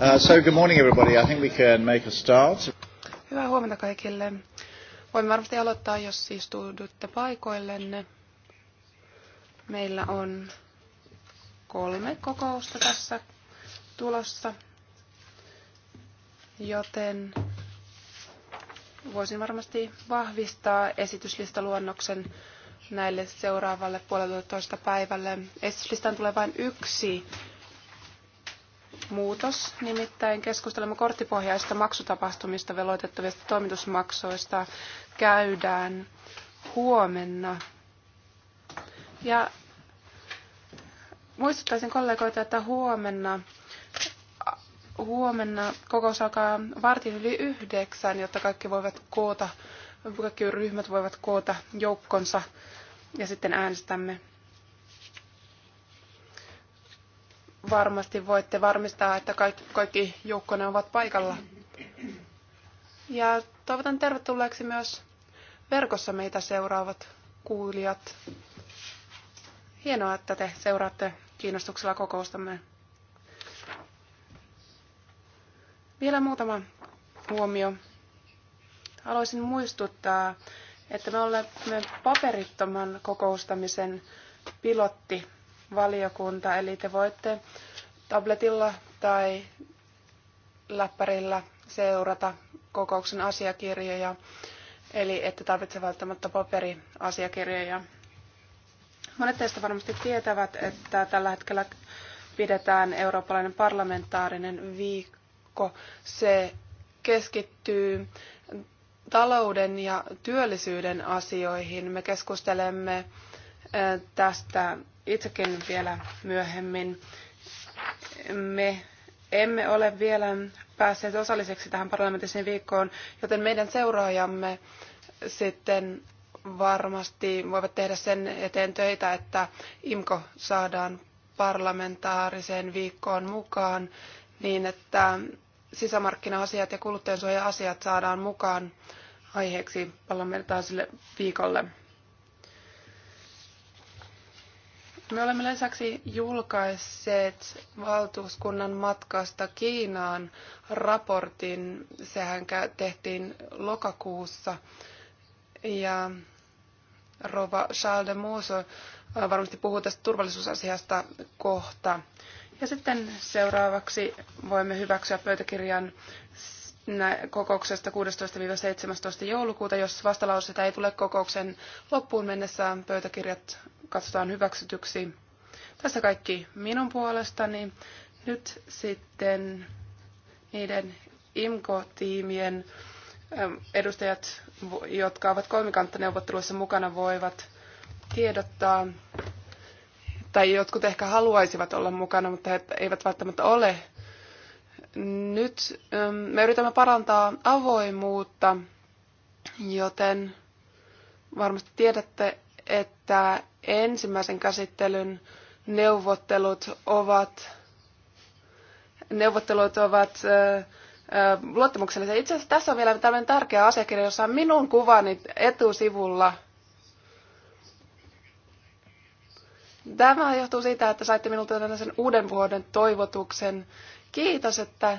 Uh, so good morning everybody. I think we can make a start. Hyvää huomenta kaikille. Voimme varmasti aloittaa, jos istuudutte paikoillenne. Meillä on kolme kokousta tässä tulossa, joten voisin varmasti vahvistaa esityslistaluonnoksen näille seuraavalle puolelle toista päivälle. Esityslistaan tulee vain yksi muutos. Nimittäin keskustelemme korttipohjaista maksutapahtumista veloitettavista toimitusmaksoista käydään huomenna. Ja muistuttaisin kollegoita, että huomenna, huomenna kokous alkaa vartin yli yhdeksän, jotta kaikki voivat koota, kaikki ryhmät voivat koota joukkonsa ja sitten äänestämme varmasti voitte varmistaa, että kaikki, kaikki joukkona ovat paikalla. Ja toivotan tervetulleeksi myös verkossa meitä seuraavat kuulijat. Hienoa, että te seuraatte kiinnostuksella kokoustamme. Vielä muutama huomio. Haluaisin muistuttaa, että me olemme paperittoman kokoustamisen pilotti valiokunta, eli te voitte tabletilla tai läppärillä seurata kokouksen asiakirjoja, eli ette tarvitse välttämättä paperiasiakirjoja. Monet teistä varmasti tietävät, että tällä hetkellä pidetään eurooppalainen parlamentaarinen viikko. Se keskittyy talouden ja työllisyyden asioihin. Me keskustelemme eh, tästä itsekin vielä myöhemmin. Me emme ole vielä päässeet osalliseksi tähän parlamentisiin viikkoon, joten meidän seuraajamme sitten varmasti voivat tehdä sen eteen töitä, että IMKO saadaan parlamentaariseen viikkoon mukaan niin, että sisämarkkina-asiat ja kuluttajansuoja-asiat saadaan mukaan aiheeksi parlamentaariselle viikolle. Me olemme lisäksi julkaisseet valtuuskunnan matkasta Kiinaan raportin. Sehän tehtiin lokakuussa. Ja Rova Charles de Mousse äh, varmasti puhuu tästä turvallisuusasiasta kohta. Ja sitten seuraavaksi voimme hyväksyä pöytäkirjan kokouksesta 16-17. joulukuuta. Jos vastalauseita ei tule kokouksen loppuun mennessä, pöytäkirjat katsotaan hyväksytyksi. Tässä kaikki minun puolestani. Nyt sitten niiden IMKO-tiimien ähm, edustajat, jotka ovat kolmikanttaneuvotteluissa mukana, voivat tiedottaa, tai jotkut ehkä haluaisivat olla mukana, mutta he eivät välttämättä ole. Nyt ähm, me yritämme parantaa avoimuutta, joten varmasti tiedätte, että ensimmäisen käsittelyn neuvottelut ovat, neuvottelut ovat luottamuksellisia. Itse asiassa tässä on vielä tällainen tärkeä asiakirja, jossa on minun kuvani etusivulla. Tämä johtuu siitä, että saitte minulta tällaisen uuden vuoden toivotuksen. Kiitos, että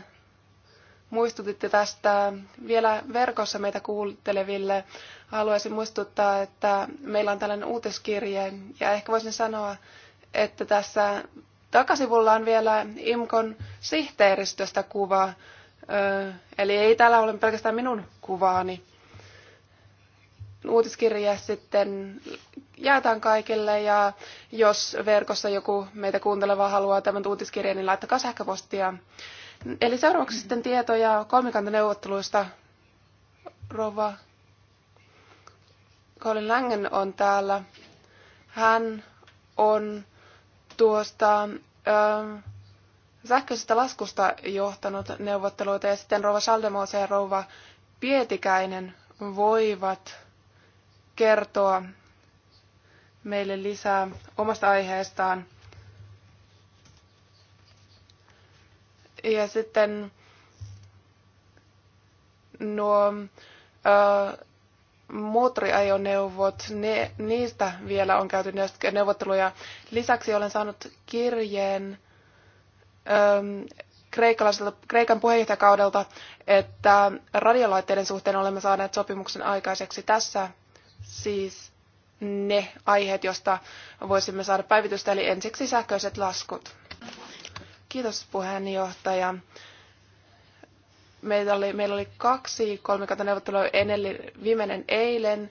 muistutitte tästä. Vielä verkossa meitä kuunteleville haluaisin muistuttaa, että meillä on tällainen uutiskirje ja ehkä voisin sanoa, että tässä takasivulla on vielä IMKON sihteeristöstä kuva. Eli ei täällä ole pelkästään minun kuvaani. Uutiskirje sitten jaetaan kaikille ja jos verkossa joku meitä kuunteleva haluaa tämän uutiskirjeen, niin laittakaa sähköpostia. Eli seuraavaksi sitten tietoja kolmikantaneuvotteluista. Rova Colin Langen on täällä. Hän on tuosta ö, sähköisestä laskusta johtanut neuvotteluita ja sitten Rova Schaldemose ja Rova Pietikäinen voivat kertoa meille lisää omasta aiheestaan. Ja sitten nuo äh, moottoriajoneuvot, ne, niistä vielä on käyty neuvotteluja. Lisäksi olen saanut kirjeen ähm, kreikalaiselta, Kreikan puheenjohtajakaudelta, että radiolaitteiden suhteen olemme saaneet sopimuksen aikaiseksi. Tässä siis ne aiheet, joista voisimme saada päivitystä, eli ensiksi sähköiset laskut. Kiitos puheenjohtaja. Meillä oli, meillä oli kaksi kolmikantaneuvottelua viimeinen eilen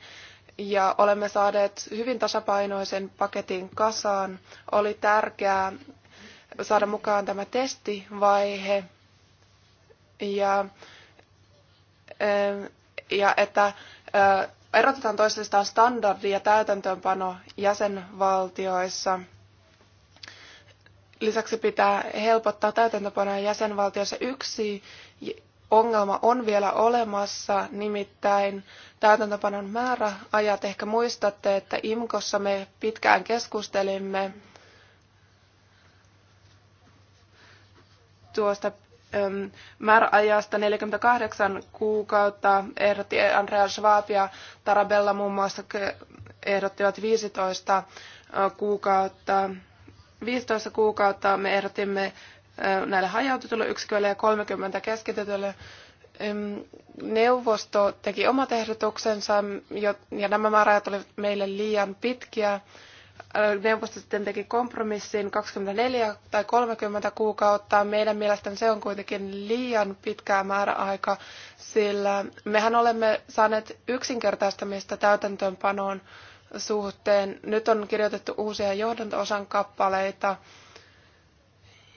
ja olemme saaneet hyvin tasapainoisen paketin kasaan. Oli tärkeää saada mukaan tämä testivaihe ja, ähm, ja että äh, erotetaan toisistaan standardi ja täytäntöönpano jäsenvaltioissa – Lisäksi pitää helpottaa täytäntöpanoja jäsenvaltioissa. Yksi ongelma on vielä olemassa, nimittäin täytäntöpanon määräajat. Ehkä muistatte, että IMKossa me pitkään keskustelimme tuosta määräajasta 48 kuukautta ehdotti Andrea Schwab ja Tarabella muun muassa ehdottivat 15 kuukautta. 15 kuukautta me ehdotimme näille hajautetulle yksiköille ja 30 keskitetylle. Neuvosto teki omat ehdotuksensa ja nämä määräajat olivat meille liian pitkiä. Neuvosto sitten teki kompromissin 24 tai 30 kuukautta. Meidän mielestämme se on kuitenkin liian pitkää määräaika, sillä mehän olemme saaneet yksinkertaistamista täytäntöönpanoon suhteen. Nyt on kirjoitettu uusia johdantoosan kappaleita,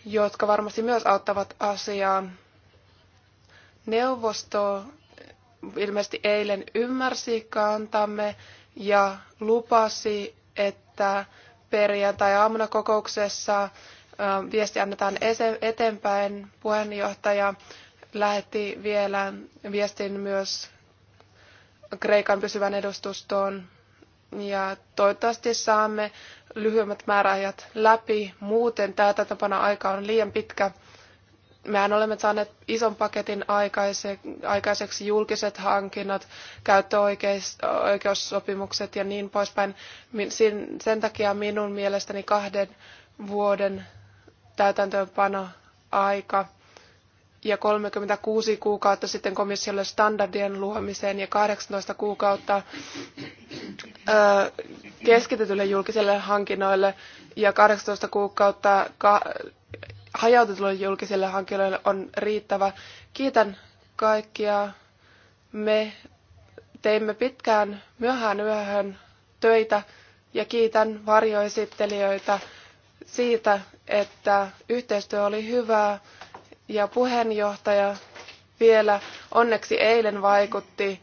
jotka varmasti myös auttavat asiaa. Neuvosto ilmeisesti eilen ymmärsi kantamme ja lupasi, että perjantai-aamuna kokouksessa viesti annetaan eteenpäin. Puheenjohtaja lähetti vielä viestin myös Kreikan pysyvän edustustoon ja toivottavasti saamme lyhyemmät määräajat läpi. Muuten tätä tapana aika on liian pitkä. Mehän olemme saaneet ison paketin aikaiseksi julkiset hankinnat, käyttöoikeussopimukset ja niin poispäin. Sen takia minun mielestäni kahden vuoden täytäntöönpano aika ja 36 kuukautta sitten komissiolle standardien luomiseen ja 18 kuukautta keskitetylle julkiselle hankinnoille ja 18 kuukautta hajautetulle julkiselle hankinnoille on riittävä. Kiitän kaikkia. Me teimme pitkään myöhään yöhön töitä ja kiitän varjoesittelijöitä siitä, että yhteistyö oli hyvää ja puheenjohtaja vielä onneksi eilen vaikutti,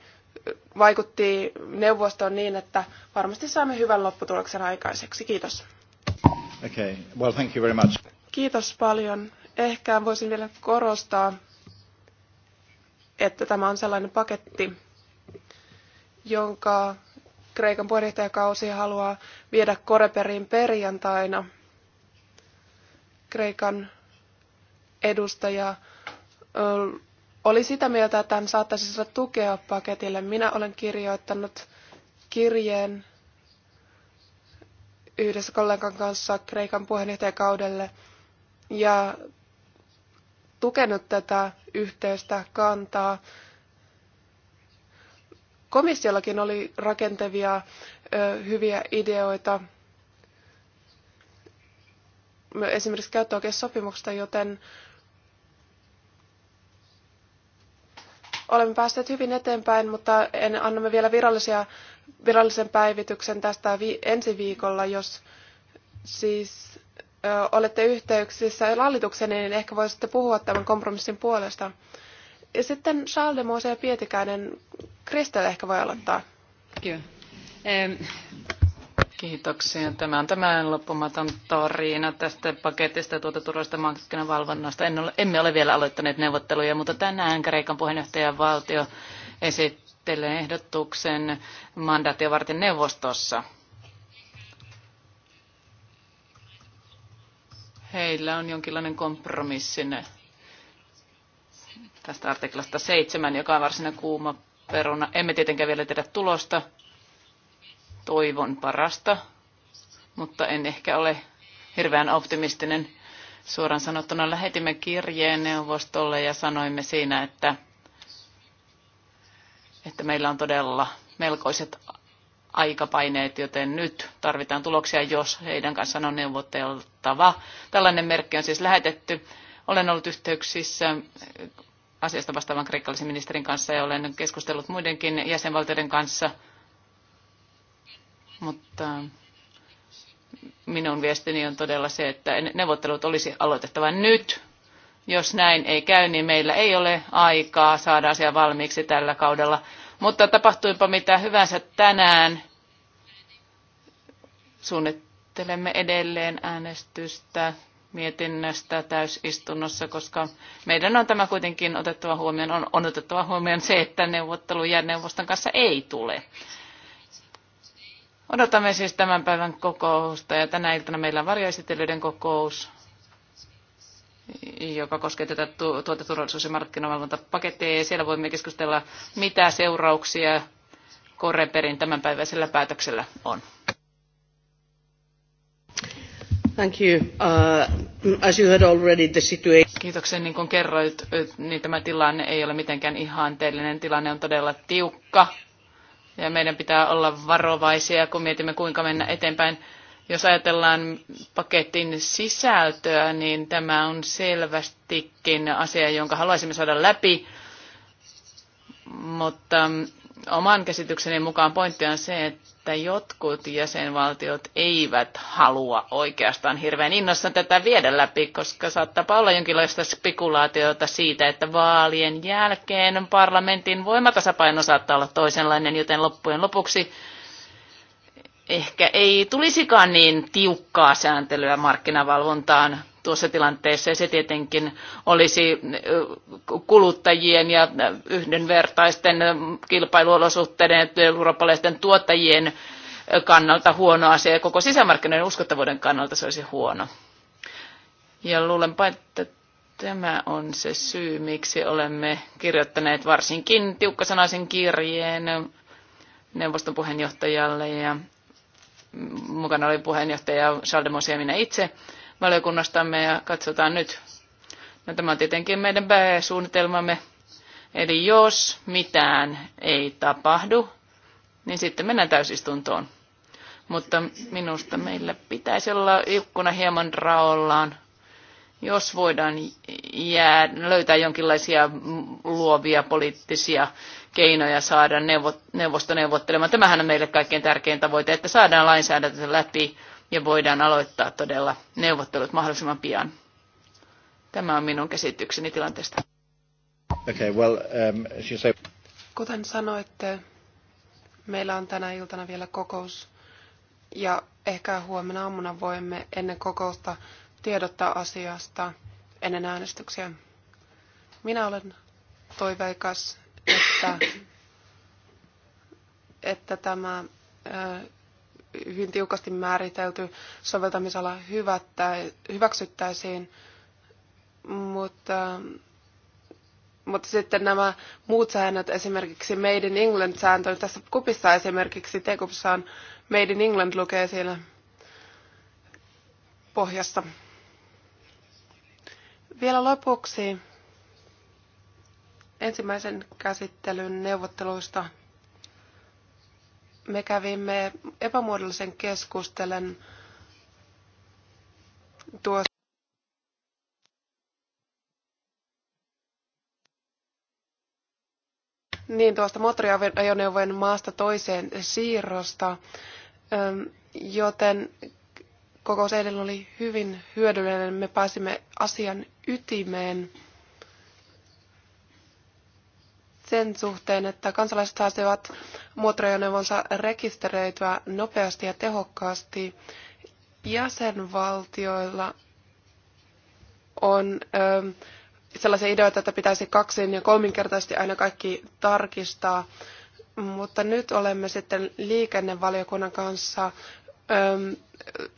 vaikutti neuvostoon niin, että varmasti saamme hyvän lopputuloksen aikaiseksi. Kiitos. Okay. Well, thank you very much. Kiitos paljon. Ehkä voisin vielä korostaa, että tämä on sellainen paketti, jonka Kreikan puheenjohtajakausi haluaa viedä Koreperiin perjantaina. Kreikan edustaja oli sitä mieltä, että hän saattaisi saada tukea paketille. Minä olen kirjoittanut kirjeen yhdessä kollegan kanssa Kreikan puheenjohtajakaudelle ja tukenut tätä yhteistä kantaa. Komissiollakin oli rakentavia hyviä ideoita esimerkiksi käyttöoikeussopimuksesta, joten Olemme päässeet hyvin eteenpäin, mutta en, annamme vielä virallisia, virallisen päivityksen tästä vi, ensi viikolla, jos siis ö, olette yhteyksissä hallitukseen, niin ehkä voisitte puhua tämän kompromissin puolesta. Ja sitten Charles de Mose ja Pietikäinen, Kristel ehkä voi aloittaa. Kyllä. Kiitoksia. Tämä on tämän loppumaton tarina tästä paketista ja tuoteturvallisesta markkinavalvonnasta. En ole, emme ole vielä aloittaneet neuvotteluja, mutta tänään Kreikan puheenjohtajan valtio esittelee ehdotuksen mandaatio varten neuvostossa. Heillä on jonkinlainen kompromissi tästä artiklasta 7, joka on varsinainen kuuma peruna. Emme tietenkään vielä tiedä tulosta, toivon parasta, mutta en ehkä ole hirveän optimistinen. Suoraan sanottuna lähetimme kirjeen neuvostolle ja sanoimme siinä, että, että meillä on todella melkoiset aikapaineet, joten nyt tarvitaan tuloksia, jos heidän kanssaan on neuvoteltava. Tällainen merkki on siis lähetetty. Olen ollut yhteyksissä asiasta vastaavan kreikkalaisen ministerin kanssa ja olen keskustellut muidenkin jäsenvaltioiden kanssa – mutta minun viestini on todella se, että neuvottelut olisi aloitettava nyt. Jos näin ei käy, niin meillä ei ole aikaa saada asia valmiiksi tällä kaudella. Mutta tapahtuipa mitä hyvänsä tänään, suunnittelemme edelleen äänestystä mietinnöstä täysistunnossa, koska meidän on tämä kuitenkin otettava huomioon, on, on otettava huomioon se, että neuvotteluja neuvoston kanssa ei tule. Odotamme siis tämän päivän kokousta ja tänä iltana meillä on varjoesittelyiden kokous, joka koskee tätä tuoteturvallisuus- ja markkinavalvontapakettia ja siellä voimme keskustella, mitä seurauksia Koreperin tämänpäiväisellä päätöksellä on. Thank you. Uh, as you had already the situation... Kiitoksen, niin kuin kerroit, niin tämä tilanne ei ole mitenkään ihanteellinen. Tilanne on todella tiukka ja meidän pitää olla varovaisia, kun mietimme kuinka mennä eteenpäin. Jos ajatellaan paketin sisältöä, niin tämä on selvästikin asia, jonka haluaisimme saada läpi, mutta Oman käsitykseni mukaan pointti on se, että jotkut jäsenvaltiot eivät halua oikeastaan hirveän innossa tätä viedä läpi, koska saattaa olla jonkinlaista spekulaatiota siitä, että vaalien jälkeen parlamentin voimatasapaino saattaa olla toisenlainen, joten loppujen lopuksi ehkä ei tulisikaan niin tiukkaa sääntelyä markkinavalvontaan tuossa tilanteessa ja se tietenkin olisi kuluttajien ja yhdenvertaisten kilpailuolosuhteiden ja eurooppalaisten tuottajien kannalta huono asia ja koko sisämarkkinoiden uskottavuuden kannalta se olisi huono. Ja luulenpa, että tämä on se syy, miksi olemme kirjoittaneet varsinkin tiukkasanaisen kirjeen neuvoston puheenjohtajalle ja mukana oli puheenjohtaja Saldemos ja minä itse valiokunnastamme ja katsotaan nyt. No, tämä on tietenkin meidän pääsuunnitelmamme. Eli jos mitään ei tapahdu, niin sitten mennään täysistuntoon. Mutta minusta meillä pitäisi olla ikkuna hieman raollaan, jos voidaan jää, löytää jonkinlaisia luovia poliittisia keinoja saada neuvo, neuvosto neuvottelemaan. Tämähän on meille kaikkein tärkein tavoite, että saadaan lainsäädäntö läpi ja voidaan aloittaa todella neuvottelut mahdollisimman pian. Tämä on minun käsitykseni tilanteesta. Okay, well, um, Kuten sanoitte, meillä on tänä iltana vielä kokous ja ehkä huomenna aamuna voimme ennen kokousta tiedottaa asiasta ennen äänestyksiä. Minä olen toiveikas, että, että tämä hyvin tiukasti määritelty soveltamisala hyväksyttäisiin, mutta, mutta sitten nämä muut säännöt, esimerkiksi Made in England-sääntö, tässä kupissa esimerkiksi tekupissa on Made in England lukee siellä pohjassa. Vielä lopuksi ensimmäisen käsittelyn neuvotteluista – me kävimme epämuodollisen keskustelun tuossa Niin, tuosta moottoriajoneuvojen maasta toiseen siirrosta, joten kokous eilen oli hyvin hyödyllinen. Me pääsimme asian ytimeen sen suhteen, että kansalaiset saisivat moottoriajoneuvonsa rekisteröityä nopeasti ja tehokkaasti. Jäsenvaltioilla on ö, sellaisia ideoita, että pitäisi kaksin ja kolminkertaisesti aina kaikki tarkistaa. Mutta nyt olemme sitten liikennevaliokunnan kanssa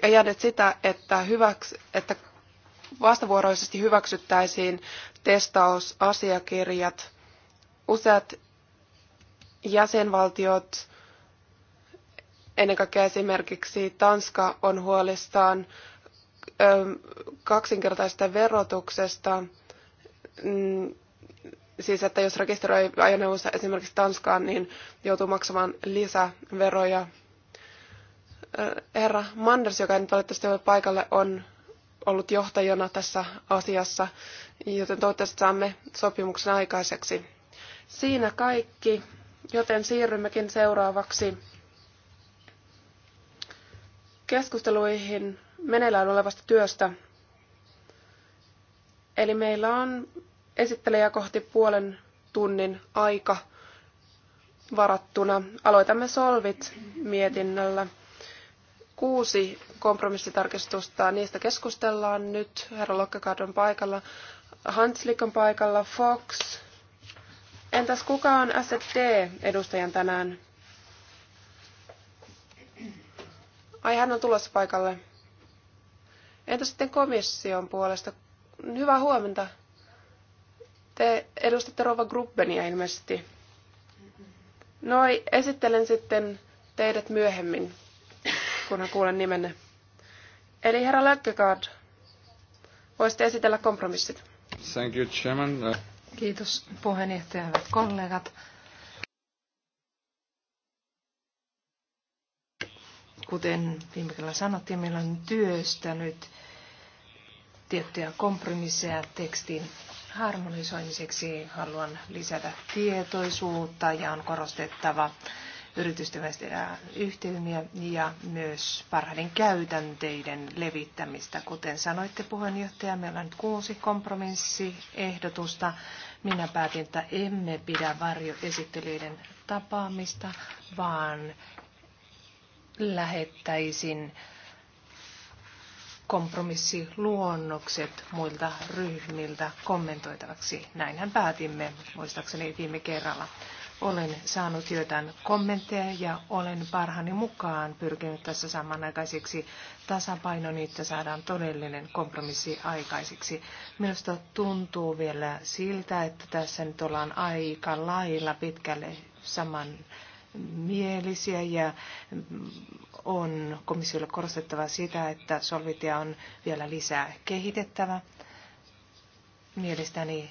ja jääneet sitä, että, hyväks, että vastavuoroisesti hyväksyttäisiin testausasiakirjat – useat jäsenvaltiot, ennen kaikkea esimerkiksi Tanska, on huolissaan kaksinkertaista verotuksesta. Mm, siis, että jos rekisteröi ajoneuvonsa esimerkiksi Tanskaan, niin joutuu maksamaan lisäveroja. Herra Manders, joka nyt valitettavasti ole paikalle, on ollut johtajana tässä asiassa, joten toivottavasti saamme sopimuksen aikaiseksi. Siinä kaikki, joten siirrymmekin seuraavaksi keskusteluihin meneillään olevasta työstä. Eli meillä on esittelijä kohti puolen tunnin aika varattuna. Aloitamme Solvit-mietinnöllä. Kuusi kompromissitarkistusta, niistä keskustellaan nyt. Herra Lokkakaard on paikalla, Hanslik on paikalla, Fox, Entäs kuka on SD-edustajan tänään? Ai hän on tulossa paikalle. Entä sitten komission puolesta? Hyvää huomenta. Te edustatte Rova Gruppenia ilmeisesti. No esittelen sitten teidät myöhemmin, kunhan kuulen nimenne. Eli herra Lökkekaard, voisitte esitellä kompromissit. Thank you, Chairman. Kiitos puheenjohtaja, hyvät kollegat. Kuten viime kerralla sanottiin, meillä on työstänyt tiettyjä kompromisseja tekstin harmonisoimiseksi. Haluan lisätä tietoisuutta ja on korostettava yritysten välisiä yhteymiä ja myös parhaiden käytänteiden levittämistä. Kuten sanoitte puheenjohtaja, meillä on nyt kuusi kompromissiehdotusta. Minä päätin, että emme pidä varjoesittelyiden tapaamista, vaan lähettäisin kompromissiluonnokset muilta ryhmiltä kommentoitavaksi. Näinhän päätimme, muistaakseni viime kerralla. Olen saanut joitain kommentteja ja olen parhaani mukaan pyrkinyt tässä samanaikaiseksi tasapaino, niin että saadaan todellinen kompromissi aikaiseksi. Minusta tuntuu vielä siltä, että tässä nyt ollaan aika lailla pitkälle saman mielisiä ja on komissiolle korostettava sitä, että solvitia on vielä lisää kehitettävä. Mielestäni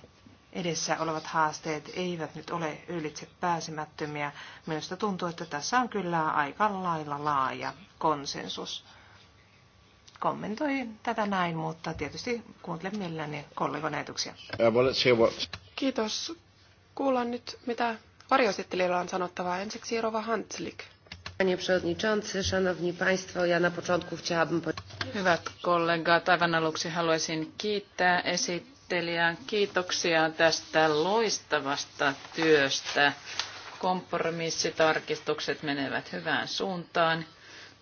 edessä olevat haasteet eivät nyt ole ylitse pääsemättömiä. Minusta tuntuu, että tässä on kyllä aika lailla laaja konsensus. Kommentoi tätä näin, mutta tietysti kuuntelen mielelläni kollegon ajatuksia. Uh, Kiitos. Kuullaan nyt, mitä varjoesittelijöillä on sanottavaa. Ensiksi Rova Hanslik. Hyvät kollegat, aivan aluksi haluaisin kiittää esittää esittelijään. Kiitoksia tästä loistavasta työstä. Kompromissitarkistukset menevät hyvään suuntaan.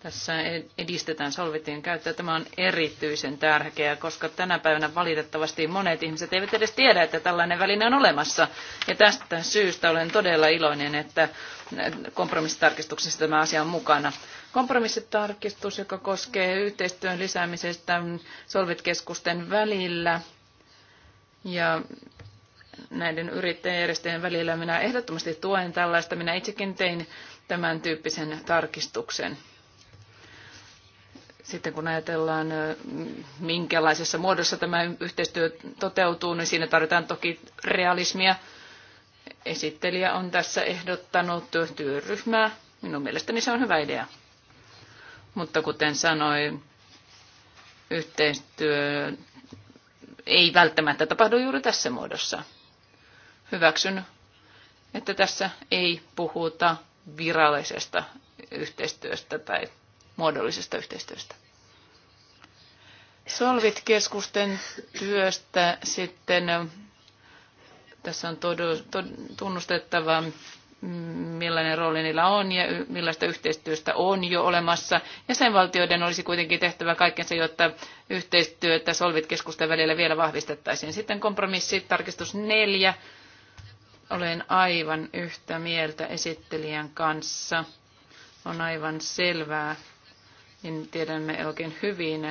Tässä edistetään solvitin käyttöä. Tämä on erityisen tärkeää, koska tänä päivänä valitettavasti monet ihmiset eivät edes tiedä, että tällainen väline on olemassa. Ja tästä syystä olen todella iloinen, että kompromissitarkistuksessa tämä asia on mukana. Kompromissitarkistus, joka koskee yhteistyön lisäämisestä solvitkeskusten välillä ja näiden yrittäjäjärjestöjen välillä. Minä ehdottomasti tuen tällaista. Minä itsekin tein tämän tyyppisen tarkistuksen. Sitten kun ajatellaan, mm, minkälaisessa muodossa tämä yhteistyö toteutuu, niin siinä tarvitaan toki realismia. Esittelijä on tässä ehdottanut työryhmää. Minun mielestäni se on hyvä idea. Mutta kuten sanoin, yhteistyö ei välttämättä tapahdu juuri tässä muodossa. Hyväksyn, että tässä ei puhuta virallisesta yhteistyöstä tai muodollisesta yhteistyöstä. Solvit-keskusten työstä sitten tässä on todu, tod, tunnustettava millainen rooli niillä on ja millaista yhteistyöstä on jo olemassa. Jäsenvaltioiden olisi kuitenkin tehtävä kaikkensa, jotta yhteistyötä Solvit-keskusten välillä vielä vahvistettaisiin. Sitten kompromissi, tarkistus neljä. Olen aivan yhtä mieltä esittelijän kanssa. On aivan selvää, niin tiedämme oikein hyvin,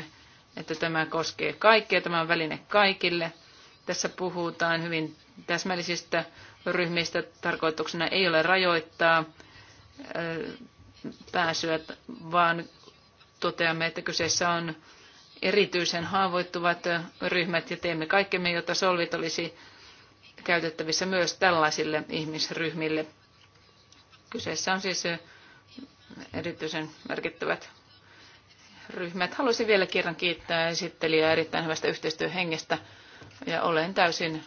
että tämä koskee kaikkia, tämä on väline kaikille. Tässä puhutaan hyvin täsmällisistä ryhmistä. Tarkoituksena ei ole rajoittaa pääsyä, vaan toteamme, että kyseessä on erityisen haavoittuvat ryhmät ja teemme kaikkemme, jotta solvit olisi käytettävissä myös tällaisille ihmisryhmille. Kyseessä on siis erityisen merkittävät ryhmät. Haluaisin vielä kerran kiittää esittelijää erittäin hyvästä yhteistyöhengestä ja olen täysin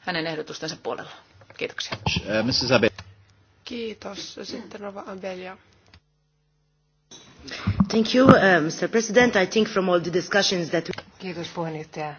hänen ehdotustensa puolella. Kiitoksia. Mrs. Abel. Kiitos. Sitten Rova Abelia. Thank you, uh, Mr. President. I think from all the discussions that... Kiitos puheenjohtaja.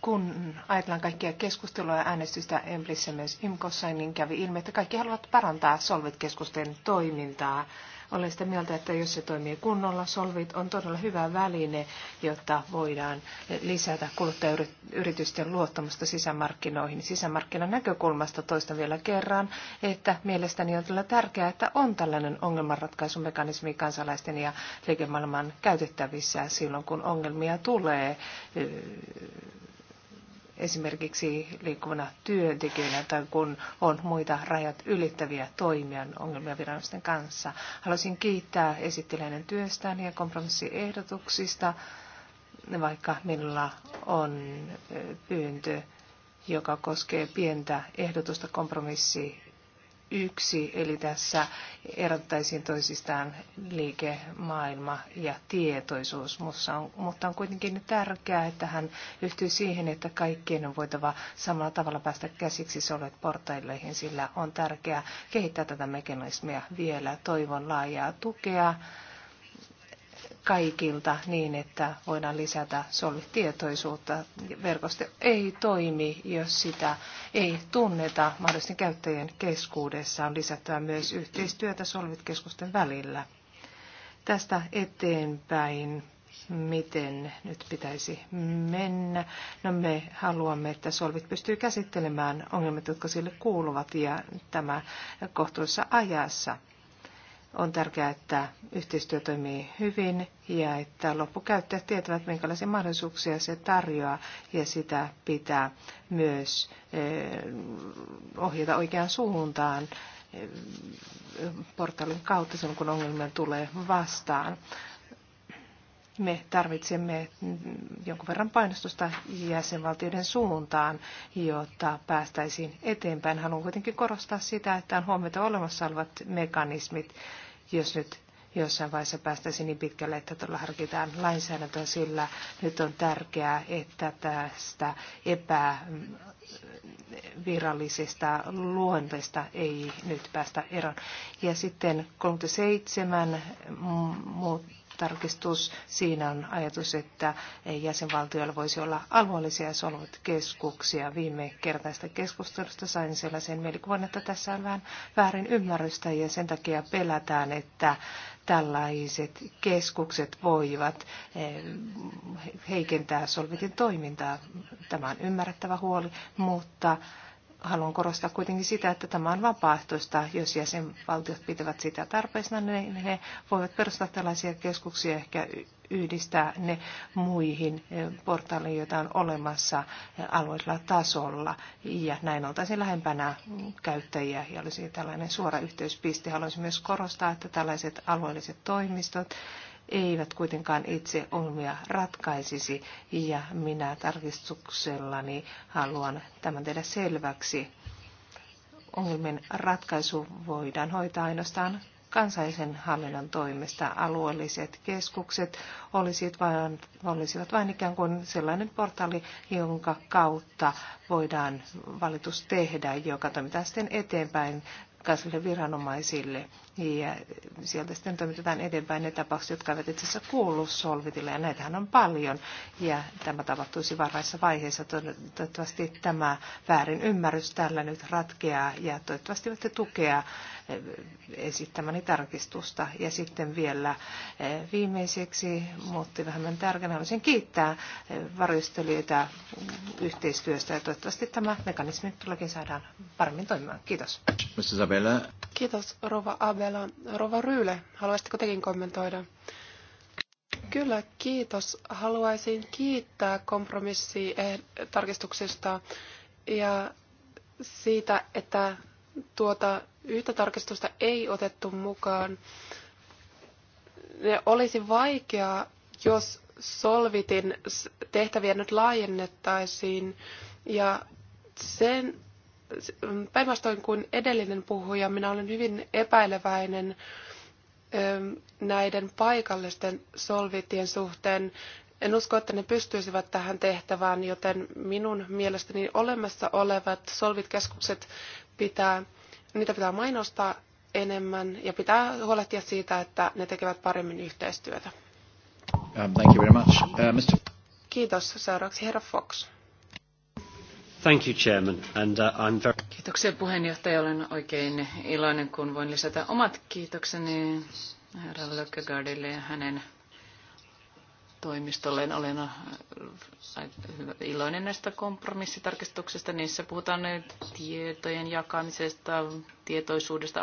Kun ajatellaan kaikkia keskustelua ja äänestystä Emblissä myös IMKossa, niin kävi ilmi, että kaikki haluavat parantaa Solvit-keskusten toimintaa. Olen sitä mieltä, että jos se toimii kunnolla, solvit on todella hyvä väline, jotta voidaan lisätä kuluttajayritysten luottamusta sisämarkkinoihin. Sisämarkkinan näkökulmasta toista vielä kerran, että mielestäni on todella tärkeää, että on tällainen ongelmanratkaisumekanismi kansalaisten ja liikemaailman käytettävissä silloin, kun ongelmia tulee esimerkiksi liikkuvana työntekijänä tai kun on muita rajat ylittäviä toimia ongelmia viranomaisten kanssa. Haluaisin kiittää esittelijän työstään ja kompromissiehdotuksista, vaikka minulla on pyyntö, joka koskee pientä ehdotusta kompromissi yksi, eli tässä erottaisiin toisistaan liikemaailma ja tietoisuus, mutta on, mutta on kuitenkin tärkeää, että hän yhtyy siihen, että kaikkien on voitava samalla tavalla päästä käsiksi solet portailleihin, sillä on tärkeää kehittää tätä mekanismia vielä. Toivon laajaa tukea kaikilta niin, että voidaan lisätä solvitietoisuutta. Verkosto ei toimi, jos sitä ei tunneta mahdollisten käyttäjien keskuudessa. On lisättävä myös yhteistyötä solvitkeskusten välillä. Tästä eteenpäin miten nyt pitäisi mennä. No me haluamme, että solvit pystyy käsittelemään ongelmat, jotka sille kuuluvat ja tämä kohtuullisessa ajassa on tärkeää, että yhteistyö toimii hyvin ja että loppukäyttäjät tietävät, minkälaisia mahdollisuuksia se tarjoaa ja sitä pitää myös eh, ohjata oikeaan suuntaan eh, portaalin kautta silloin, kun ongelmia tulee vastaan me tarvitsemme jonkun verran painostusta jäsenvaltioiden suuntaan, jotta päästäisiin eteenpäin. Haluan kuitenkin korostaa sitä, että on huomioitu olemassa olevat mekanismit, jos nyt jossain vaiheessa päästäisiin niin pitkälle, että tuolla harkitaan lainsäädäntöä, sillä nyt on tärkeää, että tästä epävirallisesta luonteesta ei nyt päästä eroon. Ja sitten 37 tarkistus. Siinä on ajatus, että jäsenvaltioilla voisi olla alueellisia solvitkeskuksia. Viime kertaista keskustelusta sain sellaisen mielikuvan, että tässä on vähän väärin ymmärrystä ja sen takia pelätään, että tällaiset keskukset voivat eh, heikentää solvitin toimintaa. Tämä on ymmärrettävä huoli, mutta haluan korostaa kuitenkin sitä, että tämä on vapaaehtoista. Jos jäsenvaltiot pitävät sitä tarpeisena, niin he voivat perustaa tällaisia keskuksia ehkä yhdistää ne muihin e, portaaleihin, joita on olemassa e, alueella tasolla. Ja näin oltaisiin lähempänä käyttäjiä ja olisi tällainen suora yhteyspiste. Haluaisin myös korostaa, että tällaiset alueelliset toimistot eivät kuitenkaan itse ongelmia ratkaisisi ja minä tarkistuksellani haluan tämän tehdä selväksi. Ongelmien ratkaisu voidaan hoitaa ainoastaan kansallisen hallinnon toimesta alueelliset keskukset olisivat vain, olisivat vain ikään kuin sellainen portaali, jonka kautta voidaan valitus tehdä, joka toimitaan sitten eteenpäin kansallisille viranomaisille ja sieltä sitten toimitetaan eteenpäin ne tapaukset, jotka eivät itse asiassa kuulu solvitille, ja näitähän on paljon. Ja tämä tapahtuisi varhaisessa vaiheessa. Toivottavasti tämä väärin ymmärrys tällä nyt ratkeaa, ja toivottavasti voitte tukea eh, esittämäni tarkistusta. Ja sitten vielä eh, viimeiseksi, mutta vähemmän tärkeänä, haluaisin kiittää eh, varjostelijoita yhteistyöstä, ja toivottavasti tämä mekanismi todellakin saadaan paremmin toimimaan. Kiitos. Kiitos, Rova Abe vielä Rova Ryyle. Haluaisitteko tekin kommentoida? Kyllä, kiitos. Haluaisin kiittää kompromissitarkistuksista ja siitä, että tuota yhtä tarkistusta ei otettu mukaan. Ne olisi vaikeaa, jos Solvitin tehtäviä nyt laajennettaisiin ja sen päinvastoin kuin edellinen puhuja, minä olen hyvin epäileväinen näiden paikallisten solvitien suhteen. En usko, että ne pystyisivät tähän tehtävään, joten minun mielestäni olemassa olevat solvitkeskukset pitää, niitä pitää mainostaa enemmän ja pitää huolehtia siitä, että ne tekevät paremmin yhteistyötä. Um, thank you very much. Uh, Mr. Kiitos. Seuraavaksi herra Fox. Thank you, uh, Kiitoksia puheenjohtaja. Olen oikein iloinen, kun voin lisätä omat kiitokseni herra Lökkögaardille ja hänen toimistolleen. Olen äh, iloinen näistä kompromissitarkistuksista. Niissä puhutaan äh, tietojen jakamisesta, tietoisuudesta,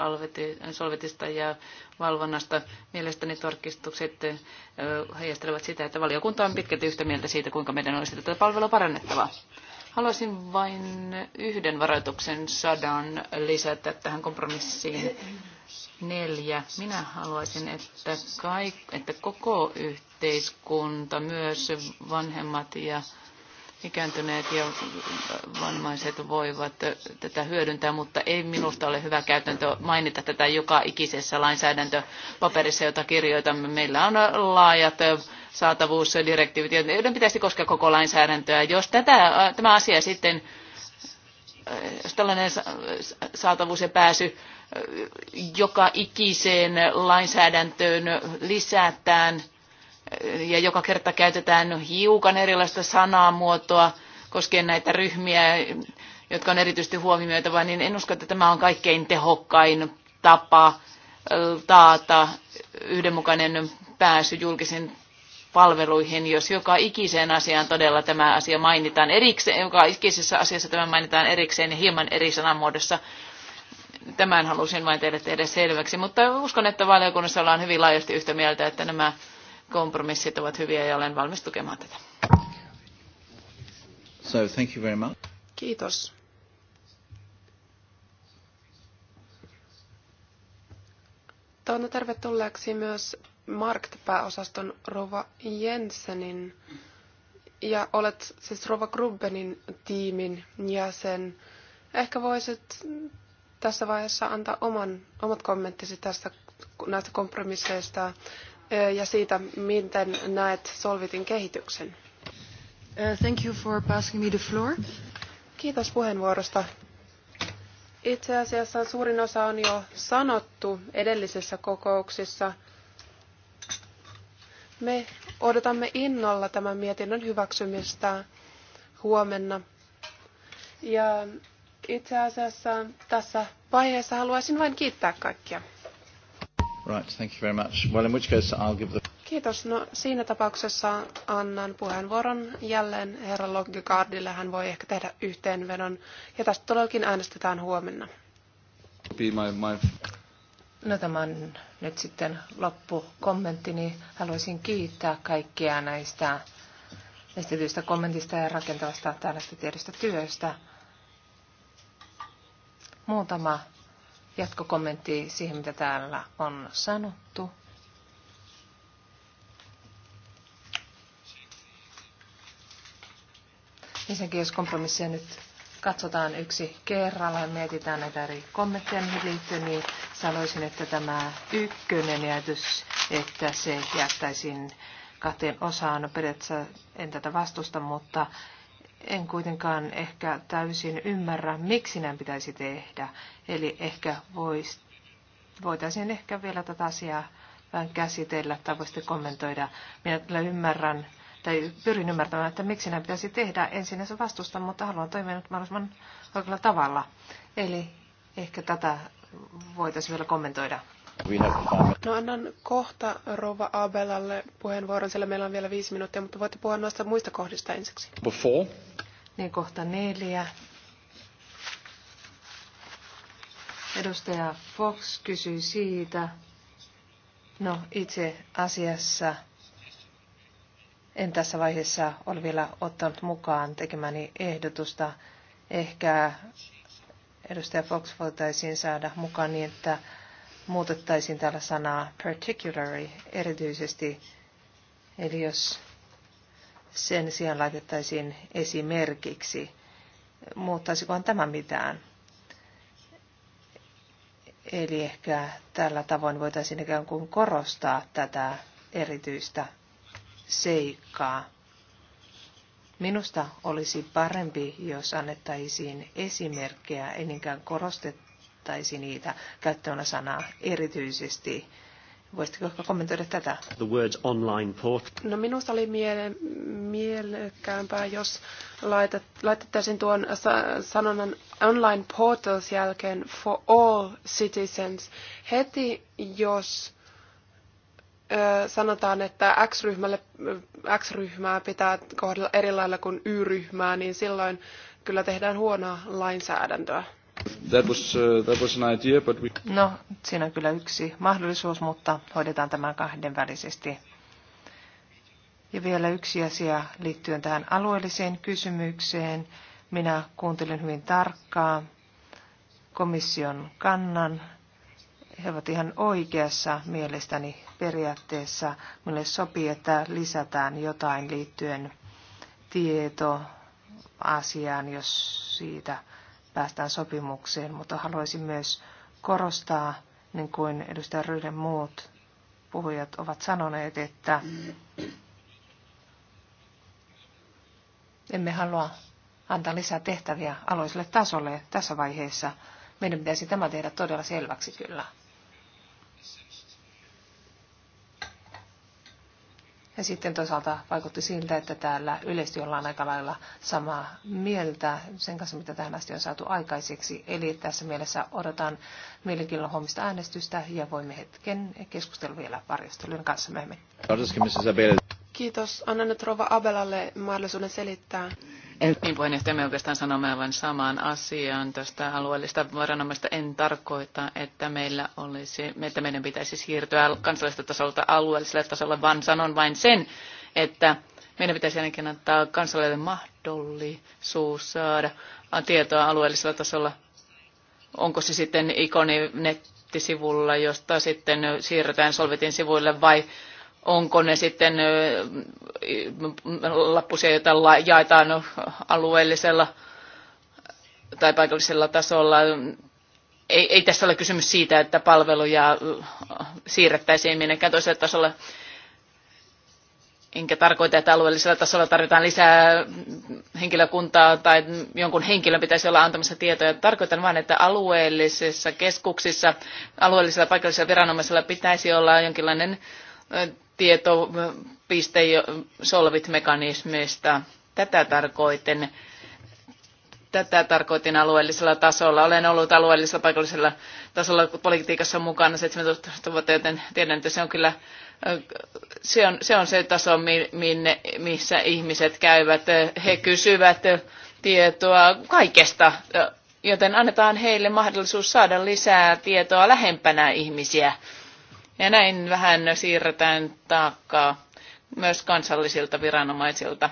solvetista ja valvonnasta. Mielestäni tarkistukset äh, heijastelevat sitä, että valiokunta on pitkälti yhtä mieltä siitä, kuinka meidän olisi tätä palvelua parannettava. Haluaisin vain yhden varoituksen sadan lisätä tähän kompromissiin neljä. Minä haluaisin, että, kaik, että koko yhteiskunta, myös vanhemmat ja ikääntyneet ja vanhaiset voivat tätä hyödyntää, mutta ei minusta ole hyvä käytäntö mainita tätä joka ikisessä lainsäädäntöpaperissa, jota kirjoitamme. Meillä on laajat saatavuusdirektiivit, joiden pitäisi koskea koko lainsäädäntöä. Jos tätä, tämä asia sitten, jos tällainen saatavuus ja pääsy joka ikiseen lainsäädäntöön lisätään, ja joka kerta käytetään hiukan erilaista sanamuotoa koskien näitä ryhmiä, jotka on erityisesti huomioitava, niin en usko, että tämä on kaikkein tehokkain tapa taata yhdenmukainen pääsy julkisiin palveluihin, jos joka ikiseen asiaan todella tämä asia mainitaan erikseen, joka ikisessä asiassa tämä mainitaan erikseen ja hieman eri sanamuodossa. Tämän halusin vain teille tehdä selväksi, mutta uskon, että valiokunnassa ollaan hyvin laajasti yhtä mieltä, että nämä kompromissit ovat hyviä ja olen valmis tukemaan tätä. So, thank you very much. Kiitos. Toivon tervetulleeksi myös Markt-pääosaston Rova Jensenin ja olet siis Rova Grubbenin tiimin jäsen. Ehkä voisit tässä vaiheessa antaa oman, omat kommenttisi tästä, näistä kompromisseista ja siitä, miten näet Solvitin kehityksen. thank you for passing me the floor. Kiitos puheenvuorosta. Itse asiassa suurin osa on jo sanottu edellisissä kokouksissa. Me odotamme innolla tämän mietinnön hyväksymistä huomenna. Ja itse asiassa tässä vaiheessa haluaisin vain kiittää kaikkia. Right, thank you very much. Well, in which case I'll give the... Kiitos. No, siinä tapauksessa annan puheenvuoron jälleen herra Loggegaardille. Hän voi ehkä tehdä yhteenvedon. Ja tästä todellakin äänestetään huomenna. No tämä on nyt sitten loppukommenttini. Niin haluaisin kiittää kaikkia näistä esitetyistä kommentista ja rakentavasta tällaista tiedosta työstä. Muutama jatkokommentti siihen, mitä täällä on sanottu. Ensinnäkin, jos kompromissia nyt katsotaan yksi kerralla ja mietitään näitä eri kommentteja, mihin liittyen, niin sanoisin, että tämä ykkönen jätys, että se jättäisiin kahteen osaan. No periaatteessa en tätä vastusta, mutta en kuitenkaan ehkä täysin ymmärrä, miksi näin pitäisi tehdä. Eli ehkä vois, voitaisiin ehkä vielä tätä asiaa vähän käsitellä tai voisitte kommentoida. Minä kyllä ymmärrän tai pyrin ymmärtämään, että miksi näin pitäisi tehdä. Ensin se vastustan, mutta haluan toimia nyt mahdollisimman oikealla tavalla. Eli ehkä tätä voitaisiin vielä kommentoida. No annan kohta Rova Abelalle puheenvuoron, sillä meillä on vielä viisi minuuttia, mutta voitte puhua noista muista kohdista ensiksi. Before. Niin kohta neljä. Edustaja Fox kysyi siitä. No itse asiassa en tässä vaiheessa ole vielä ottanut mukaan tekemäni ehdotusta. Ehkä edustaja Fox voitaisiin saada mukaan niin, että muutettaisiin täällä sanaa particularly erityisesti. Eli jos sen sijaan laitettaisiin esimerkiksi. Muuttaisikohan tämä mitään? Eli ehkä tällä tavoin voitaisiin ikään kuin korostaa tätä erityistä seikkaa. Minusta olisi parempi, jos annettaisiin esimerkkejä, eninkään korostettaisiin niitä käyttämällä sanaa erityisesti Voisitko kommentoida tätä? The words online port. No minusta oli miele, mielekkäämpää, jos laitat laitettaisiin tuon sa- sanonnan online portals jälkeen for all citizens. Heti jos ö, sanotaan, että X-ryhmälle, X-ryhmää pitää kohdella eri lailla kuin Y-ryhmää, niin silloin kyllä tehdään huonoa lainsäädäntöä. That was, uh, that was an idea, but we... No, siinä on kyllä yksi mahdollisuus, mutta hoidetaan tämä kahdenvälisesti. Ja vielä yksi asia liittyen tähän alueelliseen kysymykseen. Minä kuuntelin hyvin tarkkaa komission kannan. He ovat ihan oikeassa mielestäni periaatteessa. Minulle sopii, että lisätään jotain liittyen tietoasiaan, jos siitä päästään sopimukseen, mutta haluaisin myös korostaa, niin kuin edustaja Ryden muut puhujat ovat sanoneet, että emme halua antaa lisää tehtäviä aloiselle tasolle tässä vaiheessa. Meidän pitäisi tämä tehdä todella selväksi kyllä. Ja sitten toisaalta vaikutti siltä, että täällä yleisesti ollaan aika lailla samaa mieltä sen kanssa, mitä tähän asti on saatu aikaiseksi. Eli tässä mielessä odotan mielenkiinnolla huomista äänestystä ja voimme hetken keskustella vielä varjostelijan kanssa myöhemmin. Kiitos. Annan nyt Rova Abelalle mahdollisuuden selittää. Niin puheenjohtaja, me oikeastaan sanomme aivan samaan asiaan tästä alueellista varanomaista. En tarkoita, että meillä olisi, että meidän pitäisi siirtyä kansallisesta tasolta alueelliselle tasolle, vaan sanon vain sen, että meidän pitäisi ainakin antaa kansalaisille mahdollisuus saada tietoa alueellisella tasolla. Onko se sitten ikoni nettisivulla, josta sitten siirretään Solvitin sivuille vai onko ne sitten lappusia, joita jaetaan alueellisella tai paikallisella tasolla. Ei, ei tässä ole kysymys siitä, että palveluja siirrettäisiin minnekään toiselle tasolle. Enkä tarkoita, että alueellisella tasolla tarvitaan lisää henkilökuntaa tai jonkun henkilön pitäisi olla antamassa tietoja. Tarkoitan vain, että alueellisissa keskuksissa, alueellisella paikallisella viranomaisella pitäisi olla jonkinlainen tietopistesolvit solvit-mekanismista. Tätä tarkoitin. Tätä tarkoitin alueellisella tasolla. Olen ollut alueellisella paikallisella tasolla politiikassa mukana 17 vuotta, joten tiedän, että se on kyllä se on se, on se taso, minne, missä ihmiset käyvät. He kysyvät tietoa kaikesta, joten annetaan heille mahdollisuus saada lisää tietoa lähempänä ihmisiä. Ja näin vähän siirretään taakkaa myös kansallisilta viranomaisilta.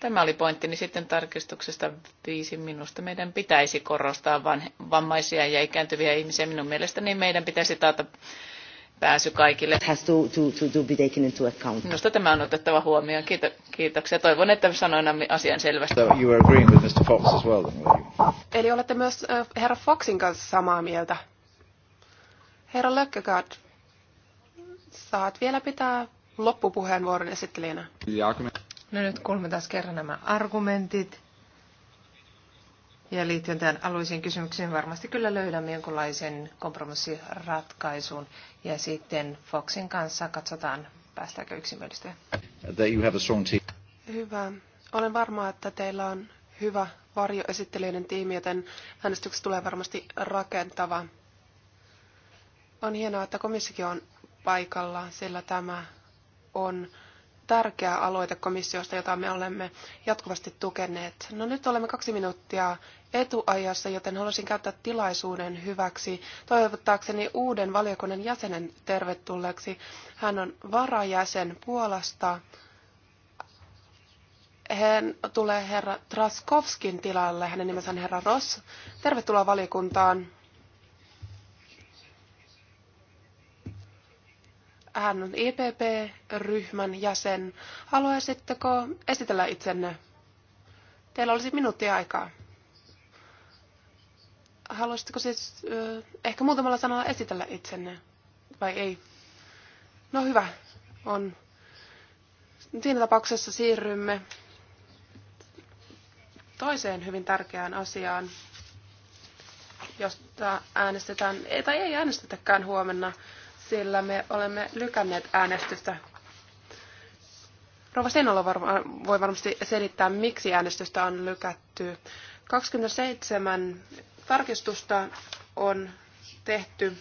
Tämä oli pointtini sitten tarkistuksesta viisi minusta. Meidän pitäisi korostaa vammaisia ja ikääntyviä ihmisiä. Minun mielestäni meidän pitäisi taata pääsy kaikille. to, to, to, to be taken into account. Minusta tämä on otettava huomioon. Kiito, kiitoksia. Toivon, että sanoin asian selvästi. So you were agreeing with Mr. Fox as well, you? Eli olette myös herra Foxin kanssa samaa mieltä. Herra Lökkökaat, Saat vielä pitää loppupuheenvuoron esittelijänä. No nyt kuulemme taas kerran nämä argumentit. Ja liittyen tähän alueisiin kysymyksiin varmasti kyllä löydämme jonkunlaisen kompromissiratkaisun. Ja sitten Foxin kanssa katsotaan, päästäänkö yksimielisyyteen. Hyvä. Olen varma, että teillä on hyvä varjoesittelijöiden tiimi, joten äänestyksestä tulee varmasti rakentava. On hienoa, että komissikin on paikalla, sillä tämä on tärkeä aloite komissiosta, jota me olemme jatkuvasti tukeneet. No nyt olemme kaksi minuuttia etuajassa, joten haluaisin käyttää tilaisuuden hyväksi toivottaakseni uuden valiokunnan jäsenen tervetulleeksi. Hän on varajäsen Puolasta. Hän tulee herra Traskovskin tilalle, hänen nimensä on herra Ross. Tervetuloa valiokuntaan. Hän on IPP-ryhmän e jäsen. Haluaisitteko esitellä itsenne? Teillä olisi minuutti aikaa. Haluaisitteko siis äh, ehkä muutamalla sanalla esitellä itsenne vai ei? No hyvä, on. Siinä tapauksessa siirrymme toiseen hyvin tärkeään asiaan, josta äänestetään, tai ei äänestetäkään huomenna, sillä me olemme lykänneet äänestystä. Rova Seinolo voi varmasti selittää, miksi äänestystä on lykätty. 27 tarkistusta on tehty.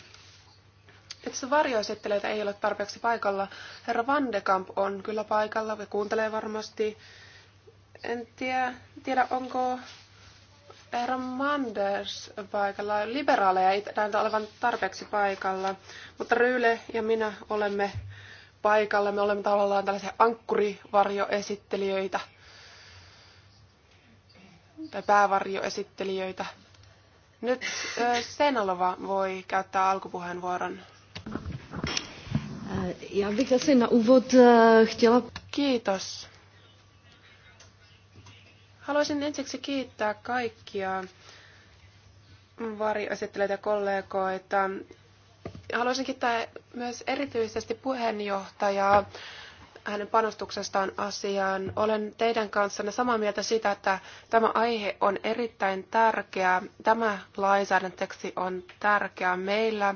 Itse varjoesittelijöitä ei ole tarpeeksi paikalla. Herra Vandekamp on kyllä paikalla ja kuuntelee varmasti. En tiedä, tiedä onko Herra Manders paikalla. Liberaaleja ei näytä olevan tarpeeksi paikalla, mutta Ryyle ja minä olemme paikalla. Me olemme tavallaan tällaisia ankkurivarjoesittelijöitä tai päävarjoesittelijöitä. Nyt Senalova voi käyttää alkupuheenvuoron. Äh, ja bych zase na äh, chtěla... Kiitos. Haluaisin ensiksi kiittää kaikkia varjoesittelijöitä ja kollegoita. Haluaisin kiittää myös erityisesti puheenjohtajaa hänen panostuksestaan asiaan. Olen teidän kanssanne samaa mieltä siitä, että tämä aihe on erittäin tärkeä. Tämä lainsäädäntöksi on tärkeä meillä.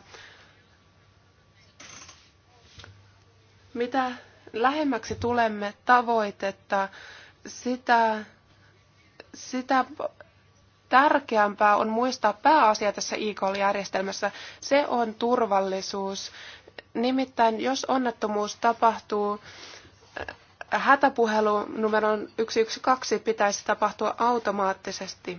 Mitä lähemmäksi tulemme tavoitetta, sitä sitä tärkeämpää on muistaa pääasia tässä e-call-järjestelmässä. Se on turvallisuus. Nimittäin jos onnettomuus tapahtuu, äh, hätäpuhelu numeron 112 pitäisi tapahtua automaattisesti.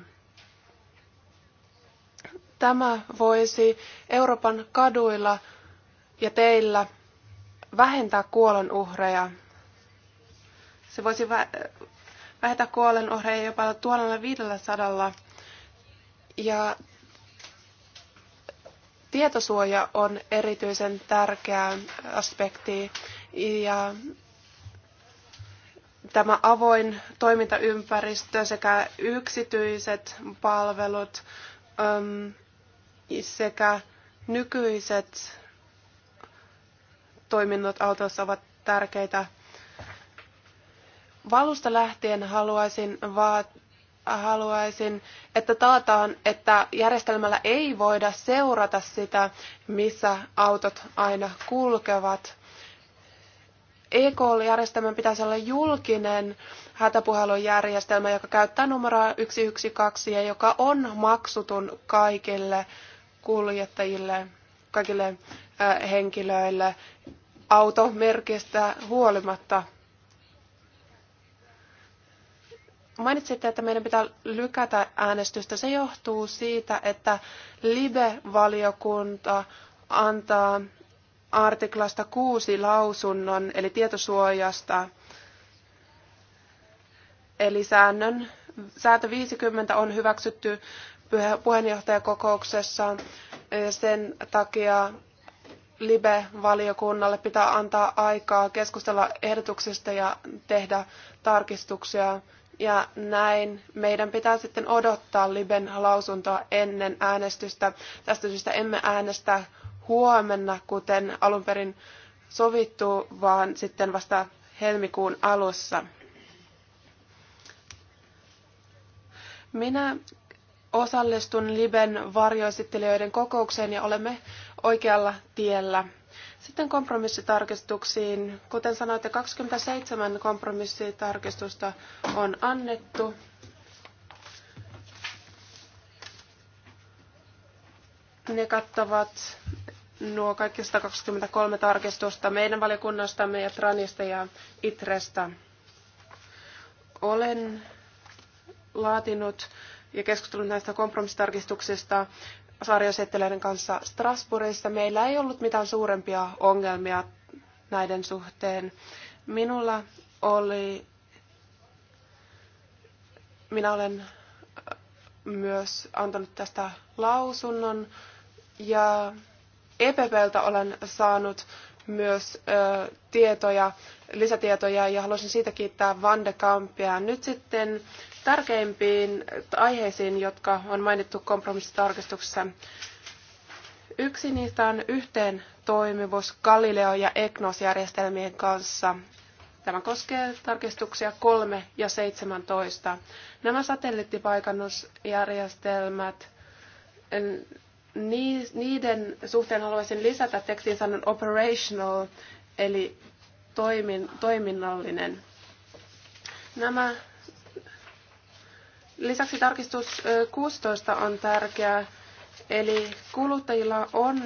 Tämä voisi Euroopan kaduilla ja teillä vähentää kuolonuhreja. Se voisi vähetä kuolonuhreja jopa 1500. Ja tietosuoja on erityisen tärkeä aspekti ja tämä avoin toimintaympäristö sekä yksityiset palvelut sekä nykyiset toiminnot autossa ovat tärkeitä Valusta lähtien haluaisin, vaat, haluaisin, että taataan, että järjestelmällä ei voida seurata sitä, missä autot aina kulkevat. EK-järjestelmän pitäisi olla julkinen hätäpuhelujärjestelmä, joka käyttää numeroa 112 ja joka on maksutun kaikille kuljettajille, kaikille henkilöille automerkistä huolimatta. Mainitsitte, että meidän pitää lykätä äänestystä. Se johtuu siitä, että LIBE-valiokunta antaa artiklasta kuusi lausunnon, eli tietosuojasta. Eli säännön, säätö 50 on hyväksytty puheenjohtajakokouksessa. Sen takia LIBE-valiokunnalle pitää antaa aikaa keskustella ehdotuksista ja tehdä tarkistuksia. Ja näin meidän pitää sitten odottaa Liben lausuntoa ennen äänestystä. Tästä syystä emme äänestä huomenna, kuten alun perin sovittu, vaan sitten vasta helmikuun alussa. Minä osallistun Liben varjoesittelijöiden kokoukseen ja olemme oikealla tiellä. Sitten kompromissitarkistuksiin. Kuten sanoitte, 27 kompromissitarkistusta on annettu. Ne kattavat nuo kaikki 123 tarkistusta meidän valiokunnastamme ja Tranista ja Itrestä. Olen laatinut ja keskustellut näistä kompromissitarkistuksista sarjasettelijöiden kanssa Strasbourgissa. Meillä ei ollut mitään suurempia ongelmia näiden suhteen. Minulla oli, minä olen äh, myös antanut tästä lausunnon ja EPPltä olen saanut myös ö, äh, tietoja, lisätietoja ja haluaisin siitä kiittää Van de Kampia. Nyt sitten tärkeimpiin aiheisiin, jotka on mainittu kompromissitarkistuksessa. Yksi niistä on yhteen toimivuus Galileo- ja EGNOS-järjestelmien kanssa. Tämä koskee tarkistuksia 3 ja 17. Nämä satelliittipaikannusjärjestelmät, niiden suhteen haluaisin lisätä tekstin sanan operational, eli toimin, toiminnallinen. Nämä Lisäksi tarkistus 16 on tärkeä, eli kuluttajilla on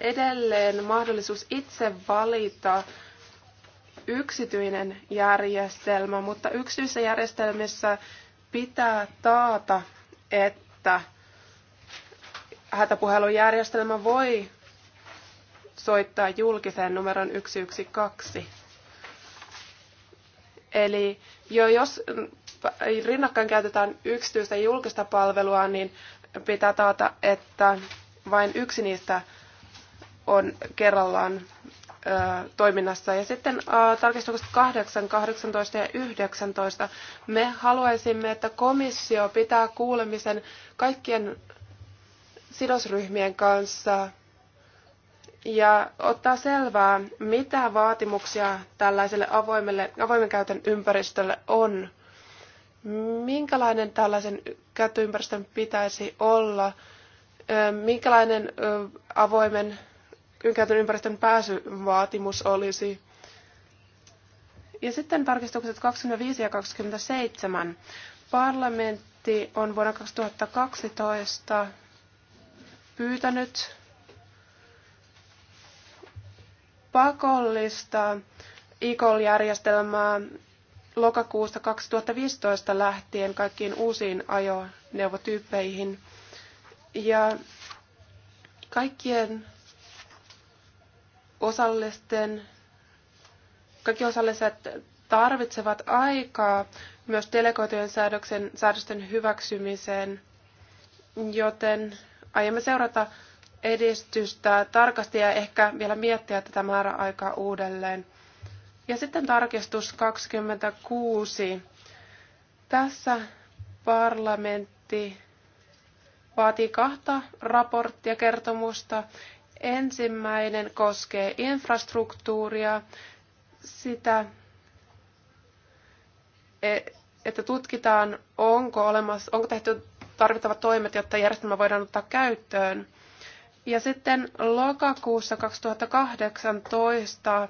edelleen mahdollisuus itse valita yksityinen järjestelmä, mutta yksityisessä järjestelmissä pitää taata, että hätäpuhelujärjestelmä voi soittaa julkiseen numeron 112. Eli jo jos rinnakkain käytetään yksityistä ja julkista palvelua, niin pitää taata, että vain yksi niistä on kerrallaan toiminnassa. Ja sitten tarkistukset 8, 18 ja 19. Me haluaisimme, että komissio pitää kuulemisen kaikkien sidosryhmien kanssa ja ottaa selvää, mitä vaatimuksia tällaiselle avoimelle, avoimen käytön ympäristölle on minkälainen tällaisen käyttöympäristön pitäisi olla, minkälainen avoimen käytön ympäristön pääsyvaatimus olisi. Ja sitten tarkistukset 25 ja 27. Parlamentti on vuonna 2012 pyytänyt pakollista ICOL-järjestelmää lokakuusta 2015 lähtien kaikkiin uusiin ajoneuvotyyppeihin. Ja kaikkien osallisten, kaikki osalliset tarvitsevat aikaa myös delegoitujen säädöksen, säädösten hyväksymiseen, joten aiomme seurata edistystä tarkasti ja ehkä vielä miettiä tätä määräaikaa uudelleen. Ja sitten tarkistus 26. Tässä parlamentti vaatii kahta raporttia kertomusta. Ensimmäinen koskee infrastruktuuria, sitä, e, että tutkitaan, onko, olemassa, onko tehty tarvittavat toimet, jotta järjestelmä voidaan ottaa käyttöön. Ja sitten lokakuussa 2018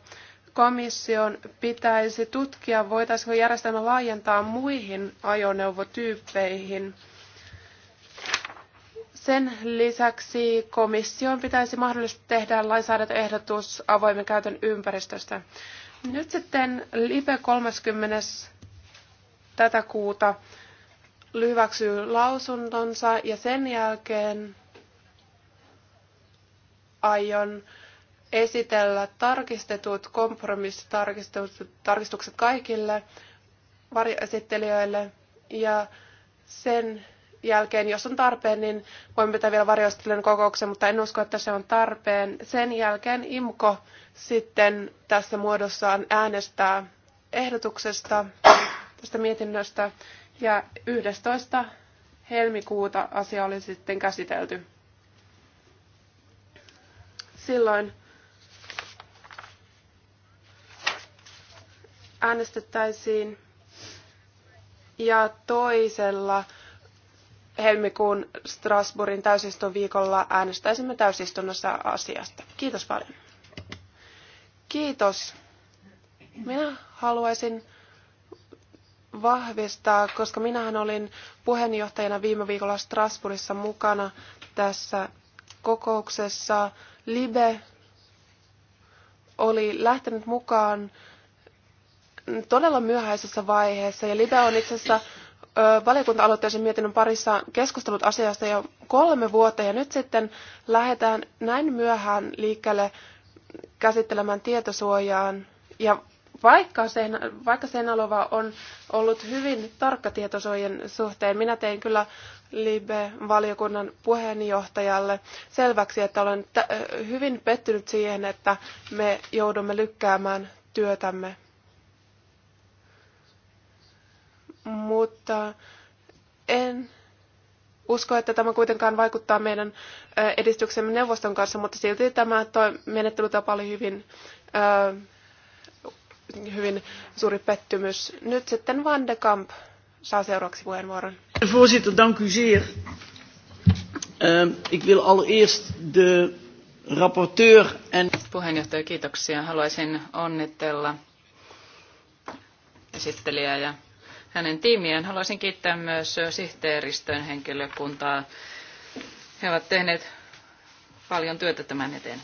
komission pitäisi tutkia, voitaisiinko järjestelmä laajentaa muihin ajoneuvotyyppeihin. Sen lisäksi komission pitäisi mahdollisesti tehdä lainsäädäntöehdotus avoimen käytön ympäristöstä. Nyt sitten LIPE 30. tätä kuuta hyväksyy lausuntonsa ja sen jälkeen aion esitellä tarkistetut kompromissitarkistukset kaikille varjoesittelijöille ja sen jälkeen, jos on tarpeen, niin voimme pitää vielä varjoistelijan kokouksen, mutta en usko, että se on tarpeen. Sen jälkeen IMKO sitten tässä muodossaan äänestää ehdotuksesta tästä mietinnöstä ja 11. helmikuuta asia oli sitten käsitelty. Silloin äänestettäisiin ja toisella helmikuun Strasbourgin täysistun viikolla äänestäisimme täysistunnossa asiasta. Kiitos paljon. Kiitos. Minä haluaisin vahvistaa, koska minähän olin puheenjohtajana viime viikolla Strasbourgissa mukana tässä kokouksessa. Libe oli lähtenyt mukaan todella myöhäisessä vaiheessa ja Libe on itse asiassa valiokunta-aloitteisen mietinnön parissa keskustellut asiasta jo kolme vuotta ja nyt sitten lähdetään näin myöhään liikkeelle käsittelemään tietosuojaan. Ja vaikka, sen, vaikka on ollut hyvin tarkka tietosuojan suhteen, minä tein kyllä Libe-valiokunnan puheenjohtajalle selväksi, että olen hyvin pettynyt siihen, että me joudumme lykkäämään työtämme mutta en usko, että tämä kuitenkaan vaikuttaa meidän edistyksemme neuvoston kanssa, mutta silti tämä toi, menettelytapa oli hyvin, hyvin suuri pettymys. Nyt sitten Van de Kamp saa seuraavaksi puheenvuoron. Voorzitter, dank u zeer. Ehm, ik wil allereerst de rapporteur en... Puheenjohtaja, kiitoksia. Haluaisin onnitella esittelijää ja hänen tiimiään. Haluaisin kiittää myös sihteeristön henkilökuntaa. He ovat tehneet paljon työtä tämän eteen.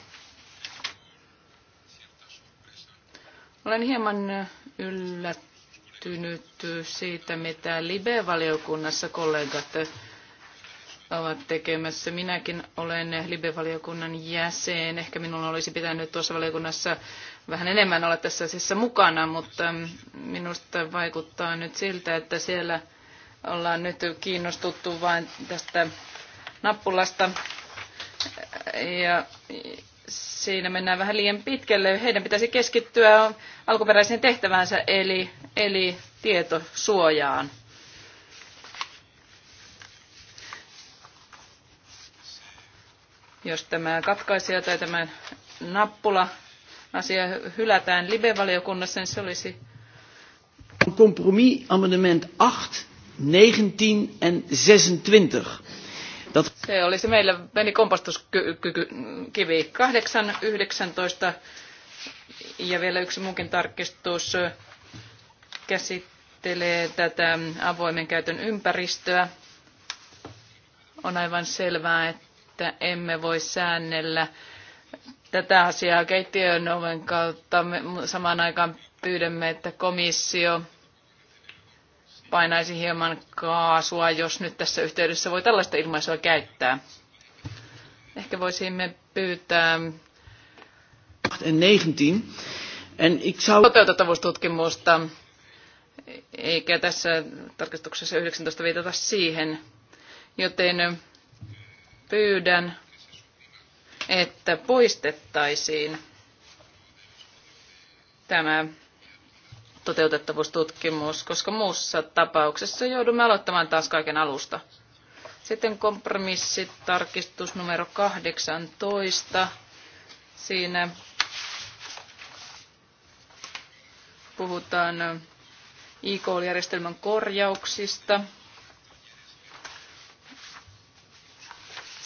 Olen hieman yllättynyt siitä, mitä Libe-valiokunnassa kollegat ovat tekemässä. Minäkin olen Libe-valiokunnan jäsen. Ehkä minulla olisi pitänyt tuossa valiokunnassa vähän enemmän olla tässä asiassa mukana, mutta minusta vaikuttaa nyt siltä, että siellä ollaan nyt kiinnostuttu vain tästä nappulasta. Ja siinä mennään vähän liian pitkälle. Heidän pitäisi keskittyä alkuperäiseen tehtävänsä, eli, eli tietosuojaan. jos tämä katkaisija tai tämä nappula asia hylätään live-valiokunnassa, niin se olisi... Kompromis amendement 8, 19 ja 26. Dat... Se olisi meillä meni kompastuskivi 8, 19 ja vielä yksi muukin tarkistus käsittelee tätä avoimen käytön ympäristöä. On aivan selvää, että että emme voi säännellä tätä asiaa keittiön oven kautta. Me samaan aikaan pyydämme, että komissio painaisi hieman kaasua, jos nyt tässä yhteydessä voi tällaista ilmaisua käyttää. Ehkä voisimme pyytää En zou... Toteutettavuustutkimusta, eikä tässä tarkastuksessa 19 viitata siihen, joten pyydän, että poistettaisiin tämä toteutettavuustutkimus, koska muussa tapauksessa joudumme aloittamaan taas kaiken alusta. Sitten kompromissitarkistus numero 18. Siinä puhutaan IK-järjestelmän korjauksista.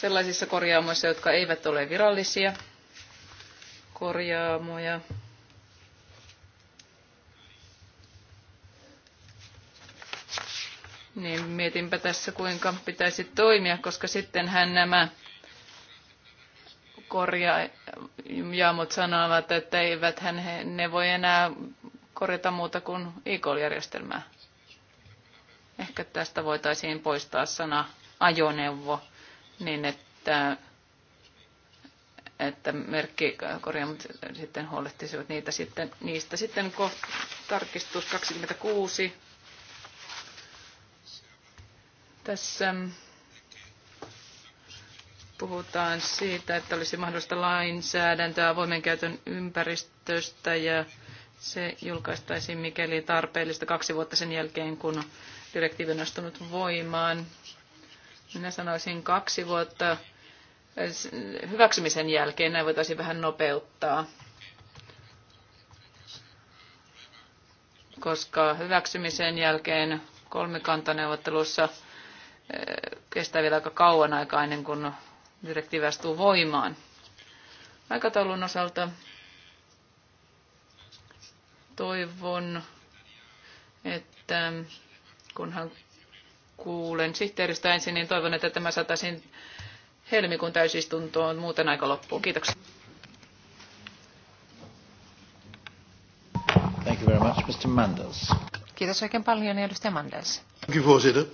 sellaisissa korjaamoissa, jotka eivät ole virallisia korjaamoja. Niin mietinpä tässä, kuinka pitäisi toimia, koska sittenhän nämä korjaamot sanovat, että eivät hän, he, ne voi enää korjata muuta kuin e-call-järjestelmää. Ehkä tästä voitaisiin poistaa sana ajoneuvo niin, että, että merkki merkkikorjaamat sitten huolehtisivat niitä sitten, niistä. Sitten kohta, tarkistus 26. Tässä puhutaan siitä, että olisi mahdollista lainsäädäntöä avoimen käytön ympäristöstä ja se julkaistaisiin mikäli tarpeellista kaksi vuotta sen jälkeen, kun direktiivi on astunut voimaan minä sanoisin kaksi vuotta hyväksymisen jälkeen, näin voitaisiin vähän nopeuttaa. Koska hyväksymisen jälkeen kolmikantaneuvottelussa eh, kestää vielä aika kauan aikaa ennen kuin direktiivi astuu voimaan. Aikataulun osalta toivon, että kunhan kuulen sihteeristä ensin, niin toivon, että tämä saataisiin helmikuun täysistuntoon. Muuten aika loppuun. Kiitoksia. Thank you very much, Mr. Mandels. Kiitos oikein paljon, niin edustaja Mandels. Thank you, voorzitter.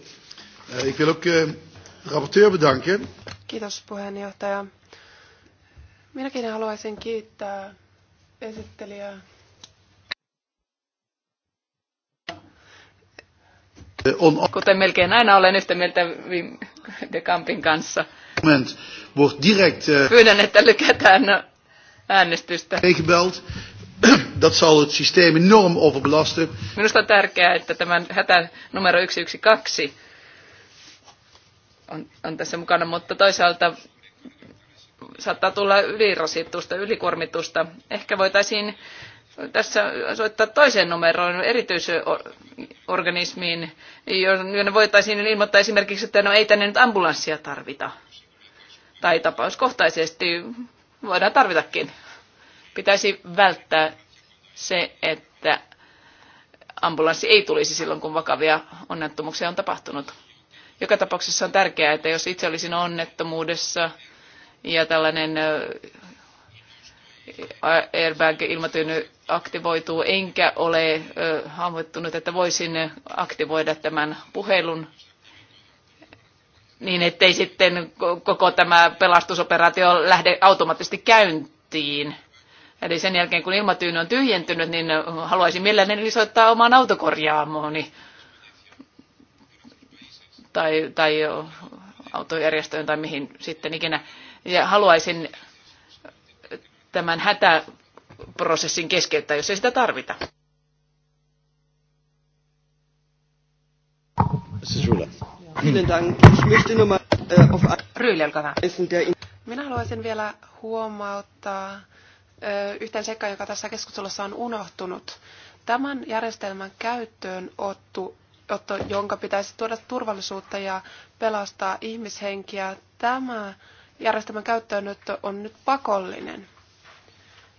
Eh, ik wil ook eh, rapporteur bedanken. Kiitos puheenjohtaja. Minäkin haluaisin kiittää esittelijää Kuten melkein aina olen yhtä mieltä Wim de Kampin kanssa. Eh, Pyydän, että lykätään äänestystä. Dat zal het systeem enorm overbelasten. Minusta on tärkeää, että tämä hätä numero 112 on, on tässä mukana, mutta toisaalta saattaa tulla ylirasitusta, ylikuormitusta. Ehkä voitaisiin tässä soittaa toiseen numeroon, erityisorganismiin, jonne voitaisiin ilmoittaa esimerkiksi, että no ei tänne nyt ambulanssia tarvita. Tai tapauskohtaisesti voidaan tarvitakin. Pitäisi välttää se, että ambulanssi ei tulisi silloin, kun vakavia onnettomuuksia on tapahtunut. Joka tapauksessa on tärkeää, että jos itse olisin onnettomuudessa ja tällainen airbag ilmatyyny aktivoituu, enkä ole hahmottunut, että voisin aktivoida tämän puhelun niin, ettei sitten koko tämä pelastusoperaatio lähde automaattisesti käyntiin. Eli sen jälkeen, kun ilmatyyny on tyhjentynyt, niin haluaisin mielelläni soittaa omaan autokorjaamooni tai, tai autojärjestöön tai mihin sitten ikinä. Ja haluaisin tämän hätä prosessin keskeyttää, jos ei sitä tarvita. Äh, Minä haluaisin vielä huomauttaa äh, yhteen seikkaan, joka tässä keskustelussa on unohtunut. Tämän järjestelmän käyttöön ottu, otto, jonka pitäisi tuoda turvallisuutta ja pelastaa ihmishenkiä, tämä järjestelmän käyttöönotto on nyt pakollinen.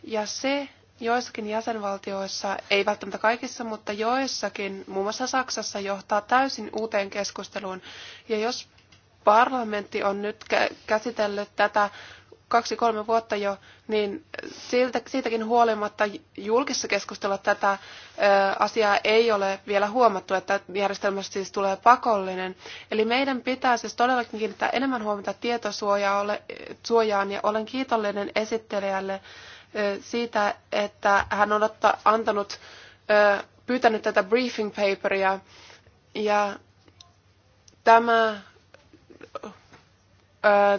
Ja se joissakin jäsenvaltioissa, ei välttämättä kaikissa, mutta joissakin, muun muassa Saksassa, johtaa täysin uuteen keskusteluun. Ja jos parlamentti on nyt käsitellyt tätä kaksi-kolme vuotta jo, niin siltä, siitäkin huolimatta julkisessa keskustelussa tätä ö, asiaa ei ole vielä huomattu, että järjestelmästä siis tulee pakollinen. Eli meidän pitää siis todellakin kiinnittää enemmän huomiota tietosuojaan ja olen kiitollinen esittelijälle siitä, että hän on otta, antanut, pyytänyt tätä briefing paperia ja tämä,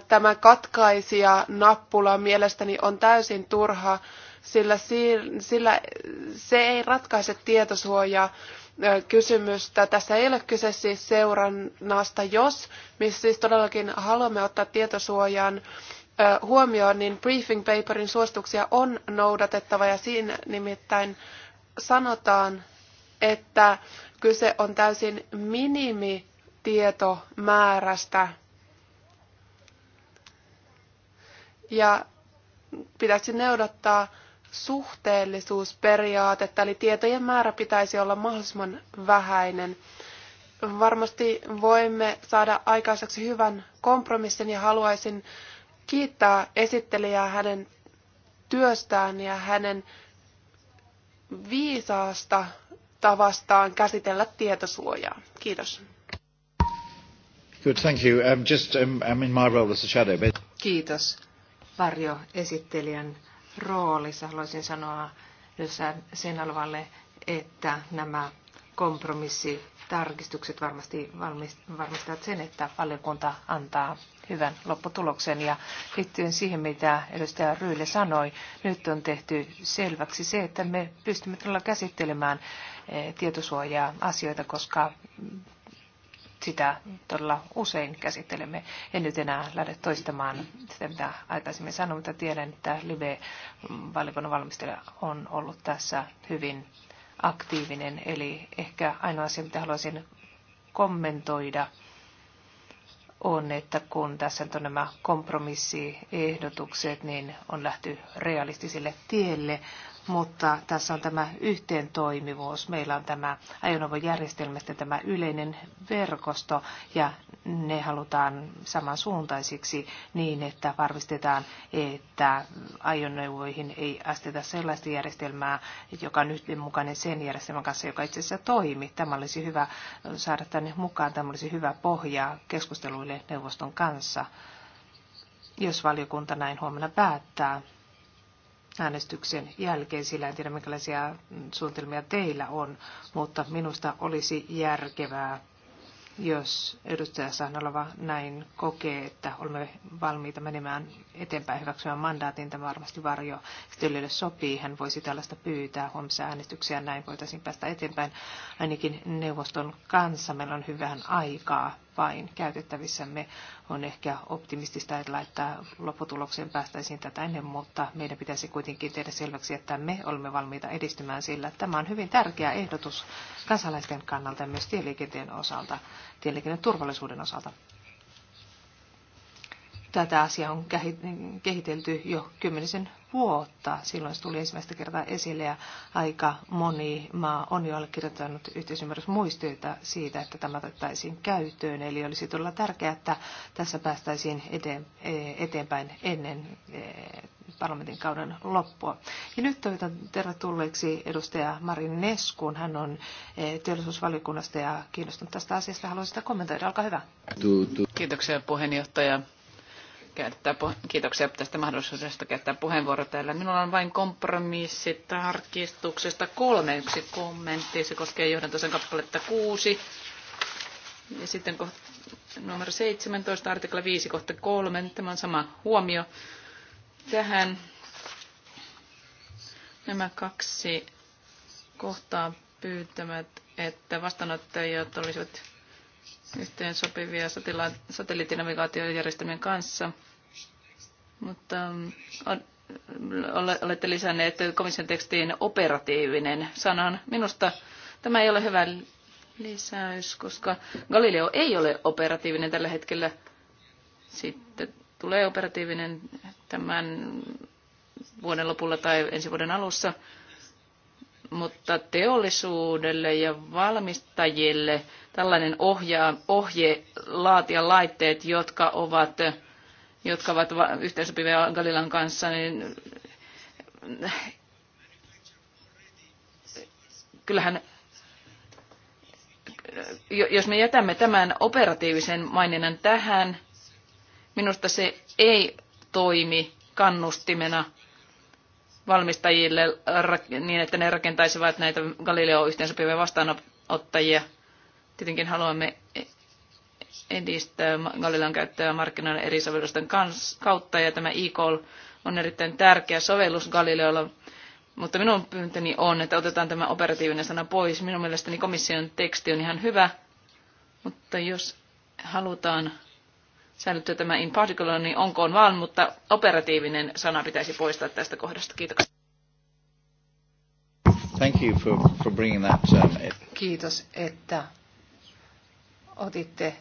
tämä katkaisija nappula mielestäni on täysin turha, sillä, sillä se ei ratkaise tietosuojaa kysymystä. Tässä ei ole kyse siis seurannasta, jos, missä siis todellakin haluamme ottaa tietosuojan huomioon, niin briefing paperin suosituksia on noudatettava ja siinä nimittäin sanotaan, että kyse on täysin minimitietomäärästä. Ja pitäisi noudattaa suhteellisuusperiaatetta, eli tietojen määrä pitäisi olla mahdollisimman vähäinen. Varmasti voimme saada aikaiseksi hyvän kompromissin ja haluaisin kiittää esittelijää hänen työstään ja hänen viisaasta tavastaan käsitellä tietosuojaa. Kiitos. Good, thank you. I'm um, just, I'm, um, I'm in my role as a shadow, but... Kiitos. esittelijän roolissa haluaisin sanoa sen alvalle, että nämä kompromissitarkistukset tarkistukset varmasti valmistavat sen, että valiokunta antaa hyvän lopputuloksen. Ja liittyen siihen, mitä edustaja Ryyle sanoi, nyt on tehty selväksi se, että me pystymme todella käsittelemään eh, tietosuojaa asioita, koska sitä todella usein käsittelemme. En nyt enää lähde toistamaan sitä, mitä aikaisemmin sanoin, mutta tiedän, että live valikon valmistelija on ollut tässä hyvin aktiivinen. Eli ehkä ainoa asia, mitä haluaisin kommentoida, on, että kun tässä on nämä kompromissiehdotukset, niin on lähty realistiselle tielle, mutta tässä on tämä yhteen toimivuus. Meillä on tämä ajoneuvojärjestelmästä tämä yleinen verkosto ja ne halutaan samansuuntaisiksi niin, että varmistetaan, että ajoneuvoihin ei asteta sellaista järjestelmää, joka on yhdenmukainen sen järjestelmän kanssa, joka itse asiassa toimi. Tämä olisi hyvä saada tänne mukaan, tämä olisi hyvä pohja keskusteluille neuvoston kanssa, jos valiokunta näin huomenna päättää äänestyksen jälkeen, sillä en tiedä minkälaisia mm, suunnitelmia teillä on, mutta minusta olisi järkevää, jos edustaja Sahnalova näin kokee, että olemme valmiita menemään eteenpäin hyväksymään mandaatin, tämä varmasti varjo Stöllille sopii, hän voisi tällaista pyytää huomissa äänestyksiä, näin voitaisiin päästä eteenpäin. Ainakin neuvoston kanssa meillä on hyvän aikaa vain käytettävissämme. On ehkä optimistista ajatella, että lopputulokseen päästäisiin tätä ennen, mutta meidän pitäisi kuitenkin tehdä selväksi, että me olemme valmiita edistymään sillä. Tämä on hyvin tärkeä ehdotus kansalaisten kannalta ja myös tieliikenteen osalta, tieliikenneturvallisuuden osalta tätä asiaa on kehitelty jo kymmenisen vuotta. Silloin se tuli ensimmäistä kertaa esille ja aika moni maa on jo allekirjoittanut yhteisymmärrysmuistioita siitä, että tämä otettaisiin käyttöön. Eli olisi todella tärkeää, että tässä päästäisiin e, eteenpäin ennen e, parlamentin kauden loppua. Ja nyt toivotan tervetulleeksi edustaja Marin Neskuun. Hän on e, teollisuusvaliokunnasta ja kiinnostunut tästä asiasta. Haluaisin sitä kommentoida. Olkaa hyvä. Kiitoksia puheenjohtaja käyttää, kiitoksia tästä mahdollisuudesta käyttää puheenvuoro täällä. Minulla on vain kompromissitarkistuksesta kolme yksi kommentti. Se koskee johdantosen kappaletta kuusi. Ja sitten numero 17, artikla 5, kohta 3. Tämä on sama huomio tähän. Nämä kaksi kohtaa pyytämät, että vastaanottajat olisivat yhteensopivia sopivia satelliittinavigaatiojärjestelmien kanssa, mutta mm, olette lisänneet komission tekstiin operatiivinen sanan. Minusta tämä ei ole hyvä lisäys, koska Galileo ei ole operatiivinen tällä hetkellä. Sitten tulee operatiivinen tämän vuoden lopulla tai ensi vuoden alussa mutta teollisuudelle ja valmistajille tällainen ohjaa, ohje laatia laitteet, jotka ovat, jotka ovat yhteensopivia Galilan kanssa, niin kyllähän jos me jätämme tämän operatiivisen maininnan tähän, minusta se ei toimi kannustimena – valmistajille niin, että ne rakentaisivat näitä Galileo-yhteensopivia vastaanottajia. Tietenkin haluamme edistää Galilean käyttöä markkinoiden eri sovellusten kautta, ja tämä e-call on erittäin tärkeä sovellus Galileolla, mutta minun pyyntöni on, että otetaan tämä operatiivinen sana pois. Minun mielestäni komission teksti on ihan hyvä, mutta jos halutaan säännöttö tämä in particular, niin onkoon vaan, mutta operatiivinen sana pitäisi poistaa tästä kohdasta. Kiitoksia. Thank you for, for bringing that, um, e- Kiitos, että otitte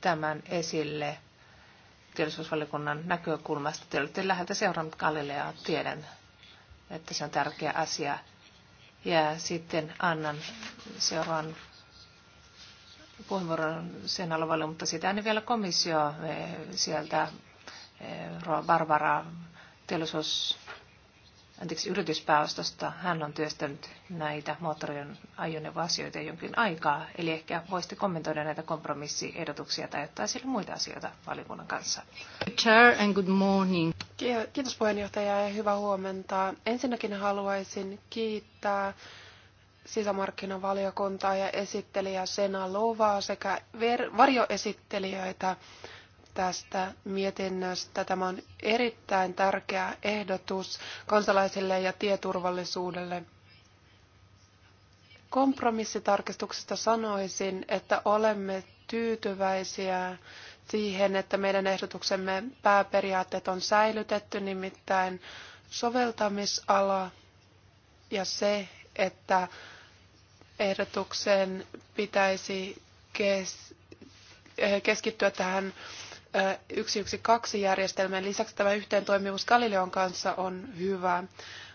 tämän esille työllisyysvaliokunnan näkökulmasta. Te olette läheltä seurannut Galileaa, tiedän, että se on tärkeä asia. Ja sitten annan seuraavan puheenvuoron sen alueelle, mutta sitä ennen vielä komissio eh, sieltä eh, Barbara teollisuus, anteeksi, yrityspääostosta. Hän on työstänyt näitä moottorien ajoneuvoasioita jonkin aikaa, eli ehkä voisitte kommentoida näitä kompromissiehdotuksia tai ottaa sille muita asioita valiokunnan kanssa. Chair and good morning. Kiitos puheenjohtaja ja hyvää huomenta. Ensinnäkin haluaisin kiittää sisämarkkinavaliokuntaa ja esittelijä Sena Lovaa sekä ver- varjoesittelijöitä tästä mietinnöstä. Tämä on erittäin tärkeä ehdotus kansalaisille ja tieturvallisuudelle. Kompromissitarkistuksesta sanoisin, että olemme tyytyväisiä siihen, että meidän ehdotuksemme pääperiaatteet on säilytetty, nimittäin soveltamisala ja se, että ehdotuksen pitäisi kes, eh, keskittyä tähän 112-järjestelmän eh, lisäksi tämä yhteen toimivuus Galileon kanssa on hyvä.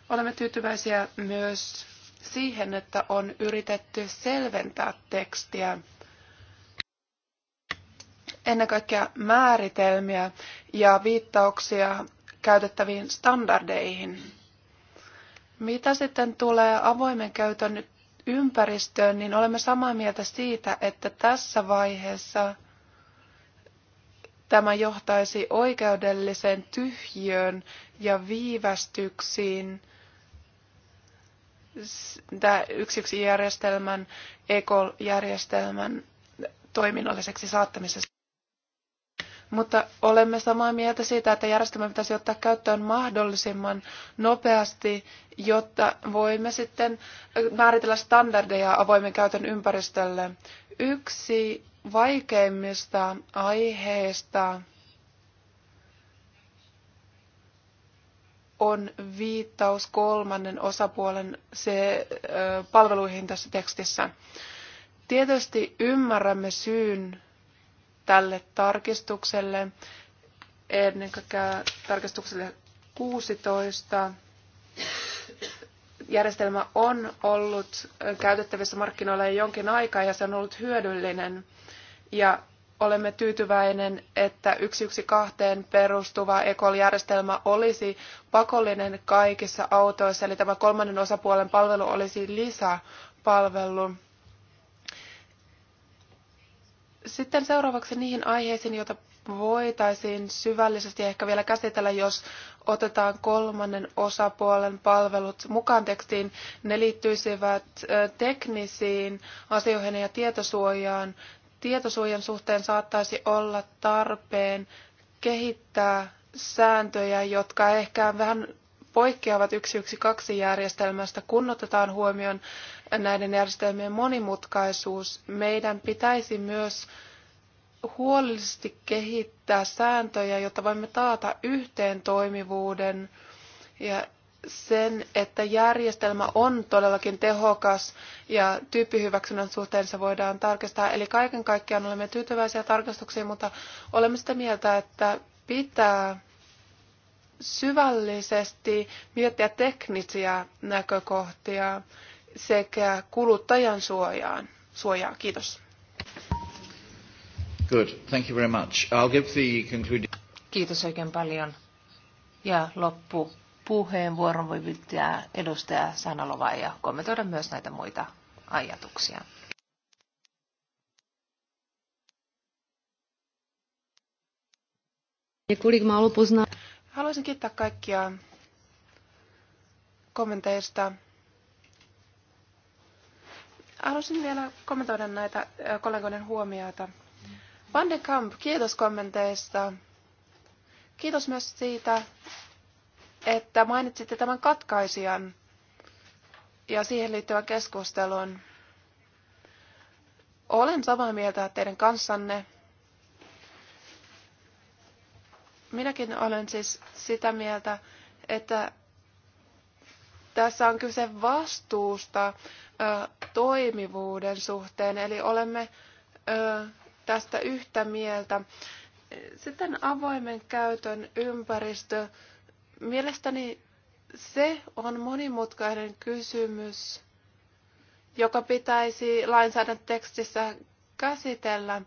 Olemme tyytyväisiä myös siihen, että on yritetty selventää tekstiä ennen kaikkea määritelmiä ja viittauksia käytettäviin standardeihin. Mitä sitten tulee avoimen käytön ympäristöön, niin olemme samaa mieltä siitä, että tässä vaiheessa tämä johtaisi oikeudelliseen tyhjiöön ja viivästyksiin yksi järjestelmän ekojärjestelmän toiminnalliseksi saattamisessa mutta olemme samaa mieltä siitä, että järjestelmä pitäisi ottaa käyttöön mahdollisimman nopeasti, jotta voimme sitten määritellä standardeja avoimen käytön ympäristölle. Yksi vaikeimmista aiheista on viittaus kolmannen osapuolen se, palveluihin tässä tekstissä. Tietysti ymmärrämme syyn tälle tarkistukselle, ennen kaikkea tarkistukselle 16. Järjestelmä on ollut käytettävissä markkinoilla jo jonkin aikaa ja se on ollut hyödyllinen. Ja olemme tyytyväinen, että 112 perustuva ECOL-järjestelmä olisi pakollinen kaikissa autoissa, eli tämä kolmannen osapuolen palvelu olisi lisäpalvelu. Sitten seuraavaksi niihin aiheisiin, joita voitaisiin syvällisesti ehkä vielä käsitellä, jos otetaan kolmannen osapuolen palvelut mukaan tekstiin. Ne liittyisivät teknisiin asioihin ja tietosuojaan. Tietosuojan suhteen saattaisi olla tarpeen kehittää sääntöjä, jotka ehkä vähän poikkeavat kaksi järjestelmästä, kun otetaan huomioon näiden järjestelmien monimutkaisuus, meidän pitäisi myös huolellisesti kehittää sääntöjä, jotta voimme taata yhteen toimivuuden ja sen, että järjestelmä on todellakin tehokas ja tyyppihyväksynnän suhteen se voidaan tarkistaa. Eli kaiken kaikkiaan olemme tyytyväisiä tarkastuksiin, mutta olemme sitä mieltä, että pitää syvällisesti miettiä teknisiä näkökohtia sekä kuluttajan suojaan. suojaa. Kiitos. Good. Thank you very much. I'll give the concluding... Kiitos oikein paljon. Ja loppu puheenvuoron voi pyytää edustaja Sanalova ja kommentoida myös näitä muita ajatuksia. Haluaisin kiittää kaikkia kommenteista Haluaisin vielä kommentoida näitä kollegoiden huomioita. Van de Kamp, kiitos kommenteista. Kiitos myös siitä, että mainitsitte tämän katkaisijan ja siihen liittyvän keskustelun. Olen samaa mieltä teidän kanssanne. Minäkin olen siis sitä mieltä, että tässä on kyse vastuusta toimivuuden suhteen, eli olemme tästä yhtä mieltä. Sitten avoimen käytön ympäristö. Mielestäni se on monimutkainen kysymys, joka pitäisi lainsäädäntötekstissä käsitellä.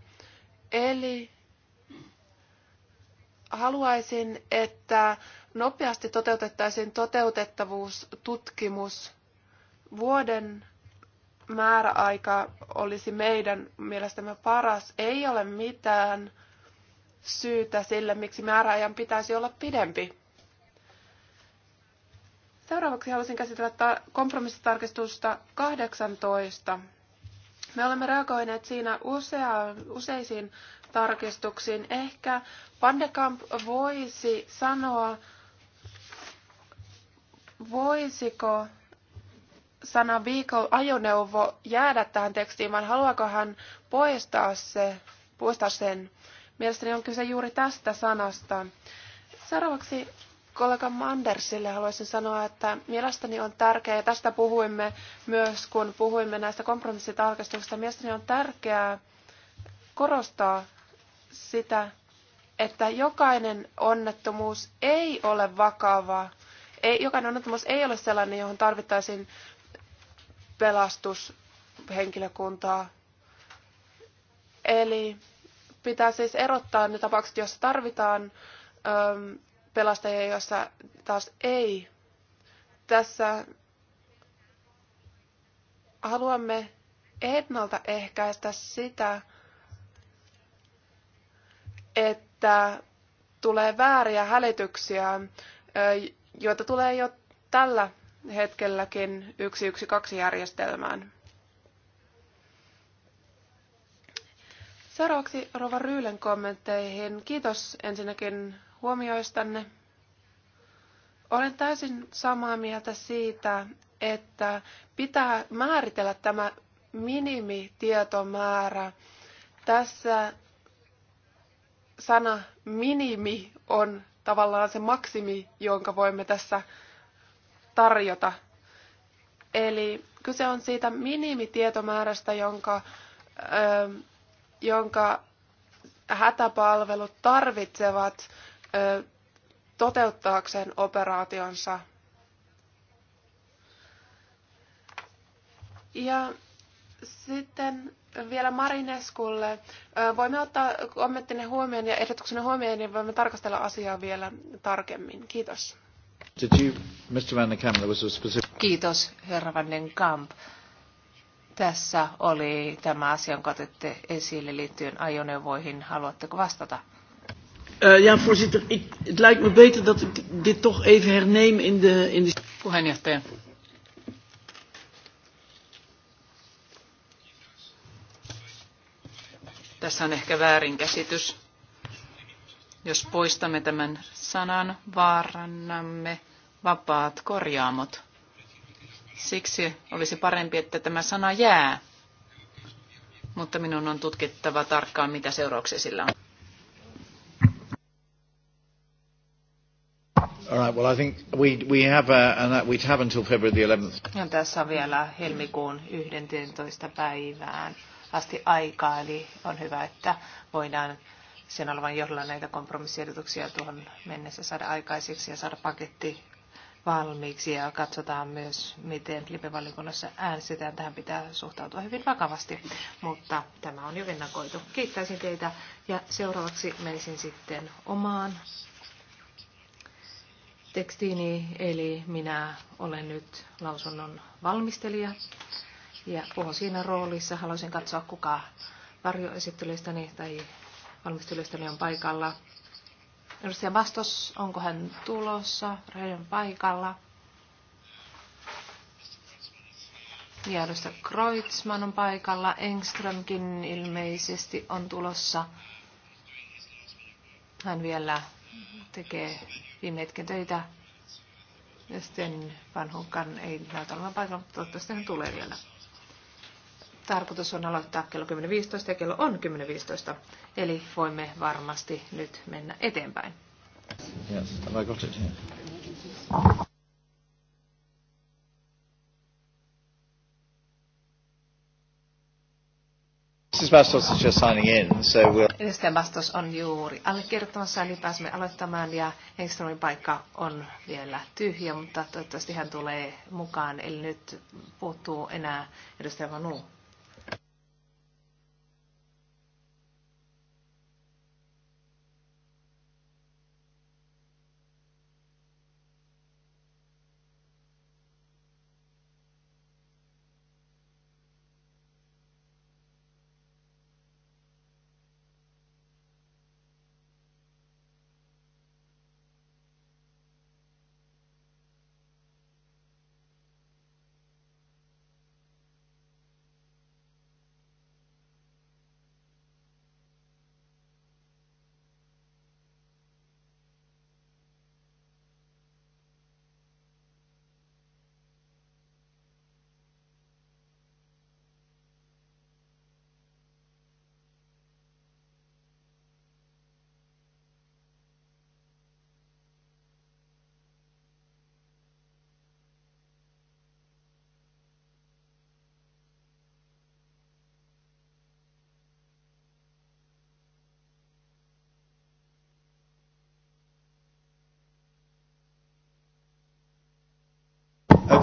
Eli haluaisin, että nopeasti toteutettaisiin toteutettavuustutkimus. Vuoden määräaika olisi meidän mielestämme paras. Ei ole mitään syytä sille, miksi määräajan pitäisi olla pidempi. Seuraavaksi haluaisin käsitellä ta- kompromissitarkistusta 18. Me olemme reagoineet siinä usea, useisiin tarkistuksiin. Ehkä Pandekamp voisi sanoa, voisiko sana vehicle ajoneuvo jäädä tähän tekstiin, vaan haluaako hän poistaa, se, poistaa sen. Mielestäni on kyse juuri tästä sanasta. Seuraavaksi kollega Mandersille haluaisin sanoa, että mielestäni on tärkeää, ja tästä puhuimme myös, kun puhuimme näistä kompromissitarkistuksista, mielestäni on tärkeää korostaa sitä, että jokainen onnettomuus ei ole vakava. Ei, jokainen onnettomuus ei ole sellainen, johon tarvittaisiin pelastushenkilökuntaa. Eli pitää siis erottaa ne tapaukset, joissa tarvitaan öm, pelastajia, joissa taas ei. Tässä haluamme ennaltaehkäistä sitä, että tulee vääriä hälytyksiä, joita tulee jo tällä hetkelläkin 112-järjestelmään. Seuraavaksi Rova Ryylen kommentteihin. Kiitos ensinnäkin huomioistanne. Olen täysin samaa mieltä siitä, että pitää määritellä tämä minimitietomäärä. Tässä sana minimi on tavallaan se maksimi, jonka voimme tässä tarjota. Eli kyse on siitä minimitietomäärästä, jonka, ö, ähm, jonka hätäpalvelut tarvitsevat ö, äh, toteuttaakseen operaationsa. Ja sitten vielä Marineskulle. Voimme ottaa kommenttinne huomioon ja ehdotuksenne huomioon, niin voimme tarkastella asiaa vielä tarkemmin. Kiitos. You, Mr. Van den Kamp, was a specific... Kiitos, herra Van den Kamp. Tässä oli tämä asia, jonka otitte esille liittyen ajoneuvoihin. Haluatteko vastata? Uh, ja, voorzitter, ik, het lijkt me beter dat ik dit toch even herneem in de... In de... Puheenjohtaja, Tässä on ehkä väärinkäsitys. Jos poistamme tämän sanan, vaarannamme vapaat korjaamot. Siksi olisi parempi, että tämä sana jää. Mutta minun on tutkittava tarkkaan, mitä seurauksia sillä on. All right, well I think we, we have, uh, and have until February the 11th. Ja tässä on vielä helmikuun 11. päivään asti aikaa, eli on hyvä, että voidaan sen olevan johdolla näitä kompromissiedotuksia tuohon mennessä saada aikaisiksi ja saada paketti valmiiksi ja katsotaan myös, miten lipevaliokunnassa äänestetään. Tähän pitää suhtautua hyvin vakavasti, mutta tämä on jo ennakoitu. Kiittäisin teitä ja seuraavaksi menisin sitten omaan tekstiini, eli minä olen nyt lausunnon valmistelija ja puhun siinä roolissa. Haluaisin katsoa, kuka varjoesittelystäni tai valmistelystäni on paikalla. Edustaja Bastos, onko hän tulossa? Rajan paikalla. Ja edustaja Kreutzmann on paikalla. Engströmkin ilmeisesti on tulossa. Hän vielä tekee viime hetken töitä. Ja sitten vanhunkan ei näytä olevan paikalla, mutta toivottavasti hän tulee vielä tarkoitus on aloittaa kello 10.15 ja kello on 10.15, eli voimme varmasti nyt mennä eteenpäin. Yes, have I got it here? Bastos just signing in, Edustaja Bastos on juuri allekirjoittamassa, eli pääsemme aloittamaan, ja Engströmin paikka on vielä tyhjä, mutta toivottavasti hän tulee mukaan, eli nyt puuttuu enää edustaja Vanu.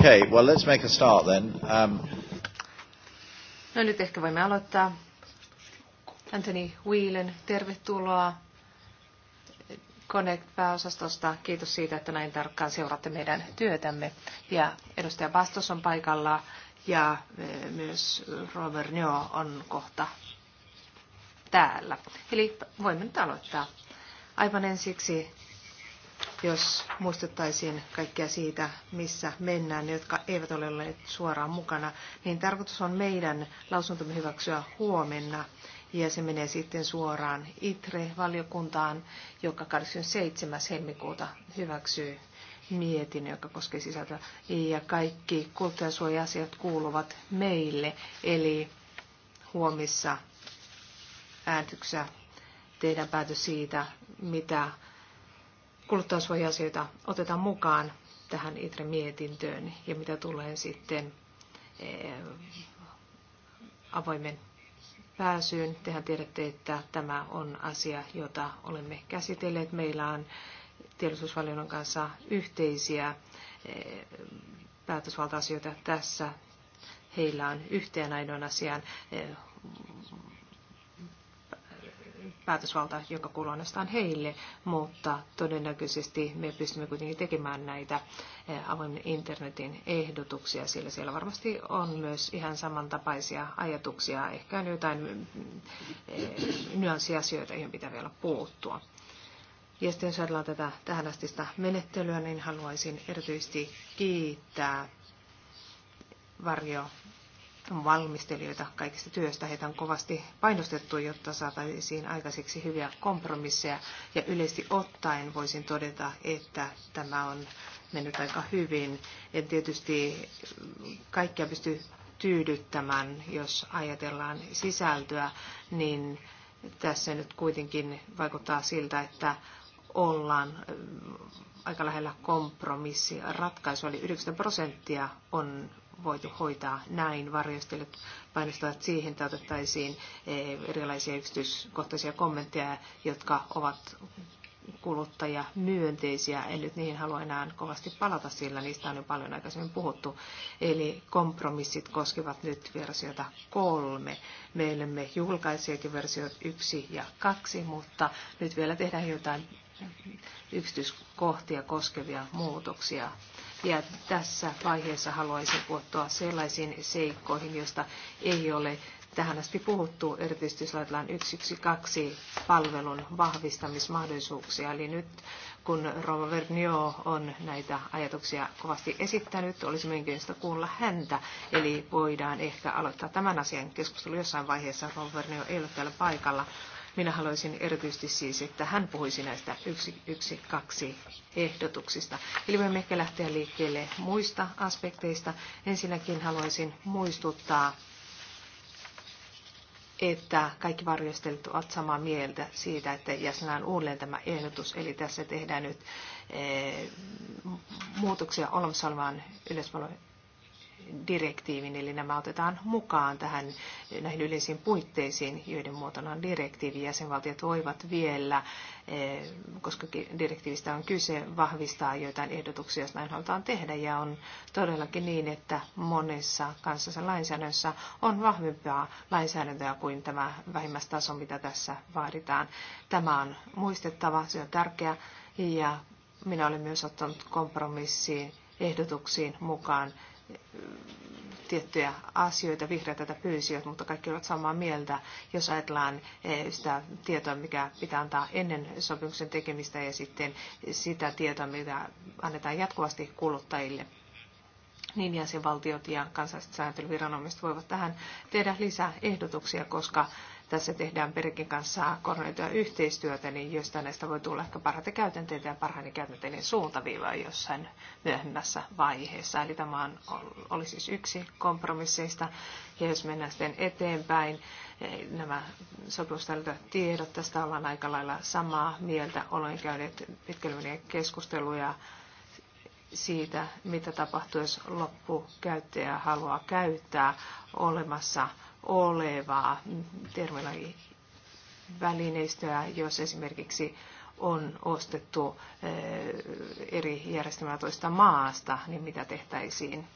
Okay, well let's make a start then. Um... No nyt ehkä voimme aloittaa. Anthony Wheelen, tervetuloa Connect-pääosastosta. Kiitos siitä, että näin tarkkaan seuraatte meidän työtämme. Ja edustaja Bastos on paikalla ja e, myös Robert Neo on kohta täällä. Eli voimme nyt aloittaa. Aivan ensiksi jos muistuttaisiin kaikkia siitä, missä mennään, ne, jotka eivät ole olleet suoraan mukana, niin tarkoitus on meidän lausuntomme hyväksyä huomenna. Ja se menee sitten suoraan ITRE-valiokuntaan, joka 27. helmikuuta hyväksyy mietin, joka koskee sisältöä. Ja kaikki kuluttajansuoja-asiat kuuluvat meille, eli huomissa äänestyksessä tehdään päätös siitä, mitä kuluttajasuoja-asioita otetaan mukaan tähän itre mietintöön ja mitä tulee sitten eh, avoimen pääsyyn. Tehän tiedätte, että tämä on asia, jota olemme käsitelleet. Meillä on tiedotusvaliokunnan kanssa yhteisiä eh, päätösvalta-asioita tässä. Heillä on yhteen ainoan asian eh, päätösvalta, joka kuuluu ainoastaan heille, mutta todennäköisesti me pystymme kuitenkin tekemään näitä eh, avoimen internetin ehdotuksia, sillä siellä varmasti on myös ihan samantapaisia ajatuksia, ehkä on jotain mm, eh, nyanssiasioita, joihin pitää vielä puuttua. Ja sitten jos ajatellaan tätä tähänastista menettelyä, niin haluaisin erityisesti kiittää varjo valmistelijoita kaikista työstä. Heitä on kovasti painostettu, jotta saataisiin aikaiseksi hyviä kompromisseja. Ja yleisesti ottaen voisin todeta, että tämä on mennyt aika hyvin. Ja tietysti kaikkia pysty tyydyttämään, jos ajatellaan sisältöä, niin tässä nyt kuitenkin vaikuttaa siltä, että ollaan aika lähellä kompromissia. Ratkaisu oli 90 prosenttia on voitu niin. hoitaa näin. Varjostelut painostavat siihen, että otettaisiin eh, erilaisia yksityiskohtaisia kommentteja, jotka ovat myönteisiä. En nyt niihin halua enää kovasti palata, sillä niistä on jo paljon aikaisemmin puhuttu. Eli kompromissit koskevat nyt versiota kolme. Me olemme julkaisijakin versiot yksi ja kaksi, mutta nyt vielä tehdään jotain yksityiskohtia koskevia muutoksia ja tässä vaiheessa haluaisin puuttua sellaisiin seikkoihin, joista ei ole tähän asti puhuttu, erityisesti jos ajatellaan 112 palvelun vahvistamismahdollisuuksia. Eli nyt kun Rova Vernio on näitä ajatuksia kovasti esittänyt, olisi mielenkiintoista kuulla häntä. Eli voidaan ehkä aloittaa tämän asian keskustelu jossain vaiheessa. Rova Vernio ei ole täällä paikalla. Minä haluaisin erityisesti siis, että hän puhuisi näistä yksi, yksi, kaksi ehdotuksista. Eli voimme ehkä lähteä liikkeelle muista aspekteista. Ensinnäkin haluaisin muistuttaa että kaikki varjostelut ovat samaa mieltä siitä, että jäsenään uudelleen tämä ehdotus. Eli tässä tehdään nyt eh, muutoksia olemassa olevaan direktiivin, eli nämä otetaan mukaan tähän näihin yleisiin puitteisiin, joiden muotona on direktiivi. Jäsenvaltiot voivat vielä, eh, koska direktiivistä on kyse, vahvistaa joitain ehdotuksia, jos näin halutaan tehdä. Ja on todellakin niin, että monessa kansallisessa lainsäädännössä on vahvempaa lainsäädäntöä kuin tämä vähimmäistaso, mitä tässä vaaditaan. Tämä on muistettava, se on tärkeä, ja minä olen myös ottanut kompromissiin ehdotuksiin mukaan tiettyjä asioita, vihreät tätä pyysivät, mutta kaikki ovat samaa mieltä, jos ajatellaan eh, sitä tietoa, mikä pitää antaa ennen sopimuksen tekemistä ja sitten sitä tietoa, mitä annetaan jatkuvasti kuluttajille. Niin jäsenvaltiot ja kansalliset sääntelyviranomaiset voivat tähän tehdä lisää ehdotuksia, koska tässä tehdään Perkin kanssa koordinoitua yhteistyötä, niin jostain näistä voi tulla ehkä parhaita käytänteitä ja parhaiden käytänteiden suuntaviivaa jossain myöhemmässä vaiheessa. Eli tämä on, oli siis yksi kompromisseista. Ja jos mennään sitten eteenpäin, nämä sopimustaidot tiedot, tästä ollaan aika lailla samaa mieltä. Olen käynyt pitkälle keskusteluja siitä, mitä tapahtuu, jos loppukäyttäjä haluaa käyttää olemassa olevaa terminaalivälineistöä, jos esimerkiksi on ostettu eri järjestelmää toista maasta, niin mitä tehtäisiin?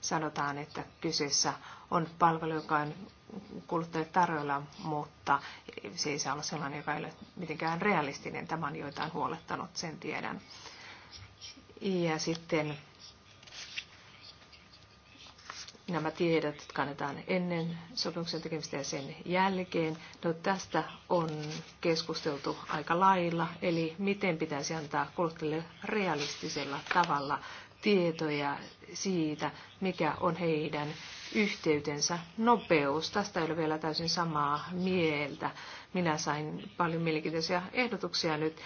Sanotaan, että kyseessä on palvelu, joka on kuluttajille tarjolla, mutta se ei saa olla sellainen, joka ei ole mitenkään realistinen. Tämä on joitain huolettanut, sen tiedän. Ja sitten nämä tiedot, jotka annetaan ennen sopimuksen tekemistä ja sen jälkeen. No, tästä on keskusteltu aika lailla, eli miten pitäisi antaa kuluttajille realistisella tavalla tietoja siitä, mikä on heidän yhteytensä nopeus. Tästä ei ole vielä täysin samaa mieltä. Minä sain paljon mielenkiintoisia ehdotuksia nyt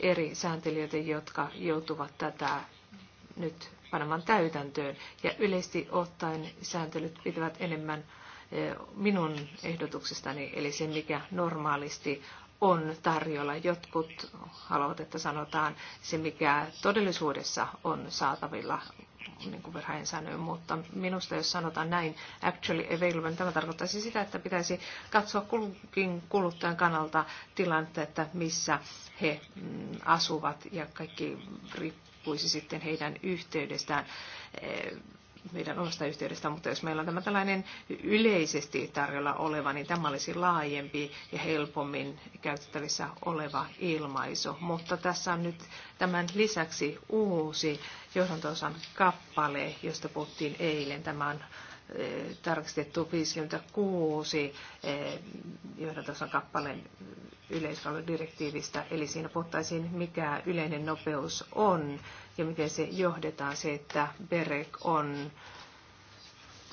eri sääntelijöitä, jotka joutuvat tätä nyt panemaan täytäntöön. Ja yleisesti ottaen sääntelyt pitävät enemmän minun ehdotuksestani, eli se mikä normaalisti on tarjolla. Jotkut haluavat, että sanotaan se, mikä todellisuudessa on saatavilla, niin kuin verhain sanoi, mutta minusta jos sanotaan näin, actually available, niin tämä tarkoittaisi sitä, että pitäisi katsoa kulkin kuluttajan kannalta tilannetta, että missä he mm, asuvat ja kaikki riippuu riippuisi sitten heidän yhteydestään eh, meidän omasta yhteydestä, mutta jos meillä on tämä tällainen yleisesti tarjolla oleva, niin tämä olisi laajempi ja helpommin käytettävissä oleva ilmaisu. Mutta tässä on nyt tämän lisäksi uusi johdantosan kappale, josta puhuttiin eilen. Tämä on Eh, tarkistettu 56 eh, johdantosan kappaleen yleispalveludirektiivistä, eli siinä puhuttaisiin, mikä yleinen nopeus on ja miten se johdetaan se, että BEREC on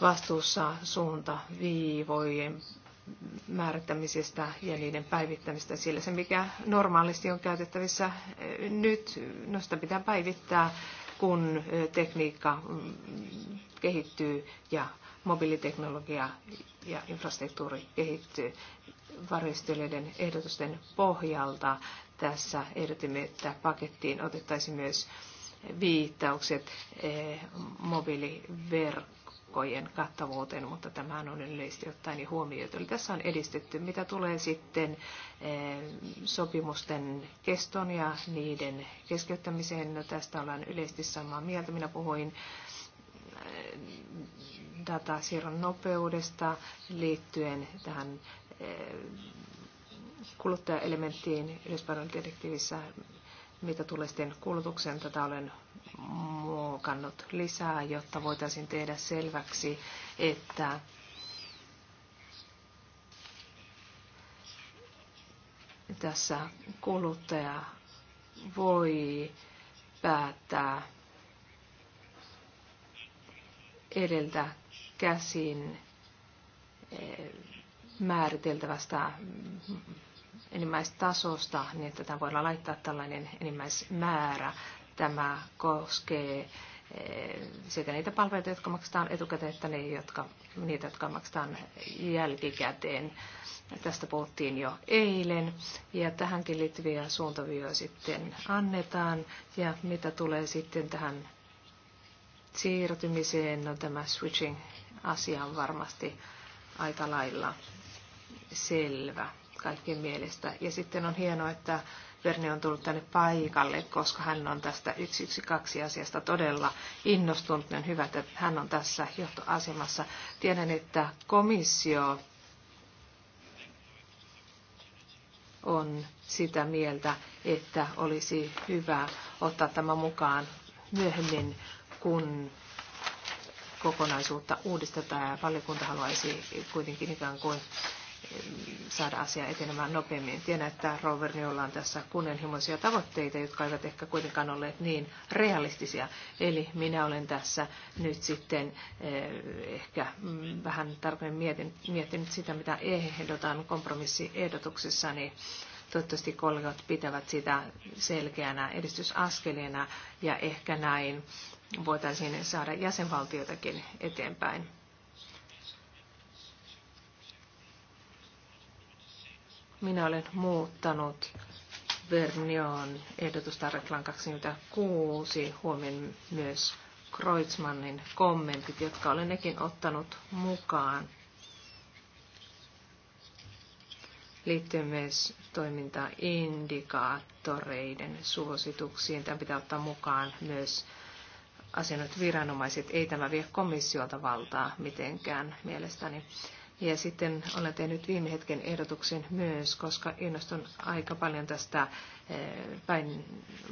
vastuussa suuntaviivojen määrittämisestä ja niiden päivittämistä. Sillä se, mikä normaalisti on käytettävissä eh, nyt, no sitä pitää päivittää kun tekniikka mm, kehittyy ja mobiiliteknologia ja infrastruktuuri kehittyy varjostelijoiden ehdotusten pohjalta. Tässä ehdotimme, että pakettiin otettaisiin myös viittaukset mobiiliverkkoon palkkojen kattavuuteen, mutta tämähän on yleisesti ottaen niin huomioitu. Eli tässä on edistetty, mitä tulee sitten eh, sopimusten keston ja niiden keskeyttämiseen. No, tästä ollaan yleisesti samaa mieltä. Minä puhuin eh, datasiirron nopeudesta liittyen tähän eh, kuluttajaelementtiin yleispalveludirektiivissä mitä tulee sitten kulutukseen, tätä olen muokannut lisää, jotta voitaisiin tehdä selväksi, että tässä kuluttaja voi päättää edeltä käsin eh, määriteltävästä enimmäistasosta, niin että tämä voidaan laittaa tällainen enimmäismäärä. Tämä koskee eh, sekä niitä palveluita, jotka maksetaan etukäteen, että niitä, jotka, niitä, jotka maksetaan jälkikäteen. Tästä puhuttiin jo eilen ja tähänkin liittyviä suuntavioja sitten annetaan. Ja mitä tulee sitten tähän siirtymiseen, no tämä switching asia on varmasti aika lailla selvä kaikkien mielestä. Ja sitten on hienoa, että Verne on tullut tänne paikalle, koska hän on tästä 112 asiasta todella innostunut. On hyvä, että hän on tässä johtoasemassa. Tiedän, että komissio on sitä mieltä, että olisi hyvä ottaa tämä mukaan myöhemmin, kun kokonaisuutta uudistetaan ja valiokunta haluaisi kuitenkin ikään kuin saada asia etenemään nopeammin. Tiedän, että Roverniolla on tässä kunnianhimoisia tavoitteita, jotka eivät ehkä kuitenkaan ole niin realistisia. Eli minä olen tässä nyt sitten eh, ehkä mm, vähän tarkemmin mietin, miettinyt sitä, mitä ehdotan niin Toivottavasti kollegat pitävät sitä selkeänä edistysaskelina ja ehkä näin voitaisiin saada jäsenvaltiotakin eteenpäin. minä olen muuttanut Vernion ehdotusta Reklan 26, huomioon myös Kreutzmannin kommentit, jotka olen nekin ottanut mukaan. Liittyen myös toimintaindikaattoreiden suosituksiin. Tämä pitää ottaa mukaan myös asianut viranomaiset. Ei tämä vie komissiolta valtaa mitenkään mielestäni. Ja sitten olen tehnyt viime hetken ehdotuksen myös, koska innostun aika paljon tästä eh, päin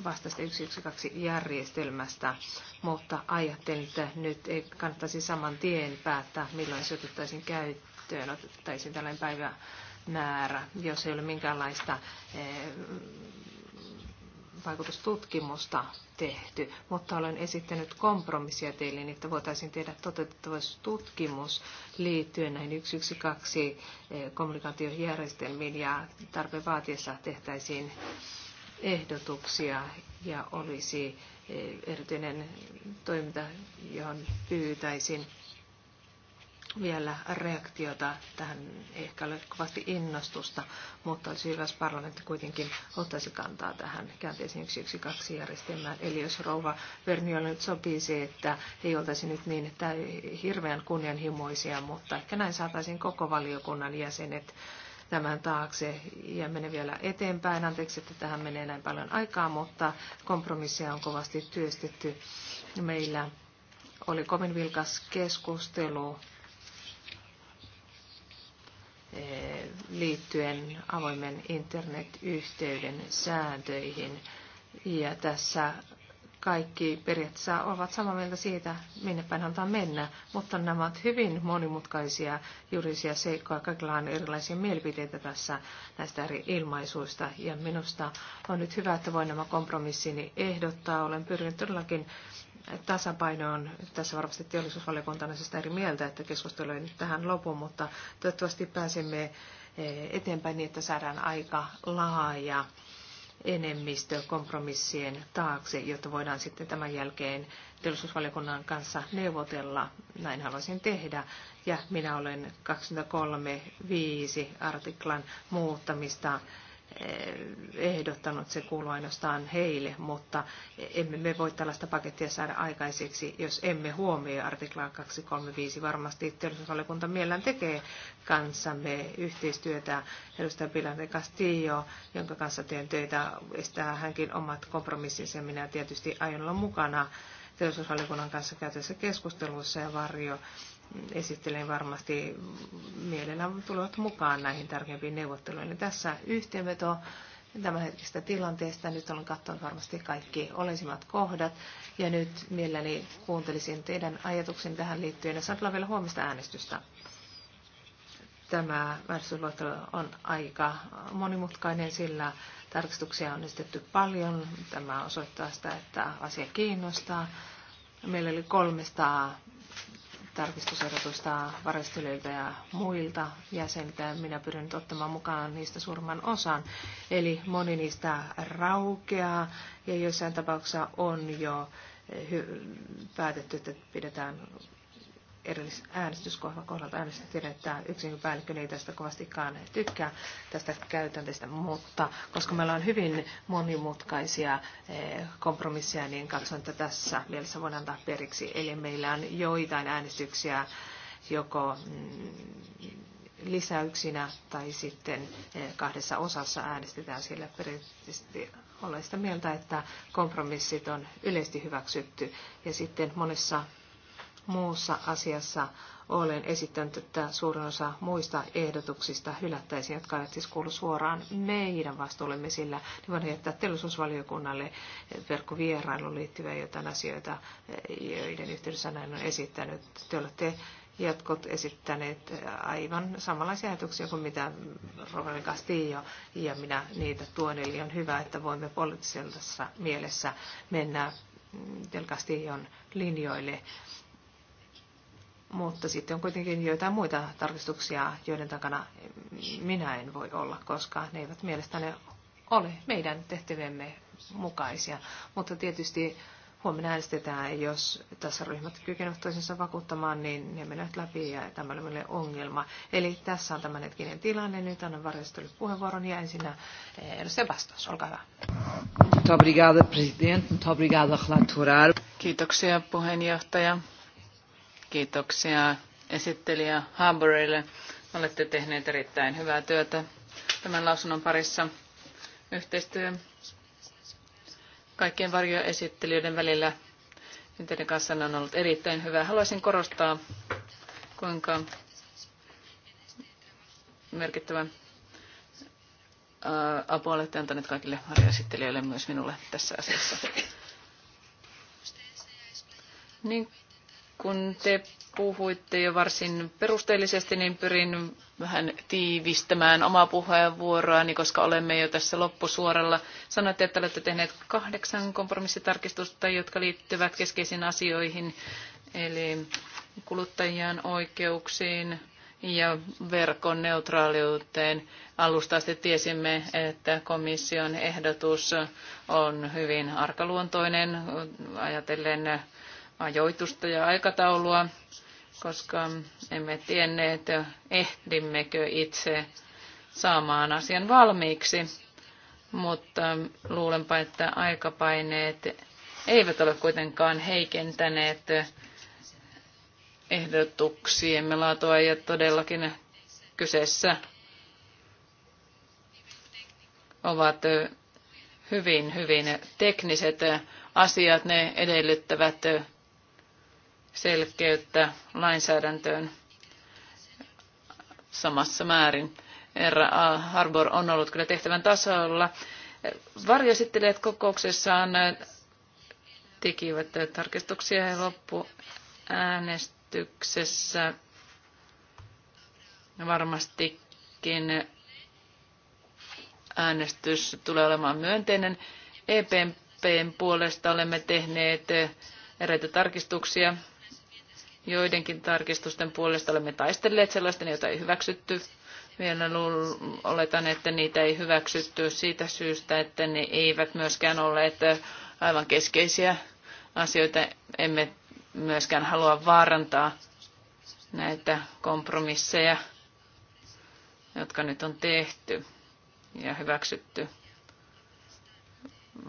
vastaista 112-järjestelmästä, mutta ajattelin, että nyt ei kannattaisi saman tien päättää, milloin se otettaisiin käyttöön, otettaisiin tällainen päivämäärä, jos ei ole minkäänlaista eh, vaikutustutkimusta tehty, mutta olen esittänyt kompromissia teille, niin että voitaisiin tehdä toteutettavaisuus tutkimus liittyen näihin 112 eh, kommunikaatiojärjestelmiin ja tarpeen vaatiessa tehtäisiin ehdotuksia ja olisi eh, erityinen toiminta, johon pyytäisin vielä reaktiota. Tähän ehkä ole kovasti innostusta, mutta olisi hyvä, jos parlamentti kuitenkin ottaisi kantaa tähän käänteisiin 112 järjestelmään. Eli jos rouva Verniolle nyt sopii se, että ei oltaisi nyt niin että hirveän kunnianhimoisia, mutta ehkä näin saataisiin koko valiokunnan jäsenet tämän taakse ja menee vielä eteenpäin. Anteeksi, että tähän menee näin paljon aikaa, mutta kompromissia on kovasti työstetty. Meillä oli kovin vilkas keskustelu liittyen avoimen internetyhteyden sääntöihin. Ja tässä kaikki periaatteessa ovat samaa mieltä siitä, minne päin halutaan mennä, mutta nämä ovat hyvin monimutkaisia juridisia seikkoja. Kaikilla on erilaisia mielipiteitä tässä näistä eri ilmaisuista ja minusta on nyt hyvä, että voin nämä kompromissini ehdottaa. Olen pyrkinyt todellakin tasapainoon. Tässä varmasti teollisuusvaliokunta on sitä eri mieltä, että keskustelu ei nyt tähän lopu, mutta toivottavasti pääsemme eteenpäin niin, että saadaan aika laaja enemmistö kompromissien taakse, jotta voidaan sitten tämän jälkeen teollisuusvaliokunnan kanssa neuvotella. Näin haluaisin tehdä. Ja minä olen 23.5 artiklan muuttamista Eh, ehdottanut, se kuuluu ainoastaan heille, mutta emme me voi tällaista pakettia saada aikaiseksi, jos emme huomioi artiklaa 235. Varmasti teollisuusvaliokunta mielellään tekee kanssamme yhteistyötä. Edustaja Pilar Castillo, jonka kanssa teen töitä, estää hänkin omat kompromissinsa. Minä tietysti aion olla mukana teollisuusvaliokunnan kanssa käytössä keskustelussa ja varjo esittelen varmasti mielellään tulevat mukaan näihin tärkeimpiin neuvotteluihin. Tässä yhteenveto tämänhetkisestä tilanteesta. Nyt olen katsonut varmasti kaikki olisimmat kohdat. Ja nyt mielelläni kuuntelisin teidän ajatuksen tähän liittyen. Ja saat vielä huomista äänestystä. Tämä äänestysluettelo on aika monimutkainen, sillä tarkistuksia on esitetty paljon. Tämä osoittaa sitä, että asia kiinnostaa. Meillä oli 300 tarkistusehdotusta varastelijoilta ja muilta jäseniltä. Minä pyrin nyt ottamaan mukaan niistä suurimman osan. Eli moni niistä raukeaa ja joissain tapauksissa on jo päätetty, että pidetään erillisäänestyskohdan kohdalta äänestettiin, että yksikön päällikkö ei tästä kovastikaan tykkää tästä käytänteestä, mutta koska meillä on hyvin monimutkaisia eh, kompromisseja, niin katson, että tässä mielessä voidaan antaa periksi. Eli meillä on joitain äänestyksiä joko mm, lisäyksinä tai sitten eh, kahdessa osassa äänestetään sillä periaatteessa olen sitä mieltä, että kompromissit on yleisesti hyväksytty ja sitten monessa muussa asiassa olen esittänyt, että suurin osa muista ehdotuksista hylättäisiin, jotka eivät siis kuulu suoraan meidän vastuullemme, sillä niin voin jättää teollisuusvaliokunnalle verkkovierailuun liittyviä jotain asioita, joiden yhteydessä näin on esittänyt. Te olette jatkot esittäneet aivan samanlaisia ajatuksia kuin mitä Rovelin Castillo ja minä niitä tuon. Eli on hyvä, että voimme poliittisessa mielessä mennä Del Castillon linjoille mutta sitten on kuitenkin joitain muita tarkistuksia, joiden takana minä en voi olla, koska ne eivät mielestäni ole meidän tehtävämme mukaisia. Mutta tietysti huomenna äänestetään, jos tässä ryhmät kykenevät toisensa vakuuttamaan, niin ne menevät läpi ja tämä oli meille ongelma. Eli tässä on hetkinen tilanne. Nyt annan varjostelu puheenvuoron ja ensin äh, edustaja vastaus. Olkaa hyvä. Kiitoksia, puheenjohtaja. Kiitoksia esittelijä Haberille. Olette tehneet erittäin hyvää työtä tämän lausunnon parissa. Yhteistyö kaikkien varjoesittelijöiden välillä teidän kanssa on ollut erittäin hyvää. Haluaisin korostaa, kuinka merkittävä apua olette antaneet kaikille varjoesittelijöille myös minulle tässä asiassa. Niin kun te puhuitte jo varsin perusteellisesti, niin pyrin vähän tiivistämään omaa puheenvuoroani, koska olemme jo tässä loppusuoralla. Sanoitte, että olette tehneet kahdeksan kompromissitarkistusta, jotka liittyvät keskeisiin asioihin, eli kuluttajien oikeuksiin ja verkon neutraaliuteen. Alusta asti tiesimme, että komission ehdotus on hyvin arkaluontoinen ajatellen ajoitusta ja aikataulua, koska emme tienneet, ehdimmekö itse saamaan asian valmiiksi. Mutta luulenpa, että aikapaineet eivät ole kuitenkaan heikentäneet ehdotuksiemme laatua ja todellakin kyseessä ovat hyvin, hyvin tekniset asiat. Ne edellyttävät selkeyttä lainsäädäntöön samassa määrin. Herra Harbor on ollut kyllä tehtävän tasolla. Varjoesittelijät kokouksessaan tekivät tarkistuksia ja loppuäänestyksessä varmastikin äänestys tulee olemaan myönteinen. EPPn puolesta olemme tehneet eräitä tarkistuksia Joidenkin tarkistusten puolesta olemme taistelleet sellaisten, joita ei hyväksytty. Vielä oletan, että niitä ei hyväksytty siitä syystä, että ne eivät myöskään olleet aivan keskeisiä asioita. Emme myöskään halua vaarantaa näitä kompromisseja, jotka nyt on tehty ja hyväksytty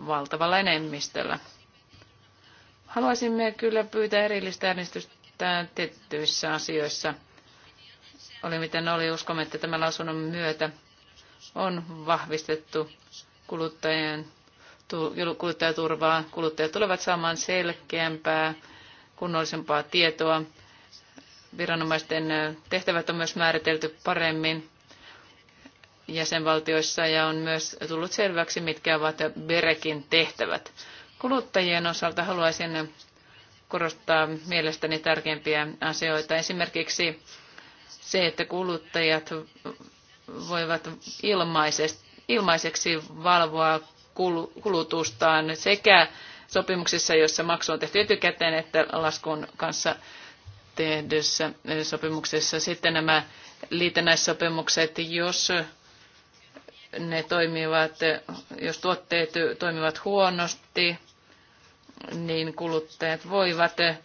valtavalla enemmistöllä. Haluaisimme kyllä pyytää erillistä äänestystä että tiettyissä asioissa oli miten oli. Uskomme, että tämän lausunnon myötä on vahvistettu kuluttajien kuluttajaturvaa. Kuluttajat tulevat saamaan selkeämpää, kunnollisempaa tietoa. Viranomaisten tehtävät on myös määritelty paremmin jäsenvaltioissa ja on myös tullut selväksi, mitkä ovat Berekin tehtävät. Kuluttajien osalta haluaisin korostaa mielestäni tärkeimpiä asioita. Esimerkiksi se, että kuluttajat voivat ilmaiseksi valvoa kulutustaan sekä sopimuksissa, joissa maksu on tehty etukäteen, että laskun kanssa tehdyssä sopimuksessa. Sitten nämä liitännäissopimukset, jos ne toimivat, jos tuotteet toimivat huonosti, niin kuluttajat voivat eh,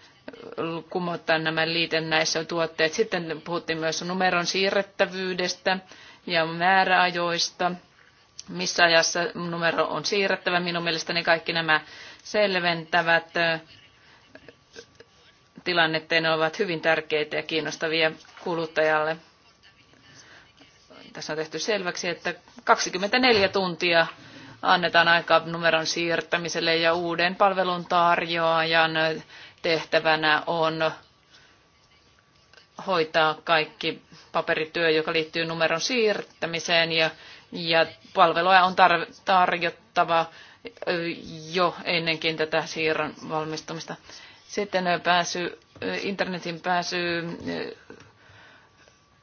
kumottaa nämä liitännäissä tuotteet. Sitten puhuttiin myös numeron siirrettävyydestä ja määräajoista, missä ajassa numero on siirrettävä. Minun mielestäni kaikki nämä selventävät eh, tilannetta ne ovat hyvin tärkeitä ja kiinnostavia kuluttajalle. Tässä on tehty selväksi, että 24 tuntia annetaan aikaa numeron siirtämiselle ja uuden palvelun tarjoajan tehtävänä on hoitaa kaikki paperityö, joka liittyy numeron siirtämiseen ja, ja palvelua on tar- tarjottava jo ennenkin tätä siirron valmistumista. Sitten pääsy, internetin pääsy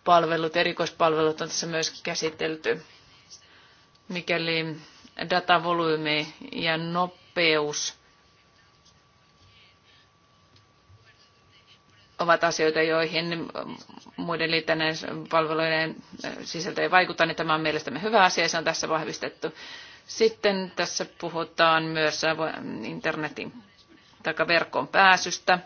palvelut, erikoispalvelut on tässä myös käsitelty. Mikäli datavolyymi ja nopeus ovat asioita, joihin muiden palvelujen sisältö ei vaikuta, niin tämä on mielestämme hyvä asia ja se on tässä vahvistettu. Sitten tässä puhutaan myös internetin tai verkkoon pääsystä.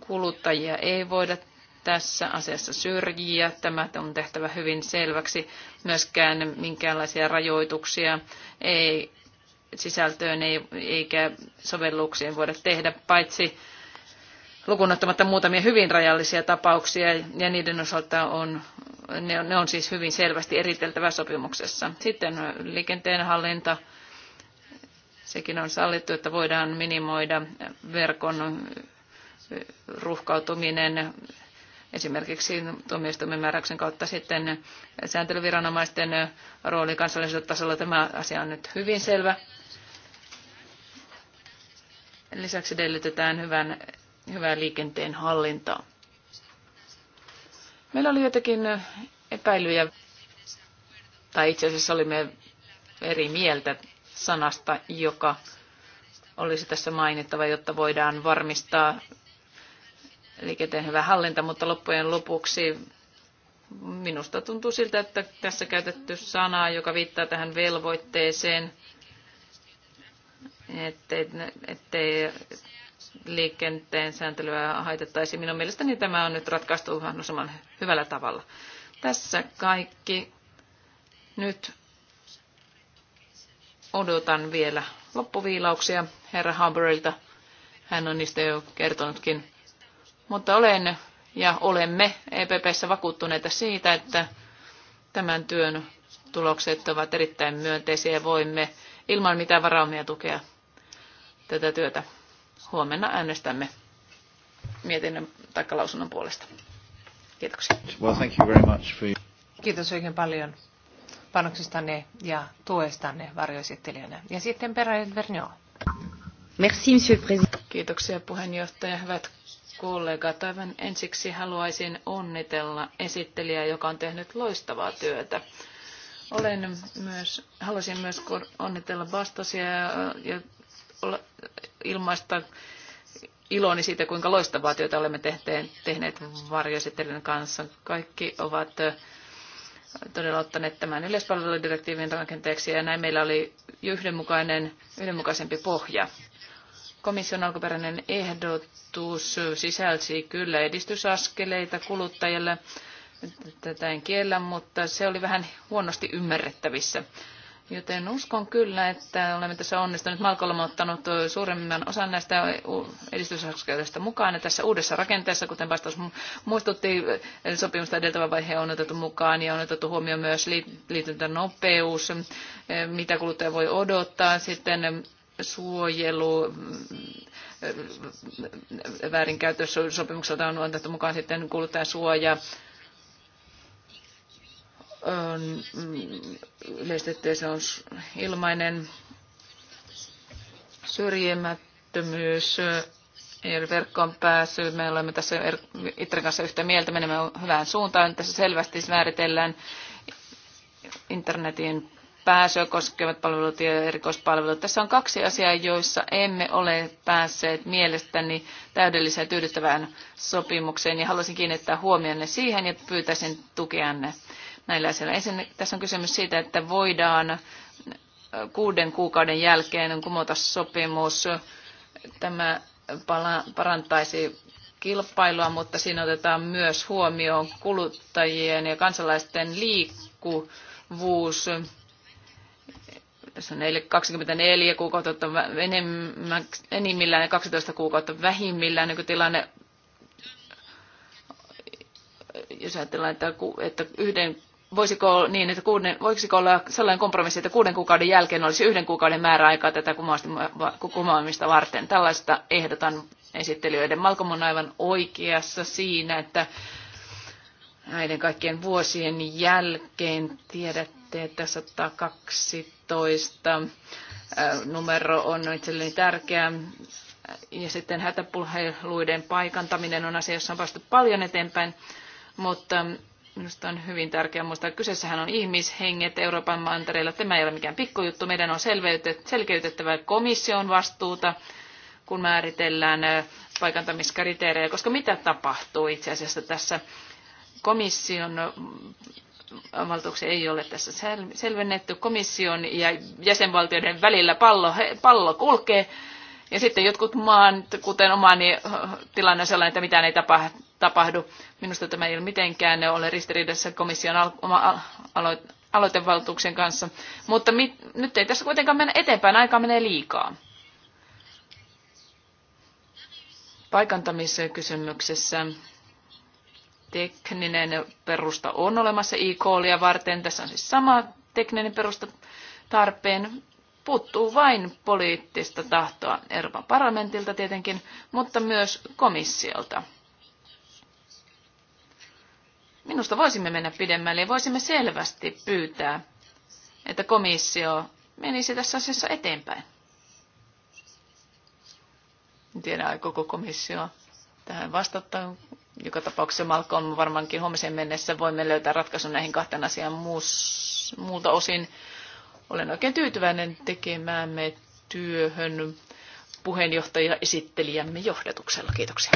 Kuluttajia ei voida tässä asiassa syrjiä. Tämä on tehtävä hyvin selväksi. Myöskään minkäänlaisia rajoituksia ei, sisältöön ei, eikä sovelluksiin voida tehdä, paitsi lukunottamatta muutamia hyvin rajallisia tapauksia, ja niiden osalta on, ne, on, ne on siis hyvin selvästi eriteltävä sopimuksessa. Sitten liikenteen hallinta, sekin on sallittu, että voidaan minimoida verkon ruhkautuminen esimerkiksi tuomioistuimen määräyksen kautta sitten sääntelyviranomaisten rooli kansallisella tasolla. Tämä asia on nyt hyvin selvä. Lisäksi edellytetään hyvän, hyvää liikenteen hallintaa. Meillä oli jotakin epäilyjä, tai itse asiassa olimme eri mieltä sanasta, joka olisi tässä mainittava, jotta voidaan varmistaa liikenteen hyvä hallinta, mutta loppujen lopuksi minusta tuntuu siltä, että tässä käytetty sanaa, joka viittaa tähän velvoitteeseen, ettei, ettei liikenteen sääntelyä haitettaisi. Minun mielestäni tämä on nyt ratkaistu mahdollisimman hyvällä tavalla. Tässä kaikki. Nyt odotan vielä loppuviilauksia herra Haberilta. Hän on niistä jo kertonutkin. Mutta olen ja olemme EPPssä vakuuttuneita siitä, että tämän työn tulokset ovat erittäin myönteisiä ja voimme ilman mitään varaumia tukea tätä työtä. Huomenna äänestämme mietinnön tai lausunnon puolesta. Kiitoksia. Well, thank you very much for... Kiitos oikein paljon panoksistanne ja tuestanne varjoesittelijänä. Ja sitten Perraille Vernion. Merci, monsieur le président. Kiitoksia puheenjohtaja. Hyvät kollegat, aivan ensiksi haluaisin onnitella esittelijää, joka on tehnyt loistavaa työtä. Olen myös, haluaisin myös onnitella Bastasia ja, ja ilmaista iloni siitä, kuinka loistavaa työtä olemme tehneet varjoesittelijän kanssa. Kaikki ovat todella ottaneet tämän yleispalveludirektiivin rakenteeksi ja näin meillä oli yhdenmukainen, yhdenmukaisempi pohja. Komission alkuperäinen ehdotus sisälsi kyllä edistysaskeleita kuluttajille tätä en kiellä, mutta se oli vähän huonosti ymmärrettävissä. Joten uskon kyllä, että olemme tässä onnistuneet. Malko olemme ottanut suuremman osan näistä edistysaskeleista mukaan. Ja tässä uudessa rakenteessa, kuten vastaus muistutti, sopimusta edeltävä vaihe on otettu mukaan ja on otettu huomioon myös liityntänopeus, mitä kuluttaja voi odottaa. Sitten suojelu mm, väärinkäytössopimukselta on otettu mukaan sitten kuluttajasuoja on mm, yleistetty se on ilmainen syrjimättömyys verkkoon pääsy. Me olemme tässä er, Itren kanssa yhtä mieltä, menemme hyvään suuntaan. Tässä selvästi määritellään internetin pääsyä koskevat palvelut ja erikoispalvelut. Tässä on kaksi asiaa, joissa emme ole päässeet mielestäni täydelliseen tyydyttävään sopimukseen ja haluaisin kiinnittää huomionne siihen ja pyytäisin tukeanne näillä asioilla. Ensin tässä on kysymys siitä, että voidaan kuuden kuukauden jälkeen kumota sopimus. Tämä parantaisi kilpailua, mutta siinä otetaan myös huomioon kuluttajien ja kansalaisten liikkuvuus tässä on 24 kuukautta enemmän, enimmillään ja 12 kuukautta vähimmillään niin tilanne. Jos ajatellaan, että, että yhden voisiko, niin, että kuuden, voisiko olla sellainen kompromissi, että kuuden kuukauden jälkeen olisi yhden kuukauden määräaikaa tätä kumoamista varten. Tällaista ehdotan esittelijöiden. Malcolm on aivan oikeassa siinä, että näiden kaikkien vuosien jälkeen tiedätte, että 120 12 äh, numero on itselleni tärkeä. Ja sitten hätäpuheluiden paikantaminen on asia, jossa on päästy paljon eteenpäin, mutta Minusta on hyvin tärkeää muistaa, että kyseessähän on ihmishenget Euroopan mantereilla. Tämä ei ole mikään pikkujuttu. Meidän on selkeytettävä komission vastuuta, kun määritellään äh, paikantamiskriteerejä, koska mitä tapahtuu itse asiassa tässä komission valtuuksia ei ole tässä selvennetty. Komission ja jäsenvaltioiden välillä pallo, pallo kulkee. Ja sitten jotkut maan, kuten omani tilanne on sellainen, että mitään ei tapahdu. Minusta tämä ei ole mitenkään ne ole ristiriidassa komission al, oma alo, aloitevaltuuksien kanssa. Mutta mit, nyt ei tässä kuitenkaan mennä eteenpäin, aika menee liikaa. Paikantamiskysymyksessä tekninen perusta on olemassa e varten. Tässä on siis sama tekninen perusta tarpeen. Puuttuu vain poliittista tahtoa Euroopan parlamentilta tietenkin, mutta myös komissiolta. Minusta voisimme mennä pidemmälle ja voisimme selvästi pyytää, että komissio menisi tässä asiassa eteenpäin. En tiedä, aikooko komissio tähän vastata, joka tapauksessa Malcolm varmaankin huomiseen mennessä voimme löytää ratkaisun näihin kahteen asiaan muus, muulta osin. Olen oikein tyytyväinen tekemäämme työhön puheenjohtaja esittelijämme johdatuksella. Kiitoksia.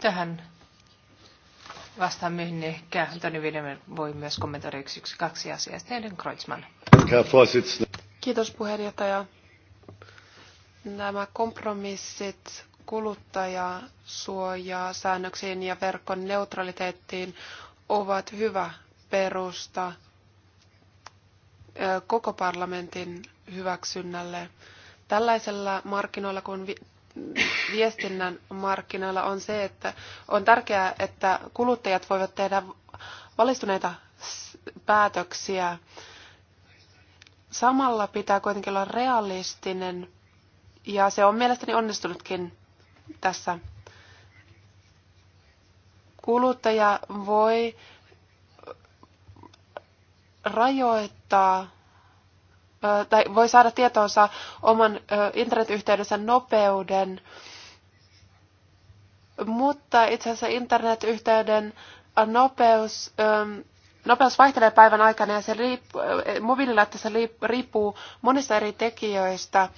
Tähän vastaan myöhemmin ehkä Antoni Viljelmä voi myös kommentoida yksi, yksi kaksi asiaa. Sitten Kreutzmann. Kiitos puheenjohtaja nämä kompromissit kuluttajasuojaa säännöksiin ja verkon neutraliteettiin ovat hyvä perusta koko parlamentin hyväksynnälle. Tällaisella markkinoilla kuin viestinnän markkinoilla on se, että on tärkeää, että kuluttajat voivat tehdä valistuneita päätöksiä. Samalla pitää kuitenkin olla realistinen ja se on mielestäni onnistunutkin tässä. Kuluttaja voi rajoittaa tai voi saada tietoonsa oman internetyhteydensä nopeuden, mutta itse asiassa internetyhteyden nopeus, nopeus vaihtelee päivän aikana ja se riippuu, mobiililaitteessa riippuu monista eri tekijöistä.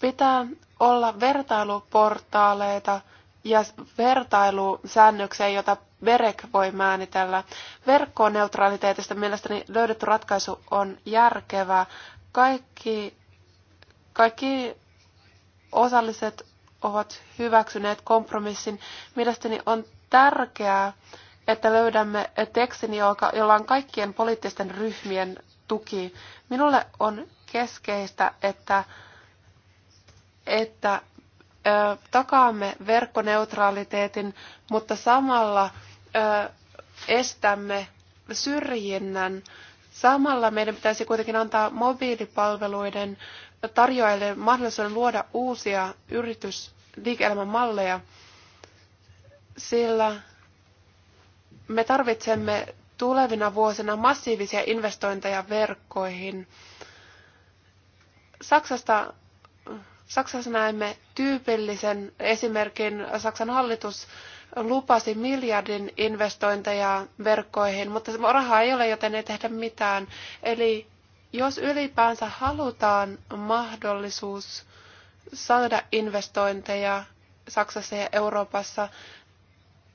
Pitää olla vertailuportaaleita ja vertailusäännöksiä, jota VEREK voi määnitellä. neutraliteetista mielestäni löydetty ratkaisu on järkevä. Kaikki, kaikki osalliset ovat hyväksyneet kompromissin. Mielestäni on tärkeää, että löydämme tekstin, jolla on kaikkien poliittisten ryhmien tuki. Minulle on keskeistä, että että takaamme verkkoneutraliteetin, mutta samalla estämme syrjinnän. Samalla meidän pitäisi kuitenkin antaa mobiilipalveluiden tarjoajille mahdollisuuden luoda uusia yritys- elämän malleja, sillä me tarvitsemme tulevina vuosina massiivisia investointeja verkkoihin. Saksasta Saksassa näemme tyypillisen esimerkin. Saksan hallitus lupasi miljardin investointeja verkkoihin, mutta rahaa ei ole, joten ei tehdä mitään. Eli jos ylipäänsä halutaan mahdollisuus saada investointeja Saksassa ja Euroopassa,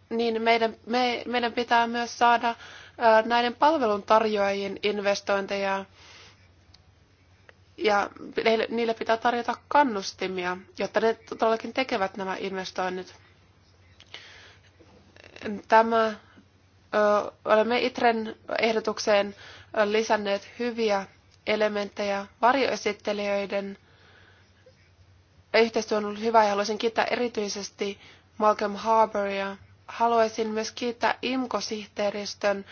niin meidän, me, meidän pitää myös saada näiden palveluntarjoajien investointeja ja niille pitää tarjota kannustimia, jotta ne todellakin tekevät nämä investoinnit. Tämä, ö, olemme ITREN ehdotukseen lisänneet hyviä elementtejä varjoesittelijöiden yhteistyö on ollut hyvä ja haluaisin kiittää erityisesti Malcolm Harboria. Haluaisin myös kiittää imco sihteeristön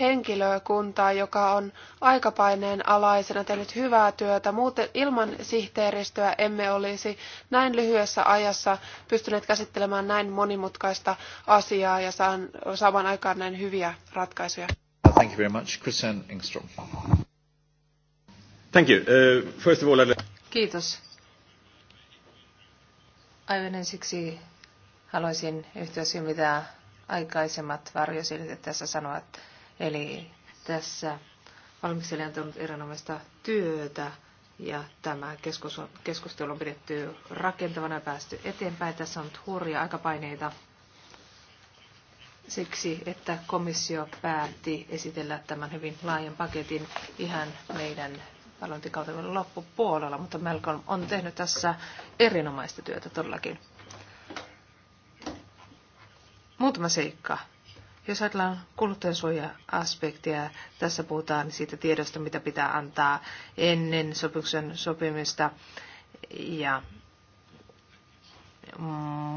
henkilökuntaa, joka on aikapaineen alaisena tehnyt hyvää työtä. Muuten ilman sihteeristöä emme olisi näin lyhyessä ajassa pystyneet käsittelemään näin monimutkaista asiaa ja saan, saamaan aikaan näin hyviä ratkaisuja. Thank you very much. Christian Engström. Thank you. Uh, first of all, I'd... Kiitos. Aivan ensiksi haluaisin yhtyä siihen, mitä aikaisemmat varjosilität tässä sanoivat Eli tässä valmistelija on tehnyt erinomaista työtä ja tämä keskustelu on pidetty rakentavana ja päästy eteenpäin. Tässä on hurja aikapaineita siksi, että komissio päätti esitellä tämän hyvin laajan paketin ihan meidän valvontikautemme loppupuolella, mutta Malcolm on tehnyt tässä erinomaista työtä todellakin. Muutama seikka, jos ajatellaan kuluttajansuoja-aspektia, tässä puhutaan siitä tiedosta, mitä pitää antaa ennen sopimuksen sopimista ja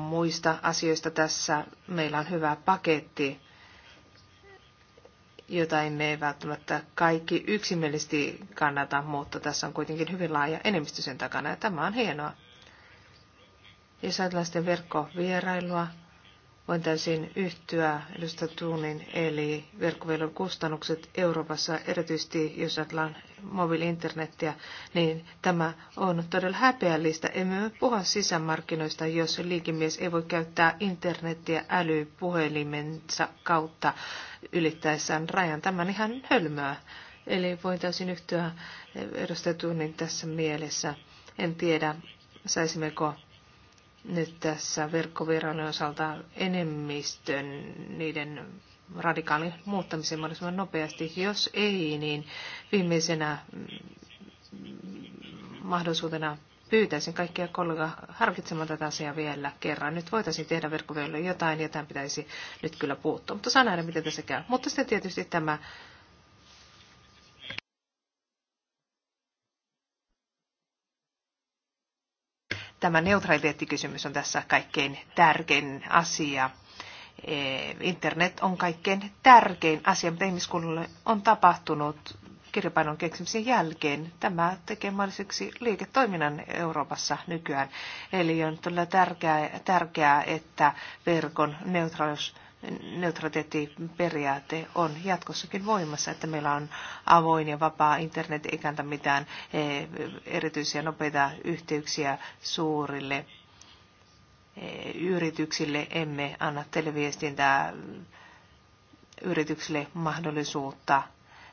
muista asioista tässä. Meillä on hyvä paketti, jota emme välttämättä kaikki yksimielisesti kannata, mutta tässä on kuitenkin hyvin laaja enemmistö sen takana ja tämä on hienoa. Jos ajatellaan sitten verkkovierailua, voin täysin yhtyä edustaja Tuunin, eli verkkoveilun kustannukset Euroopassa, erityisesti jos ajatellaan mobiiliinternettiä, niin tämä on todella häpeällistä. Emme me puhu sisämarkkinoista, jos liikemies ei voi käyttää internettiä älypuhelimensa kautta ylittäessään rajan. Tämä on ihan hölmöä. Eli voin täysin yhtyä edustaja Tuunin tässä mielessä. En tiedä, saisimmeko nyt tässä verkkoviranojen osalta enemmistön niiden radikaalin muuttamisen mahdollisimman nopeasti. Jos ei, niin viimeisenä mm, mahdollisuutena pyytäisin kaikkia kollega harkitsemaan tätä asiaa vielä kerran. Nyt voitaisiin tehdä verkkovielille jotain, ja tämän pitäisi nyt kyllä puuttua. Mutta saa nähdä, miten tässä käy. Mutta sitten tietysti tämä Tämä neutraliteettikysymys on tässä kaikkein tärkein asia. E, internet on kaikkein tärkein asia, mitä ihmiskunnalle on tapahtunut kirjapainon keksimisen jälkeen. Tämä tekee mahdolliseksi liiketoiminnan Euroopassa nykyään. Eli on todella tärkeää, tärkeää että verkon neutraalisuus neutraliteettiperiaate on jatkossakin voimassa, että meillä on avoin ja vapaa internet eikä anta mitään eh, erityisiä nopeita yhteyksiä suurille eh, yrityksille, emme anna televiestintää yrityksille mahdollisuutta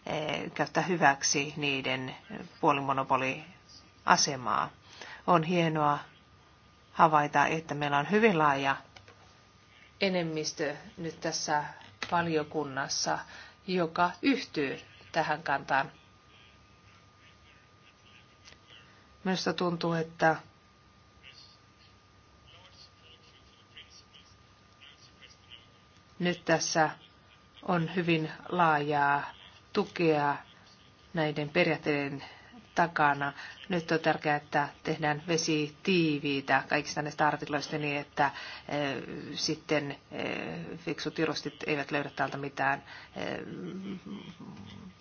eh, käyttää hyväksi niiden puolimonopoliasemaa. On hienoa havaita, että meillä on hyvin laaja enemmistö nyt tässä valiokunnassa, joka yhtyy tähän kantaan. Minusta tuntuu, että nyt tässä on hyvin laajaa tukea näiden periaatteiden takana. Nyt on tärkeää, että tehdään vesi tiiviitä kaikista näistä artikloista niin, että eh, sitten eh, fiksut jurostit eivät löydä täältä mitään eh,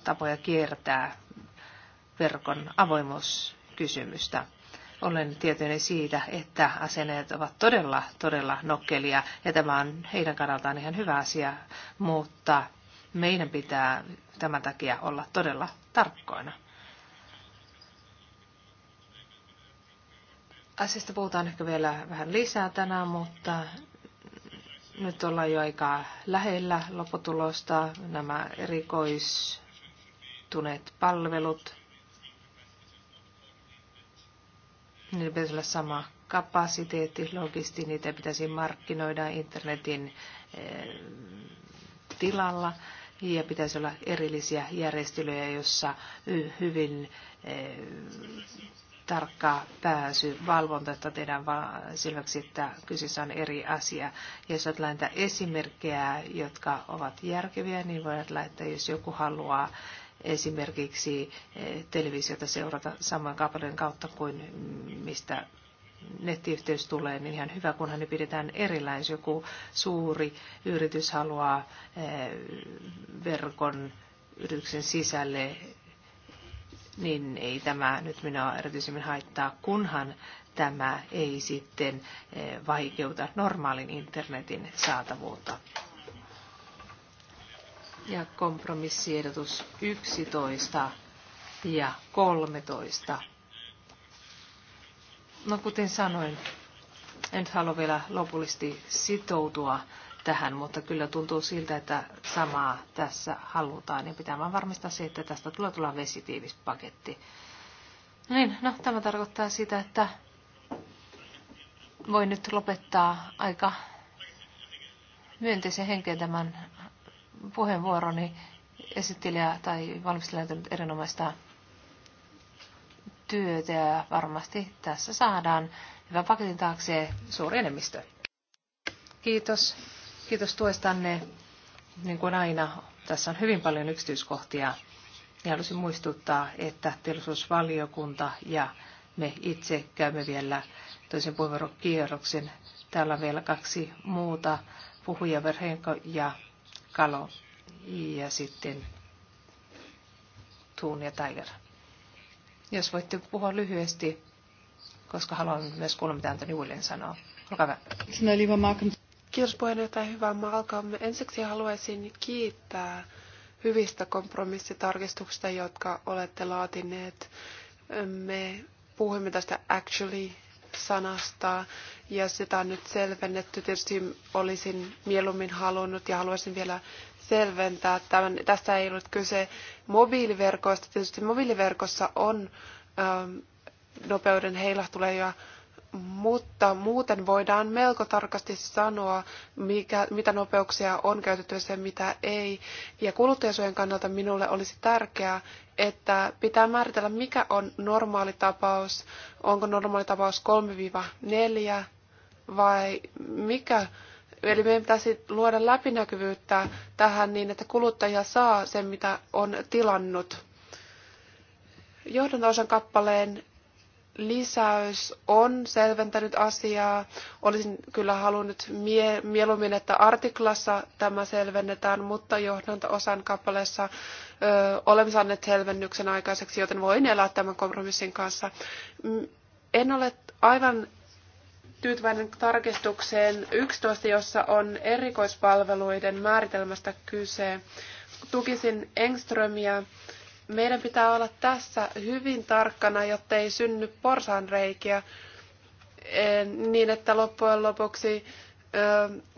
tapoja kiertää verkon avoimuuskysymystä olen tietoinen siitä, että asenneet ovat todella, todella nokkelia ja tämä on heidän kannaltaan ihan hyvä asia, mutta meidän pitää tämän takia olla todella tarkkoina. Asiasta puhutaan ehkä vielä vähän lisää tänään, mutta nyt ollaan jo aika lähellä lopputulosta. Nämä erikoistuneet palvelut, niillä pitäisi olla sama kapasiteetti, logisti, niitä pitäisi markkinoida internetin eh, tilalla ja pitäisi olla erillisiä järjestelyjä, jossa hyvin eh, tarkka pääsy valvonta, että tehdään selväksi, että kyseessä on eri asia. Jos olet lähettää esimerkkejä, jotka ovat järkeviä, niin voit laittaa jos joku haluaa esimerkiksi eh, televisiota seurata samoin kaapelin kautta kuin mistä nettiyhteys tulee, niin ihan hyvä, kunhan ne pidetään erilainen. Jos joku suuri yritys haluaa eh, verkon yrityksen sisälle niin ei tämä nyt minua erityisemmin haittaa, kunhan tämä ei sitten eh, vaikeuta normaalin internetin saatavuutta. Ja kompromissiehdotus 11 ja 13. No kuten sanoin, en halua vielä lopullisesti sitoutua tähän, mutta kyllä tuntuu siltä, että samaa tässä halutaan. Niin pitää vaan varmistaa se, että tästä tulee tulla vesitiivis paketti. No niin, no tämä tarkoittaa sitä, että voi nyt lopettaa aika myönteisen henkeen tämän puheenvuoroni esittelijä tai valmistelija erinomaista työtä ja varmasti tässä saadaan hyvä paketin taakse suuri enemmistö. Kiitos. Kiitos tuestanne. Niin kuin aina, tässä on hyvin paljon yksityiskohtia. Ja haluaisin muistuttaa, että teollisuusvaliokunta ja me itse käymme vielä toisen puheenvuorokierroksen. Täällä on vielä kaksi muuta, puhuja Verhenko ja Kalo ja sitten Tuun ja Tiger. Jos voitte puhua lyhyesti, koska haluan myös kuulla, mitä Antoni William sanoo. Olkaa hyvä. Kiitos puheenjohtaja, hyvää Malcolm. Ensiksi haluaisin kiittää hyvistä kompromissitarkistuksista, jotka olette laatineet. Me puhuimme tästä actually-sanasta ja sitä on nyt selvennetty. Tietysti olisin mieluummin halunnut ja haluaisin vielä selventää tämän. tästä ei ollut kyse mobiiliverkoista. Tietysti mobiiliverkossa on ähm, nopeuden heilahtuleja mutta muuten voidaan melko tarkasti sanoa, mikä, mitä nopeuksia on käytetty ja mitä ei. Ja kuluttajasuojan kannalta minulle olisi tärkeää, että pitää määritellä, mikä on normaali tapaus, onko normaali tapaus 3-4 vai mikä. Eli meidän pitäisi luoda läpinäkyvyyttä tähän niin, että kuluttaja saa sen, mitä on tilannut. Johdantosan kappaleen lisäys on selventänyt asiaa. Olisin kyllä halunnut mie- mieluummin, että artiklassa tämä selvennetään, mutta johdanto-osan kappaleessa ö, olemme saaneet selvennyksen aikaiseksi, joten voin elää tämän kompromissin kanssa. En ole aivan tyytyväinen tarkistukseen 11, jossa on erikoispalveluiden määritelmästä kyse. Tukisin Engströmiä meidän pitää olla tässä hyvin tarkkana, jotta ei synny porsaanreikiä e, niin, että loppujen lopuksi e,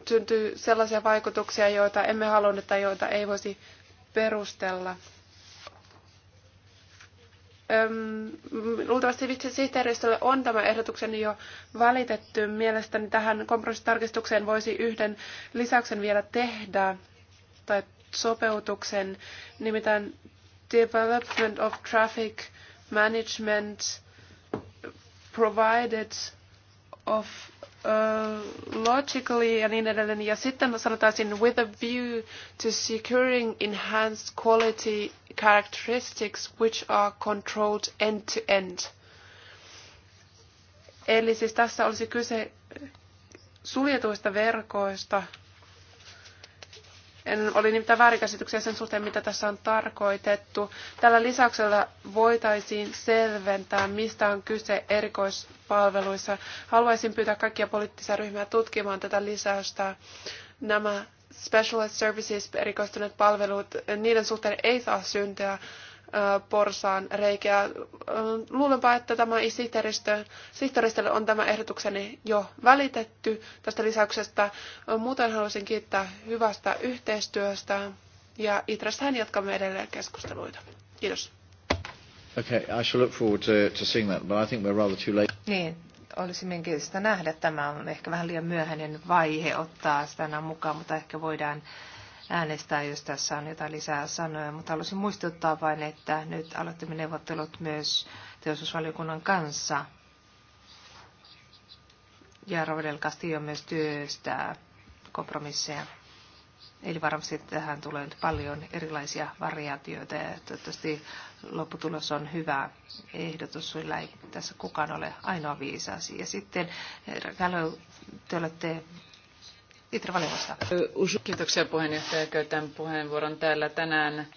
syntyy sellaisia vaikutuksia, joita emme halunneet tai joita ei voisi perustella. Luultavasti sihteeristölle on tämä ehdotuksen jo välitetty. Mielestäni tähän kompromissitarkistukseen voisi yhden lisäyksen vielä tehdä tai sopeutuksen. Nimittäin development of traffic management provided of uh, logically ja niin edelleen. Ja sitten sanotaan siinä with a view to securing enhanced quality characteristics which are controlled end to end. Eli siis tässä olisi kyse suljetuista verkoista, en, oli nimittäin väärinkäsityksiä sen suhteen, mitä tässä on tarkoitettu. Tällä lisäyksellä voitaisiin selventää, mistä on kyse erikoispalveluissa. Haluaisin pyytää kaikkia poliittisia ryhmiä tutkimaan tätä lisäystä. Nämä specialized services, erikoistuneet palvelut, niiden suhteen ei saa syntyä porsaan reikää. Luulenpa, että tämä sihteeristölle on tämä ehdotukseni jo välitetty tästä lisäyksestä. Muuten haluaisin kiittää hyvästä yhteistyöstä ja Itrassahan jatkamme edelleen keskusteluita. Kiitos. Okay, I shall look forward to, to seeing that, but I think we're rather too late. Niin, olisi mielenkiintoista nähdä. Tämä on ehkä vähän liian myöhäinen vaihe ottaa sitä mukaan, mutta ehkä voidaan äänestää, jos tässä on jotain lisää sanoja, mutta haluaisin muistuttaa vain, että nyt aloittamme neuvottelut myös teollisuusvaliokunnan kanssa. Ja Rovedel Castillo myös työstää kompromisseja. Eli varmasti tähän tulee nyt paljon erilaisia variaatioita ja toivottavasti lopputulos on hyvä ehdotus, sillä ei tässä kukaan ole ainoa viisaasi. Ja sitten, Galo, te olette Itravaliosta. Kiitoksia puheenjohtaja. Käytän puheenvuoron täällä tänään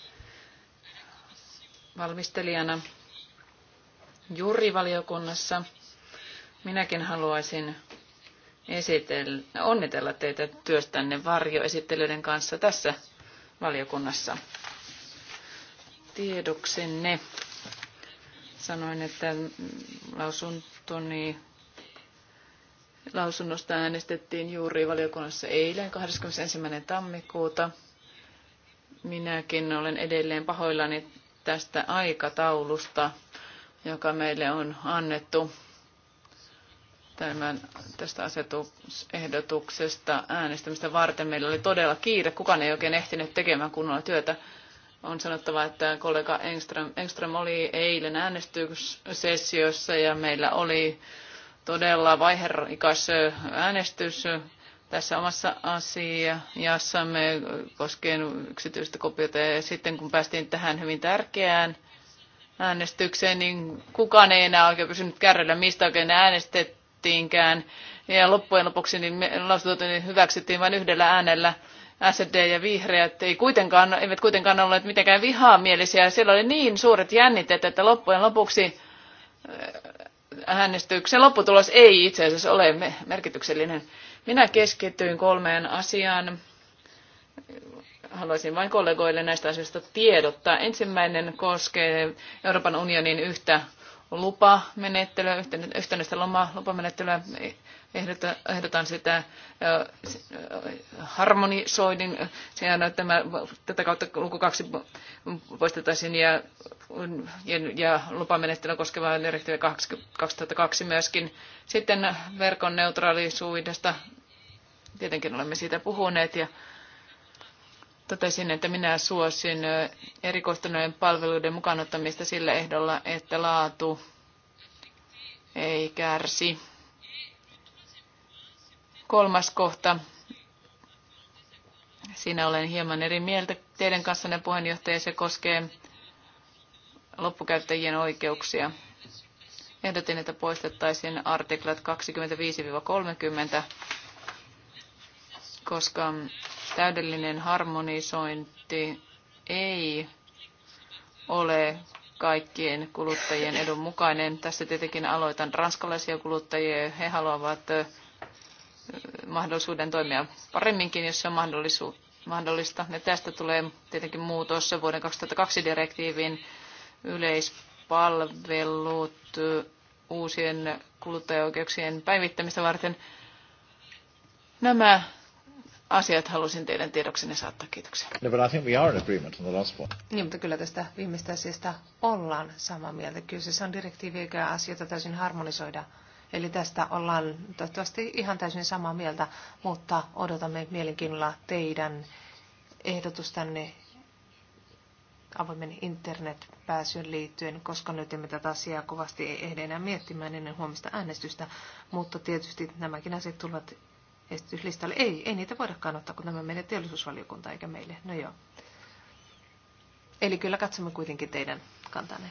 valmistelijana valiokunnassa. Minäkin haluaisin esitellä, onnitella teitä työstänne varjoesittelyiden kanssa tässä valiokunnassa. Tiedoksenne sanoin, että lausuntoni Lausunnosta äänestettiin juuri valiokunnassa eilen 21. tammikuuta. Minäkin olen edelleen pahoillani tästä aikataulusta, joka meille on annettu tämän, tästä asetusehdotuksesta äänestämistä varten. Meillä oli todella kiire, kukaan ei oikein ehtinyt tekemään kunnolla työtä. On sanottava, että kollega Engström, Engström oli eilen äänestyssessiossa ja meillä oli todella vaiherikas äänestys tässä omassa asiassamme koskien yksityistä kopiota. Ja sitten kun päästiin tähän hyvin tärkeään äänestykseen, niin kukaan ei enää oikein pysynyt kärryillä, mistä oikein äänestettiinkään. Ja loppujen lopuksi niin lausutut niin hyväksyttiin vain yhdellä äänellä. SD ja vihreät ei kuitenkaan, eivät kuitenkaan olleet mitenkään vihamielisiä. Siellä oli niin suuret jännitteet, että loppujen lopuksi äänestyksen lopputulos ei itse asiassa ole merkityksellinen. Minä keskityin kolmeen asiaan. Haluaisin vain kollegoille näistä asioista tiedottaa. Ensimmäinen koskee Euroopan unionin yhtä lupamenettelyä, yhtenäistä lupamenettelyä ehdotan, sitä sitä harmonisoidin sijaan, tämä, tätä kautta luku kaksi poistettaisiin ja, ja, ja lupamenettelyä koskeva direktiivi 2002 myöskin. Sitten verkon neutraalisuudesta, tietenkin olemme siitä puhuneet ja totesin, että minä suosin erikoistuneiden palveluiden mukaanottamista sillä ehdolla, että laatu ei kärsi Kolmas kohta. Siinä olen hieman eri mieltä teidän kanssanne puheenjohtaja. Se koskee loppukäyttäjien oikeuksia. Ehdotin, että poistettaisiin artiklat 25-30, koska täydellinen harmonisointi ei ole kaikkien kuluttajien edun mukainen. Tässä tietenkin aloitan ranskalaisia kuluttajia. He haluavat mahdollisuuden toimia paremminkin, jos se on mahdollista. Ja tästä tulee tietenkin muutos vuoden 2002 direktiivin yleispalvelut uusien kuluttajaoikeuksien päivittämistä varten. Nämä asiat halusin teidän tiedoksenne saattaa. Kiitoksia. No, but I think we are in agreement on the last one. Niin, mutta kyllä tästä viimeistä asiasta ollaan samaa mieltä. se on direktiivi, eikä asioita täysin harmonisoida. Eli tästä ollaan toivottavasti ihan täysin samaa mieltä, mutta odotamme mielenkiinnolla teidän ehdotustanne avoimen internetpääsyn liittyen, koska nyt emme tätä asiaa kovasti ehdi enää miettimään ennen huomista äänestystä, mutta tietysti nämäkin asiat tulevat esityslistalle. Ei, ei niitä voidakaan ottaa, kun nämä menee teollisuusvaliokuntaan eikä meille. No joo. Eli kyllä katsomme kuitenkin teidän kantanne.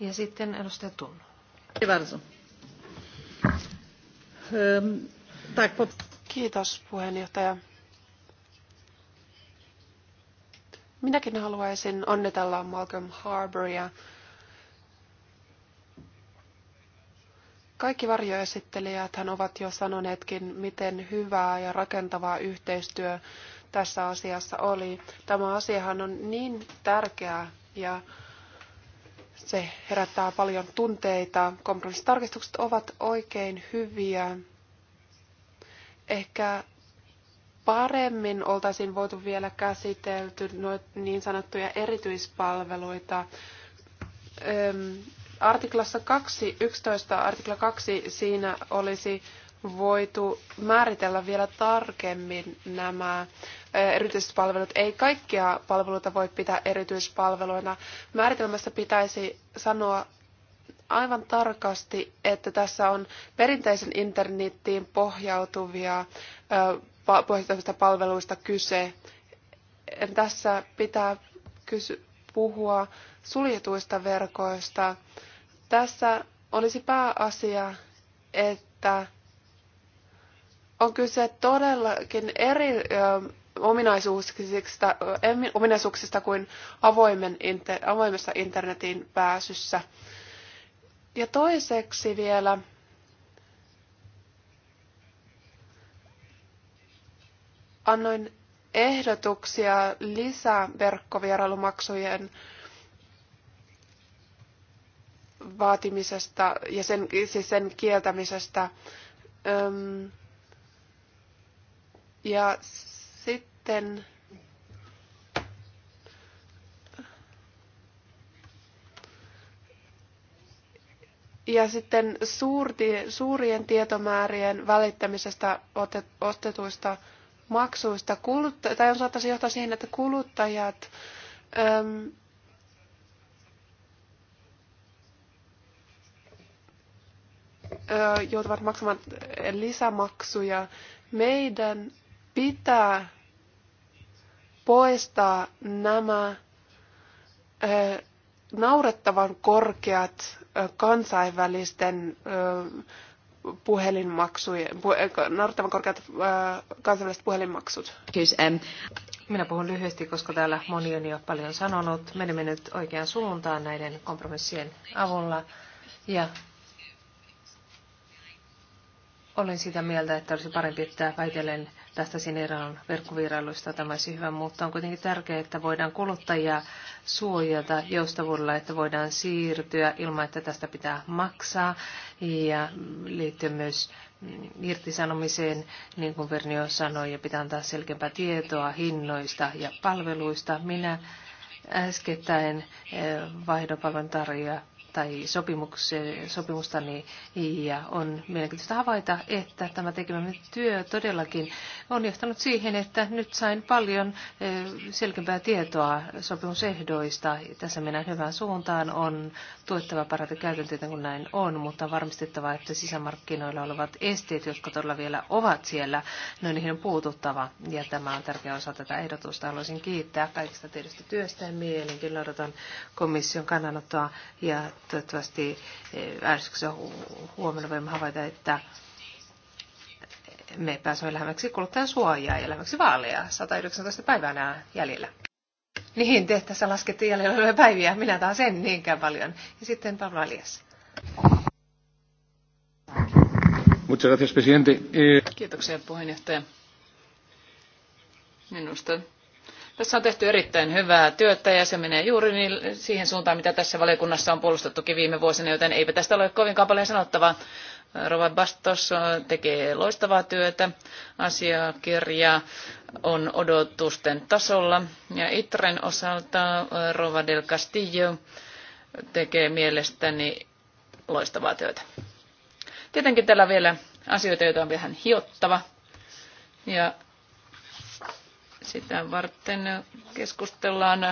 Ja sitten edustaja Tunnu. Kiitos puheenjohtaja. Minäkin haluaisin onnitella Malcolm Harbouria. Kaikki varjoesittelijät hän ovat jo sanoneetkin, miten hyvää ja rakentavaa yhteistyö tässä asiassa oli. Tämä asiahan on niin tärkeää ja se herättää paljon tunteita. Kompromissitarkistukset ovat oikein hyviä. Ehkä paremmin oltaisiin voitu vielä käsitelty niin sanottuja erityispalveluita. Öm, artiklassa 2, 11 artikla 2, siinä olisi voitu määritellä vielä tarkemmin nämä erityispalvelut. Ei kaikkia palveluita voi pitää erityispalveluina. Määritelmässä pitäisi sanoa aivan tarkasti, että tässä on perinteisen internettiin pohjautuvia pohjautuvista palveluista kyse. Tässä pitää kysy, puhua suljetuista verkoista. Tässä olisi pääasia, että on kyse todellakin eri ominaisuuksista, ominaisuuksista kuin avoimen, avoimessa internetin pääsyssä. Ja toiseksi vielä annoin ehdotuksia lisää verkkovierailumaksujen vaatimisesta ja sen, siis sen kieltämisestä. Öm, ja sitten Ja sitten suurti, suurien tietomäärien välittämisestä otet, ostetuista maksuista, kulutta, tai on saattaisi johtaa siihen, että kuluttajat äm, ö, joutuvat maksamaan lisämaksuja. Meidän pitää poistaa nämä naurettavan korkeat kansainvälisten puhelinmaksujen, naurettavan korkeat kansainväliset puhelinmaksut. Minä puhun lyhyesti, koska täällä moni on jo paljon sanonut. Menemme nyt oikeaan suuntaan näiden kompromissien avulla. Ja olen sitä mieltä, että olisi parempi, että väitellen Tästä eroon verkkovierailuista. Tämä olisi hyvä, mutta on kuitenkin tärkeää, että voidaan kuluttajia suojata joustavuudella, että voidaan siirtyä ilman, että tästä pitää maksaa. Ja liittyy myös mm, irtisanomiseen, niin kuin Vernio sanoi, ja pitää antaa selkeämpää tietoa hinnoista ja palveluista. Minä äskettäin eh, vaihdopalvelun tarjoaja tai sopimustani ja on mielenkiintoista havaita, että tämä tekemämme työ todellakin on johtanut siihen, että nyt sain paljon eh, selkeämpää tietoa sopimusehdoista. Tässä mennään hyvään suuntaan, on tuettava parata käytäntöitä, kun näin on, mutta on varmistettava, että sisämarkkinoilla olevat esteet, jotka todella vielä ovat siellä, no niihin on puututtava ja tämä on tärkeä osa tätä ehdotusta. Haluaisin kiittää kaikista tehdystä työstä ja mielenkiinnolla odotan komission kannanottoa ja Toivottavasti eh, äänestyksessä huomenna voimme havaita, että me pääsemme lähemmäksi kuluttajan suojaa ja lähemmäksi vaaleja. 119 päivänä jäljellä. Niin, te tässä laskette jäljellä olevia päiviä. Minä taas en niinkään paljon. Ja sitten Pablo Alias. Muchas gracias, presidente. Eh, Kiitoksia puheenjohtaja. Minusta tässä on tehty erittäin hyvää työtä ja se menee juuri niin, siihen suuntaan, mitä tässä valiokunnassa on puolustettukin viime vuosina, joten eipä tästä ole kovinkaan paljon sanottavaa. Rova Bastos tekee loistavaa työtä, asiakirja on odotusten tasolla ja Itren osalta Rova del Castillo tekee mielestäni loistavaa työtä. Tietenkin täällä vielä asioita, joita on vähän hiottava ja sitä varten keskustellaan,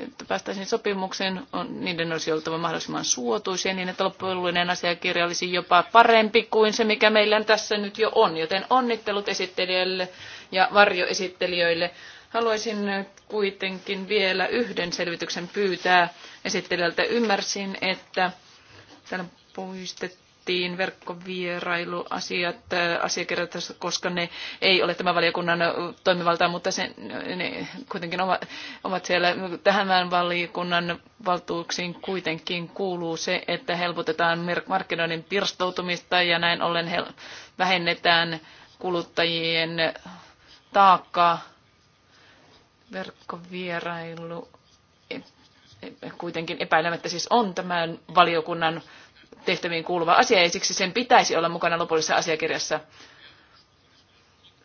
että päästäisiin sopimukseen. On, niiden olisi oltava mahdollisimman suotuisia niin, että loppujen asiakirja olisi jopa parempi kuin se, mikä meillä tässä nyt jo on. Joten onnittelut esittelijöille ja varjoesittelijöille. Haluaisin kuitenkin vielä yhden selvityksen pyytää esittelijältä. Ymmärsin, että täällä poistettiin mainittiin verkkovierailuasiat, äh, asiakirjat, koska ne ei ole tämän valiokunnan toimivaltaa, mutta se, ne kuitenkin ovat, ovat siellä. Tähän valiokunnan valtuuksiin kuitenkin kuuluu se, että helpotetaan markkinoiden pirstoutumista ja näin ollen vähennetään kuluttajien taakkaa. Verkkovierailu e-, e-, kuitenkin epäilemättä siis on tämän valiokunnan tehtäviin kuuluva asia ja siksi sen pitäisi olla mukana lopullisessa asiakirjassa.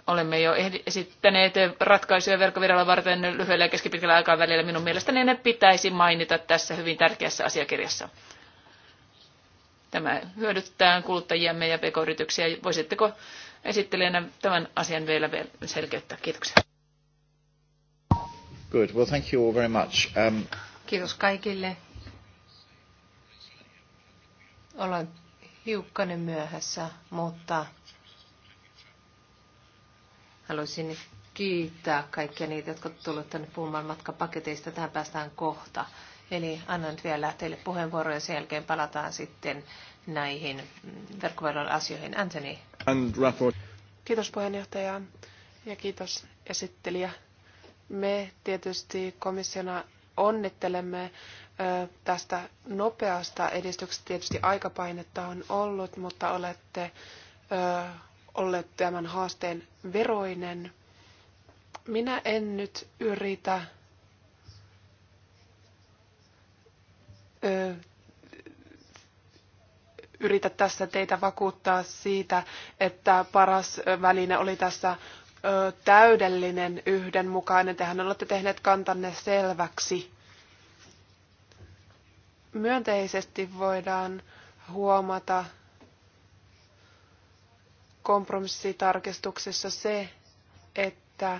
Olemme jo esittäneet ratkaisuja verkkoviralla varten lyhyellä ja keskipitkällä aikavälillä. Minun mielestäni ne pitäisi mainita tässä hyvin tärkeässä asiakirjassa. Tämä hyödyttää kuluttajiamme ja pk-yrityksiä. Voisitteko esittelijänä tämän asian vielä selkeyttää? Kiitoksia. Good. Well, thank you all very much. Um... Kiitos kaikille ollaan hiukkanen myöhässä, mutta haluaisin kiittää kaikkia niitä, jotka tulleet tänne puhumaan matkapaketeista. Tähän päästään kohta. Eli annan vielä teille puheenvuoroja ja sen jälkeen palataan sitten näihin verkkoveron asioihin. Anthony. And Kiitos puheenjohtaja ja kiitos esittelijä. Me tietysti komissiona onnittelemme tästä nopeasta edistyksestä. Tietysti aikapainetta on ollut, mutta olette olleet tämän haasteen veroinen. Minä en nyt yritä yritä tässä teitä vakuuttaa siitä, että paras väline oli tässä ö, täydellinen, yhdenmukainen. Tehän olette tehneet kantanne selväksi. Myönteisesti voidaan huomata kompromissitarkistuksessa se, että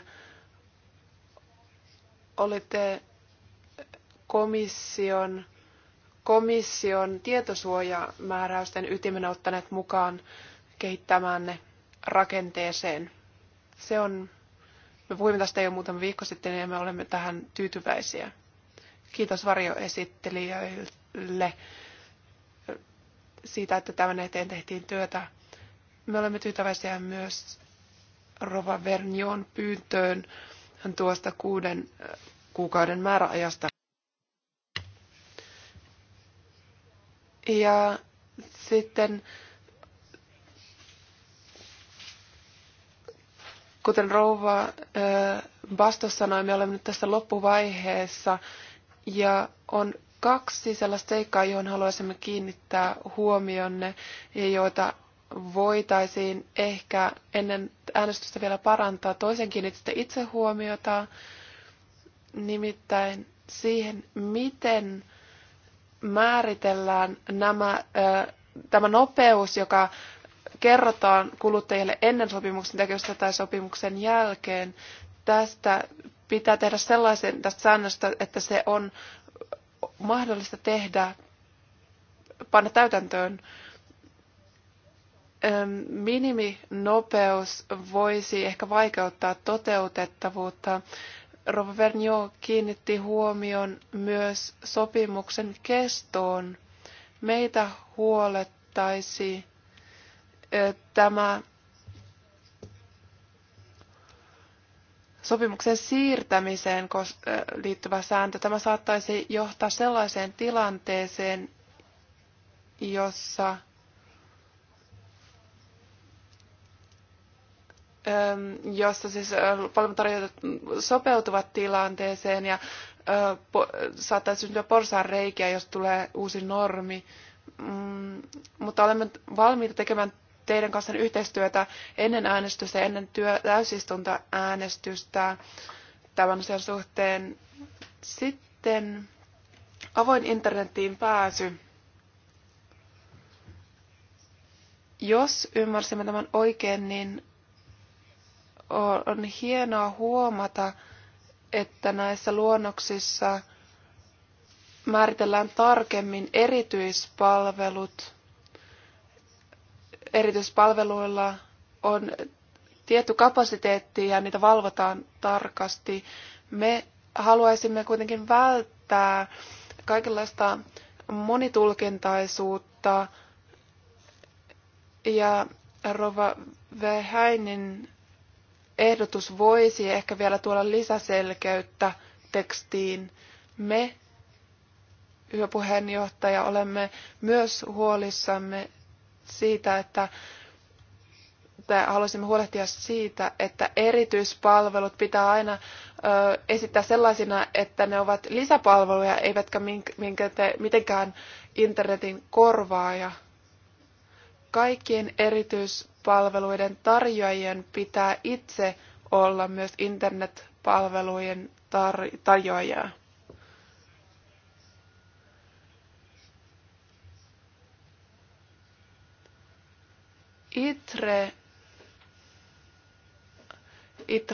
olitte komission, komission tietosuojamääräysten ytimen ottaneet mukaan kehittämäänne rakenteeseen. Se on, me puhuimme tästä jo muutama viikko sitten ja me olemme tähän tyytyväisiä. Kiitos varjoesittelijöille siitä, että tämän eteen tehtiin työtä. Me olemme tyytyväisiä myös Rova Vernion pyyntöön tuosta kuuden äh, kuukauden määräajasta. Ja sitten Kuten rouva Bastos sanoi, me olemme nyt tässä loppuvaiheessa ja on kaksi sellaista seikkaa, johon haluaisimme kiinnittää huomionne ja joita voitaisiin ehkä ennen äänestystä vielä parantaa. Toisen kiinnititte itse huomiota, nimittäin siihen, miten määritellään nämä, tämä nopeus, joka kerrotaan kuluttajille ennen sopimuksen tekemistä tai sopimuksen jälkeen. Tästä pitää tehdä sellaisen tästä säännöstä, että se on mahdollista tehdä, panna täytäntöön. Miniminopeus voisi ehkä vaikeuttaa toteutettavuutta. Rova Vernio kiinnitti huomion myös sopimuksen kestoon. Meitä huolettaisi tämä sopimuksen siirtämiseen liittyvä sääntö. Tämä saattaisi johtaa sellaiseen tilanteeseen, jossa jossa siis palveluntarjoajat sopeutuvat tilanteeseen ja saattaa syntyä porsaan reikiä, jos tulee uusi normi. Mm, mutta olemme valmiita tekemään teidän kanssa yhteistyötä ennen äänestystä ja ennen työ, täysistunta äänestystä tämän asian suhteen. Sitten avoin internettiin pääsy. Jos ymmärsimme tämän oikein, niin on hienoa huomata, että näissä luonnoksissa määritellään tarkemmin erityispalvelut – erityispalveluilla on tietty kapasiteetti ja niitä valvotaan tarkasti. Me haluaisimme kuitenkin välttää kaikenlaista monitulkintaisuutta ja Rova Vähäinen ehdotus voisi ehkä vielä tuolla lisäselkeyttä tekstiin. Me, hyvä puheenjohtaja, olemme myös huolissamme siitä, että haluaisimme huolehtia siitä, että erityispalvelut pitää aina ö, esittää sellaisina, että ne ovat lisäpalveluja, eivätkä mink, minkä te, mitenkään internetin korvaaja. Kaikkien erityispalveluiden tarjoajien pitää itse olla myös internetpalvelujen tar- tarjoajia. ITRE, ö,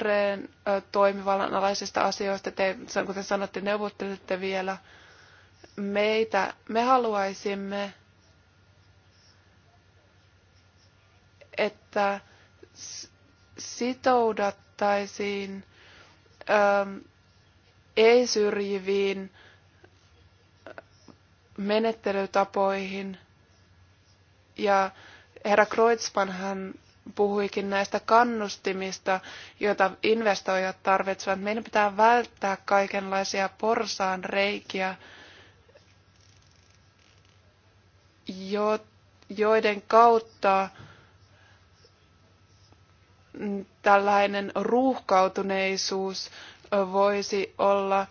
toimivallan alaisista asioista, te, kuten sanotte, neuvottelette vielä meitä. Me haluaisimme, että sitoudattaisiin ei-syrjiviin menettelytapoihin ja herra hän puhuikin näistä kannustimista, joita investoijat tarvitsevat. Meidän pitää välttää kaikenlaisia porsaan reikiä, joiden kautta tällainen ruuhkautuneisuus voisi olla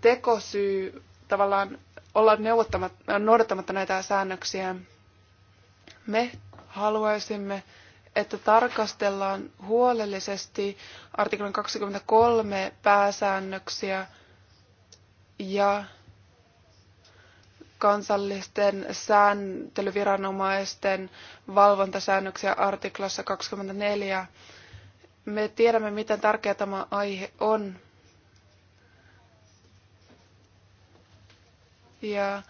tekosyy tavallaan olla noudattamatta näitä säännöksiä. Me haluaisimme, että tarkastellaan huolellisesti artiklan 23 pääsäännöksiä ja kansallisten sääntelyviranomaisten valvontasäännöksiä artiklassa 24. Me tiedämme, miten tärkeä tämä aihe on. Ja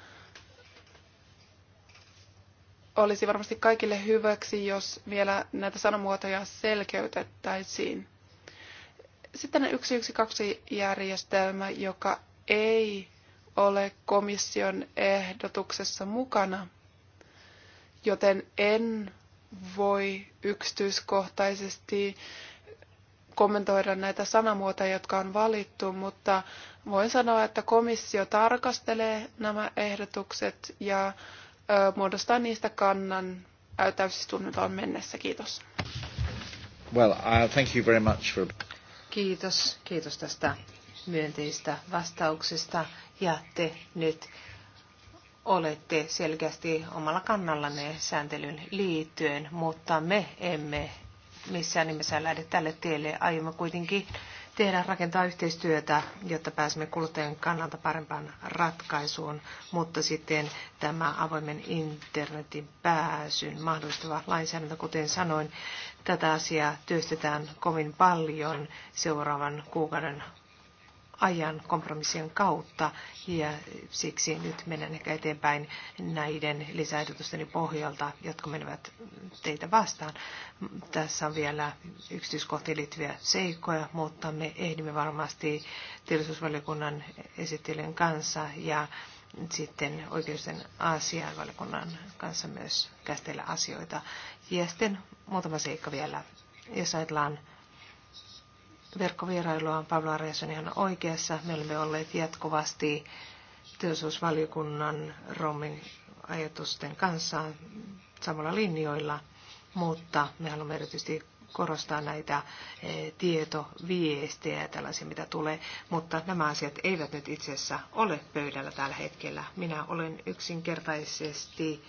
olisi varmasti kaikille hyväksi, jos vielä näitä sanamuotoja selkeytettäisiin. Sitten 112-järjestelmä, joka ei ole komission ehdotuksessa mukana, joten en voi yksityiskohtaisesti kommentoida näitä sanamuotoja, jotka on valittu, mutta voin sanoa, että komissio tarkastelee nämä ehdotukset ja muodostaa niistä kannan täysistuntoon mennessä. Kiitos. Well, uh, thank you very much for... Kiitos, kiitos tästä myönteistä vastauksesta ja te nyt olette selkeästi omalla kannallanne sääntelyn liittyen, mutta me emme missään nimessä lähde tälle tielle. Aiomme kuitenkin tehdä, rakentaa yhteistyötä, jotta pääsemme kuluttajan kannalta parempaan ratkaisuun, mutta sitten tämä avoimen internetin pääsyn mahdollistava lainsäädäntö, kuten sanoin, tätä asiaa työstetään kovin paljon seuraavan kuukauden ajan kompromissien kautta ja siksi nyt mennään ehkä eteenpäin näiden lisäehdotusteni pohjalta, jotka menevät teitä vastaan. Tässä on vielä yksityiskohtiin liittyviä seikkoja, mutta me ehdimme varmasti tilaisuusvaliokunnan esittelyn kanssa ja sitten oikeusten asianvaliokunnan kanssa myös käsitellä asioita. Ja sitten muutama seikka vielä, jos ajatellaan verkkovierailua. on Pavla on ihan oikeassa. Me olemme olleet jatkuvasti työsuusvaliokunnan Romin ajatusten kanssa samalla linjoilla, mutta me haluamme erityisesti korostaa näitä eh, tietoviestejä ja tällaisia, mitä tulee, mutta nämä asiat eivät nyt itse asiassa ole pöydällä tällä hetkellä. Minä olen yksinkertaisesti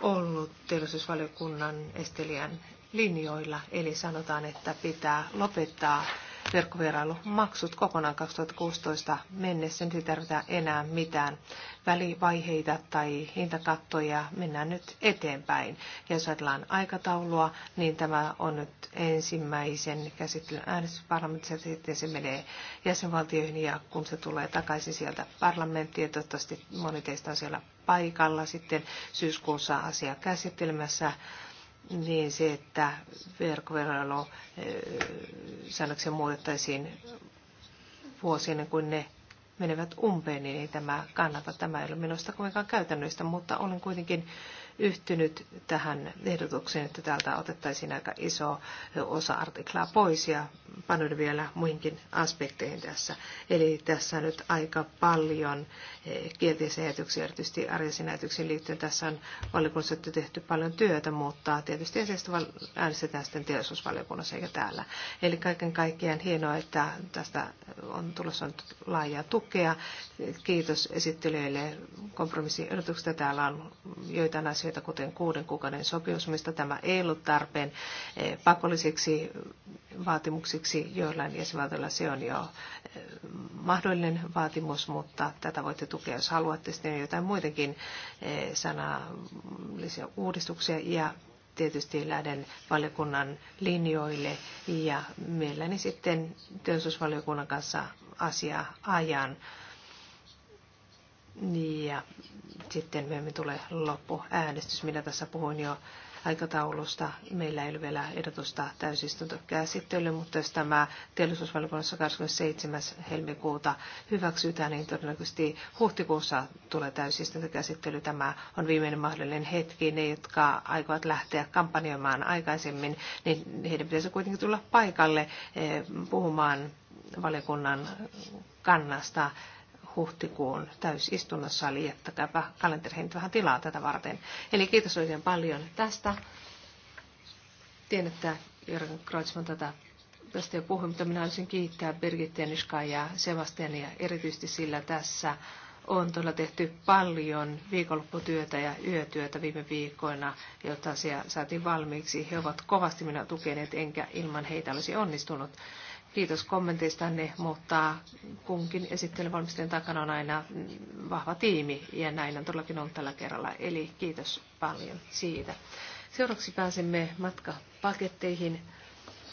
ollut teollisuusvaliokunnan estelijän linjoilla. Eli sanotaan, että pitää lopettaa verkkovierailumaksut kokonaan 2016 mennessä. Nyt ei tarvita enää mitään välivaiheita tai hintakattoja. Mennään nyt eteenpäin. Ja jos ajatellaan aikataulua, niin tämä on nyt ensimmäisen käsittelyn äänestysparlamentissa. Sitten se menee jäsenvaltioihin ja kun se tulee takaisin sieltä parlamenttiin, toivottavasti moni teistä on siellä paikalla sitten syyskuussa asia käsittelemässä niin se, että säännöksiä muutettaisiin vuosi ennen kuin ne menevät umpeen, niin ei tämä kannata. Tämä ei ole minusta kuitenkaan käytännöistä, mutta olen kuitenkin yhtynyt tähän ehdotukseen, että täältä otettaisiin aika iso osa artiklaa pois ja panon vielä muihinkin aspekteihin tässä. Eli tässä on nyt aika paljon eh, kielteisiä ajatuksia, erityisesti arjesiin ajatuksiin liittyen. Tässä on valiokunnassa tehty paljon työtä, mutta tietysti asiasta äänestetään sitten teollisuusvaliokunnassa eikä täällä. Eli kaiken kaikkiaan hienoa, että tästä on tulossa nyt laajaa tukea. Kiitos esittelijöille kompromissiehdotuksesta. Täällä on joitain asioita, asioita, kuten kuuden kuukauden sopimus, mistä tämä ei ollut tarpeen eh, pakollisiksi vaatimuksiksi. Joillain jäsenvaltioilla se on jo eh, mahdollinen vaatimus, mutta tätä voitte tukea, jos haluatte. Sitten on jotain muitakin eh, sanallisia uudistuksia ja tietysti lähden valiokunnan linjoille ja mielelläni sitten työllisyysvaliokunnan kanssa asiaa ajan. Niin, ja sitten myöhemmin tulee loppuäänestys, minä tässä puhuin jo aikataulusta. Meillä ei ole vielä ehdotusta täysistuntokäsittelyyn, mutta jos tämä teollisuusvaliokunnassa 27. helmikuuta hyväksytään, niin todennäköisesti huhtikuussa tulee täysistuntokäsittely. Tämä on viimeinen mahdollinen hetki. Ne, jotka aikovat lähteä kampanjoimaan aikaisemmin, niin heidän pitäisi kuitenkin tulla paikalle eh, puhumaan valiokunnan kannasta huhtikuun täysistunnossa, eli jättäkääpä kalenterihin vähän tilaa tätä varten. Eli kiitos oikein paljon tästä. Tiedän, että Jörgen Kreutzmann tätä tästä jo puhuin, mutta minä haluaisin kiittää Birgit Janiskaa ja Sebastiania erityisesti sillä tässä on todella tehty paljon viikonlopputyötä ja yötyötä viime viikkoina, jotta asia saatiin valmiiksi. He ovat kovasti minä tukeneet, enkä ilman heitä olisi onnistunut. Kiitos kommenteistanne, mutta kunkin esittelyvalmistajan takana on aina vahva tiimi ja näin on todellakin ollut tällä kerralla. Eli kiitos paljon siitä. Seuraavaksi pääsemme matkapaketteihin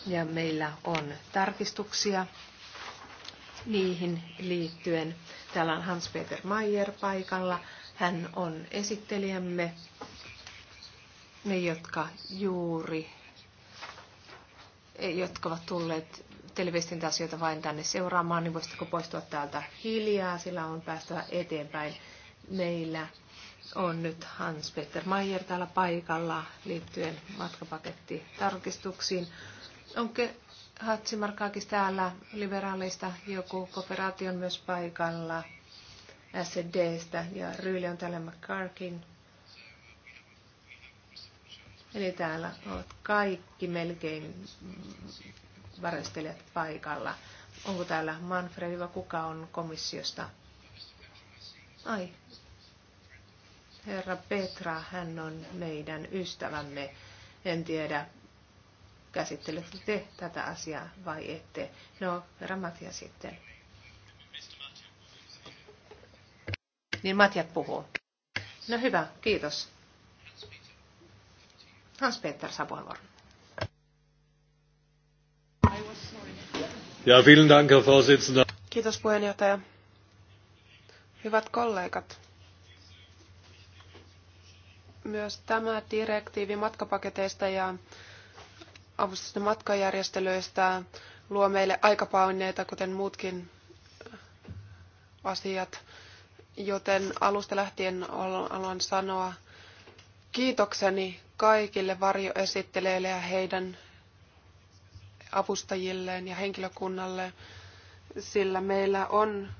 ja meillä on tarkistuksia niihin liittyen. Täällä on Hans-Peter Mayer paikalla. Hän on esittelijämme, ne jotka juuri jotka ovat tulleet televiestintäasioita vain tänne seuraamaan, niin voisitteko poistua täältä hiljaa, sillä on päästävä eteenpäin. Meillä on nyt Hans-Peter Mayer täällä paikalla liittyen matkapakettitarkistuksiin. Onko Hatsimarkaakis täällä liberaaleista, joku kooperaatio on myös paikalla SDstä ja Ryyli on täällä McCarkin. Eli täällä ovat kaikki melkein varastelijat paikalla. Onko täällä Manfred vai kuka on komissiosta? Ai, herra Petra, hän on meidän ystävämme. En tiedä, käsittelette te tätä asiaa vai ette. No, herra Matja sitten. Niin Matja puhuu. No hyvä, kiitos. Hans-Peter saa puheenvuoron. Ja, vielen Dank, Herr Vorsitzender. Kiitos puheenjohtaja. Hyvät kollegat, myös tämä direktiivi matkapaketeista ja avustusten matkajärjestelyistä luo meille aikapaineita, kuten muutkin asiat. Joten alusta lähtien haluan sanoa kiitokseni kaikille varjoesittelijöille ja heidän avustajilleen ja henkilökunnalle, sillä meillä on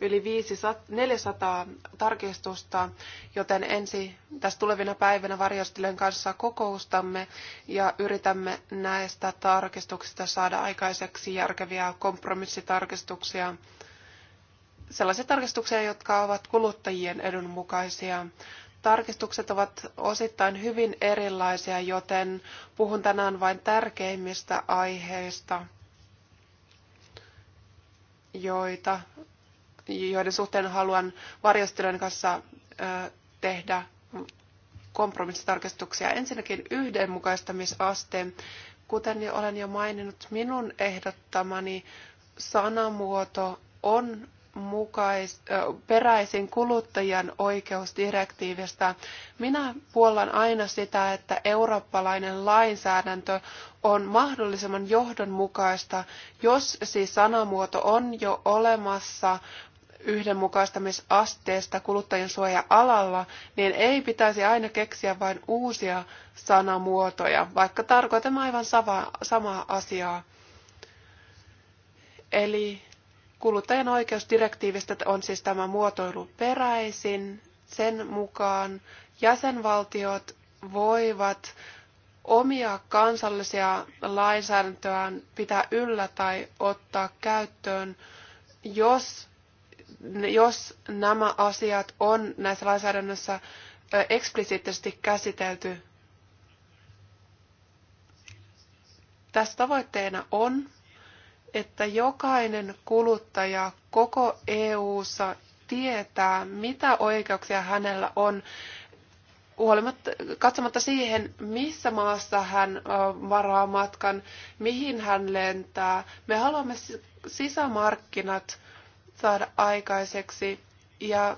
yli 500, 400 tarkistusta, joten ensi tässä tulevina päivinä varjostilön kanssa kokoustamme ja yritämme näistä tarkistuksista saada aikaiseksi järkeviä kompromissitarkistuksia, sellaisia tarkistuksia, jotka ovat kuluttajien edun mukaisia tarkistukset ovat osittain hyvin erilaisia, joten puhun tänään vain tärkeimmistä aiheista, joita, joiden suhteen haluan varjostelun kanssa tehdä kompromissitarkistuksia. Ensinnäkin yhdenmukaistamisaste. Kuten jo olen jo maininnut, minun ehdottamani niin sanamuoto on mukais, peräisin kuluttajan oikeusdirektiivistä. Minä puollan aina sitä, että eurooppalainen lainsäädäntö on mahdollisimman johdonmukaista, jos siis sanamuoto on jo olemassa yhdenmukaistamisasteesta kuluttajien suoja-alalla, niin ei pitäisi aina keksiä vain uusia sanamuotoja, vaikka tarkoitamme aivan samaa, samaa asiaa. Eli Kuluttajan oikeusdirektiivistä on siis tämä muotoilu peräisin. Sen mukaan jäsenvaltiot voivat omia kansallisia lainsäädäntöään pitää yllä tai ottaa käyttöön, jos, jos nämä asiat on näissä lainsäädännössä eksplisiittisesti käsitelty. Tässä tavoitteena on, että jokainen kuluttaja koko EU:ssa tietää, mitä oikeuksia hänellä on, huolimatta, katsomatta siihen, missä maassa hän varaa matkan, mihin hän lentää. Me haluamme sisämarkkinat saada aikaiseksi ja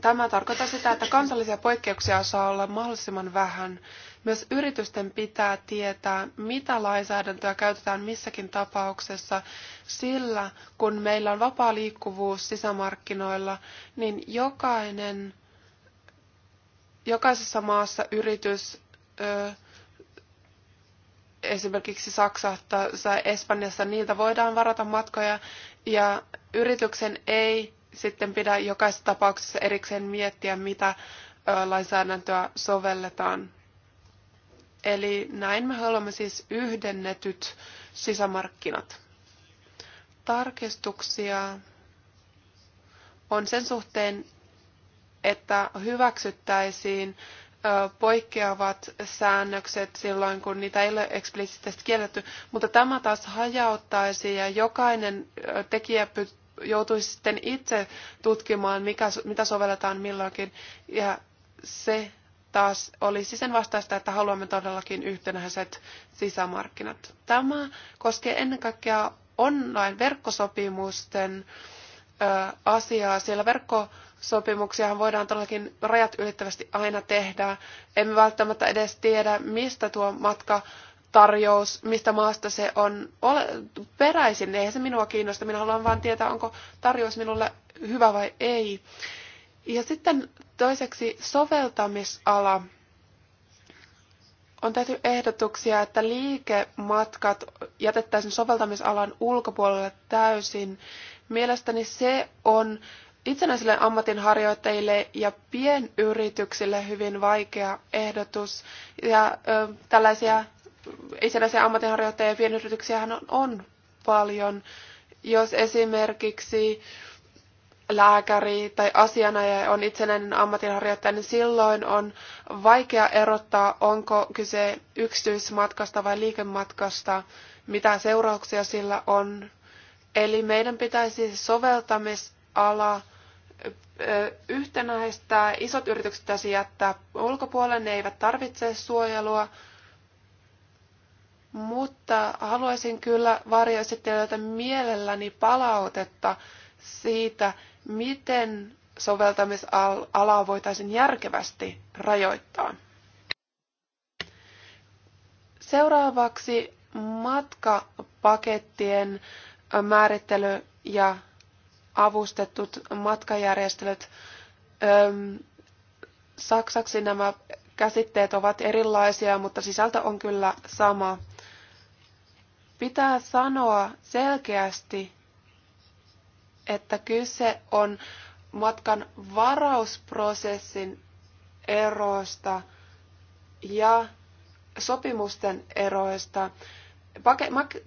tämä tarkoittaa sitä, että kansallisia poikkeuksia saa olla mahdollisimman vähän. Myös yritysten pitää tietää, mitä lainsäädäntöä käytetään missäkin tapauksessa, sillä kun meillä on vapaa liikkuvuus sisämarkkinoilla, niin jokainen, jokaisessa maassa yritys ö, esimerkiksi Saksassa tai Espanjassa, niiltä voidaan varata matkoja ja yrityksen ei sitten pidä jokaisessa tapauksessa erikseen miettiä, mitä lainsäädäntöä sovelletaan. Eli näin me haluamme siis yhdennetyt sisämarkkinat. Tarkistuksia on sen suhteen, että hyväksyttäisiin poikkeavat säännökset silloin, kun niitä ei ole eksplisiittisesti kielletty, mutta tämä taas hajauttaisi ja jokainen tekijä joutuisi sitten itse tutkimaan, mikä, mitä sovelletaan milloinkin. Ja se taas olisi sen vastaista, että haluamme todellakin yhtenäiset sisämarkkinat. Tämä koskee ennen kaikkea online-verkkosopimusten asiaa, siellä verkkosopimuksiahan voidaan todellakin rajat ylittävästi aina tehdä. Emme välttämättä edes tiedä, mistä tuo matka tarjous, mistä maasta se on ole, peräisin. Eihän se minua kiinnosta. Minä haluan vain tietää, onko tarjous minulle hyvä vai ei. Ja sitten toiseksi soveltamisala. On tehty ehdotuksia, että liikematkat jätettäisiin soveltamisalan ulkopuolelle täysin. Mielestäni se on itsenäisille ammatinharjoittajille ja pienyrityksille hyvin vaikea ehdotus. Ja ö, tällaisia itsenäisiä ammatinharjoittajia ja pienyrityksiä on, on paljon. Jos esimerkiksi ö, lääkäri tai asianajaja on itsenäinen ammatinharjoittaja, niin silloin on vaikea erottaa, onko kyse yksityismatkasta vai liikematkasta, mitä seurauksia sillä on. Eli meidän pitäisi soveltamisala yhtenäistää, isot yritykset pitäisi jättää ulkopuolelle, ne eivät tarvitse suojelua, mutta haluaisin kyllä varjoesittelijöiltä mielelläni palautetta siitä, miten soveltamisalaa voitaisiin järkevästi rajoittaa. Seuraavaksi matkapakettien määrittely ja avustetut matkajärjestelyt. Saksaksi nämä käsitteet ovat erilaisia, mutta sisältö on kyllä sama. Pitää sanoa selkeästi, että kyse on matkan varausprosessin eroista ja sopimusten eroista.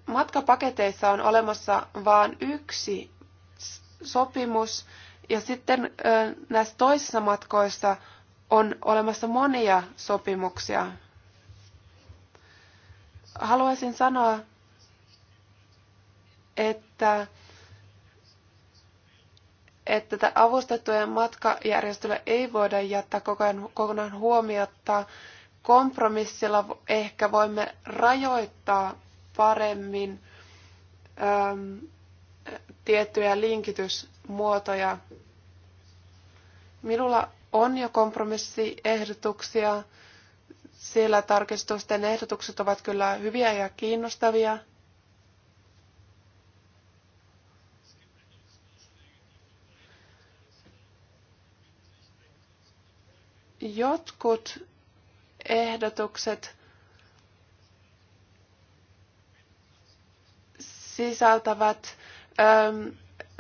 Matkapaketeissa on olemassa vain yksi sopimus ja sitten näissä toisissa matkoissa on olemassa monia sopimuksia. Haluaisin sanoa, että että avustettujen matkajärjestelyä ei voida jättää koko ajan, kokonaan huomiotta. Kompromissilla ehkä voimme rajoittaa paremmin äm, tiettyjä linkitysmuotoja. Minulla on jo kompromissiehdotuksia, sillä tarkistusten ehdotukset ovat kyllä hyviä ja kiinnostavia – Jotkut ehdotukset sisältävät ähm,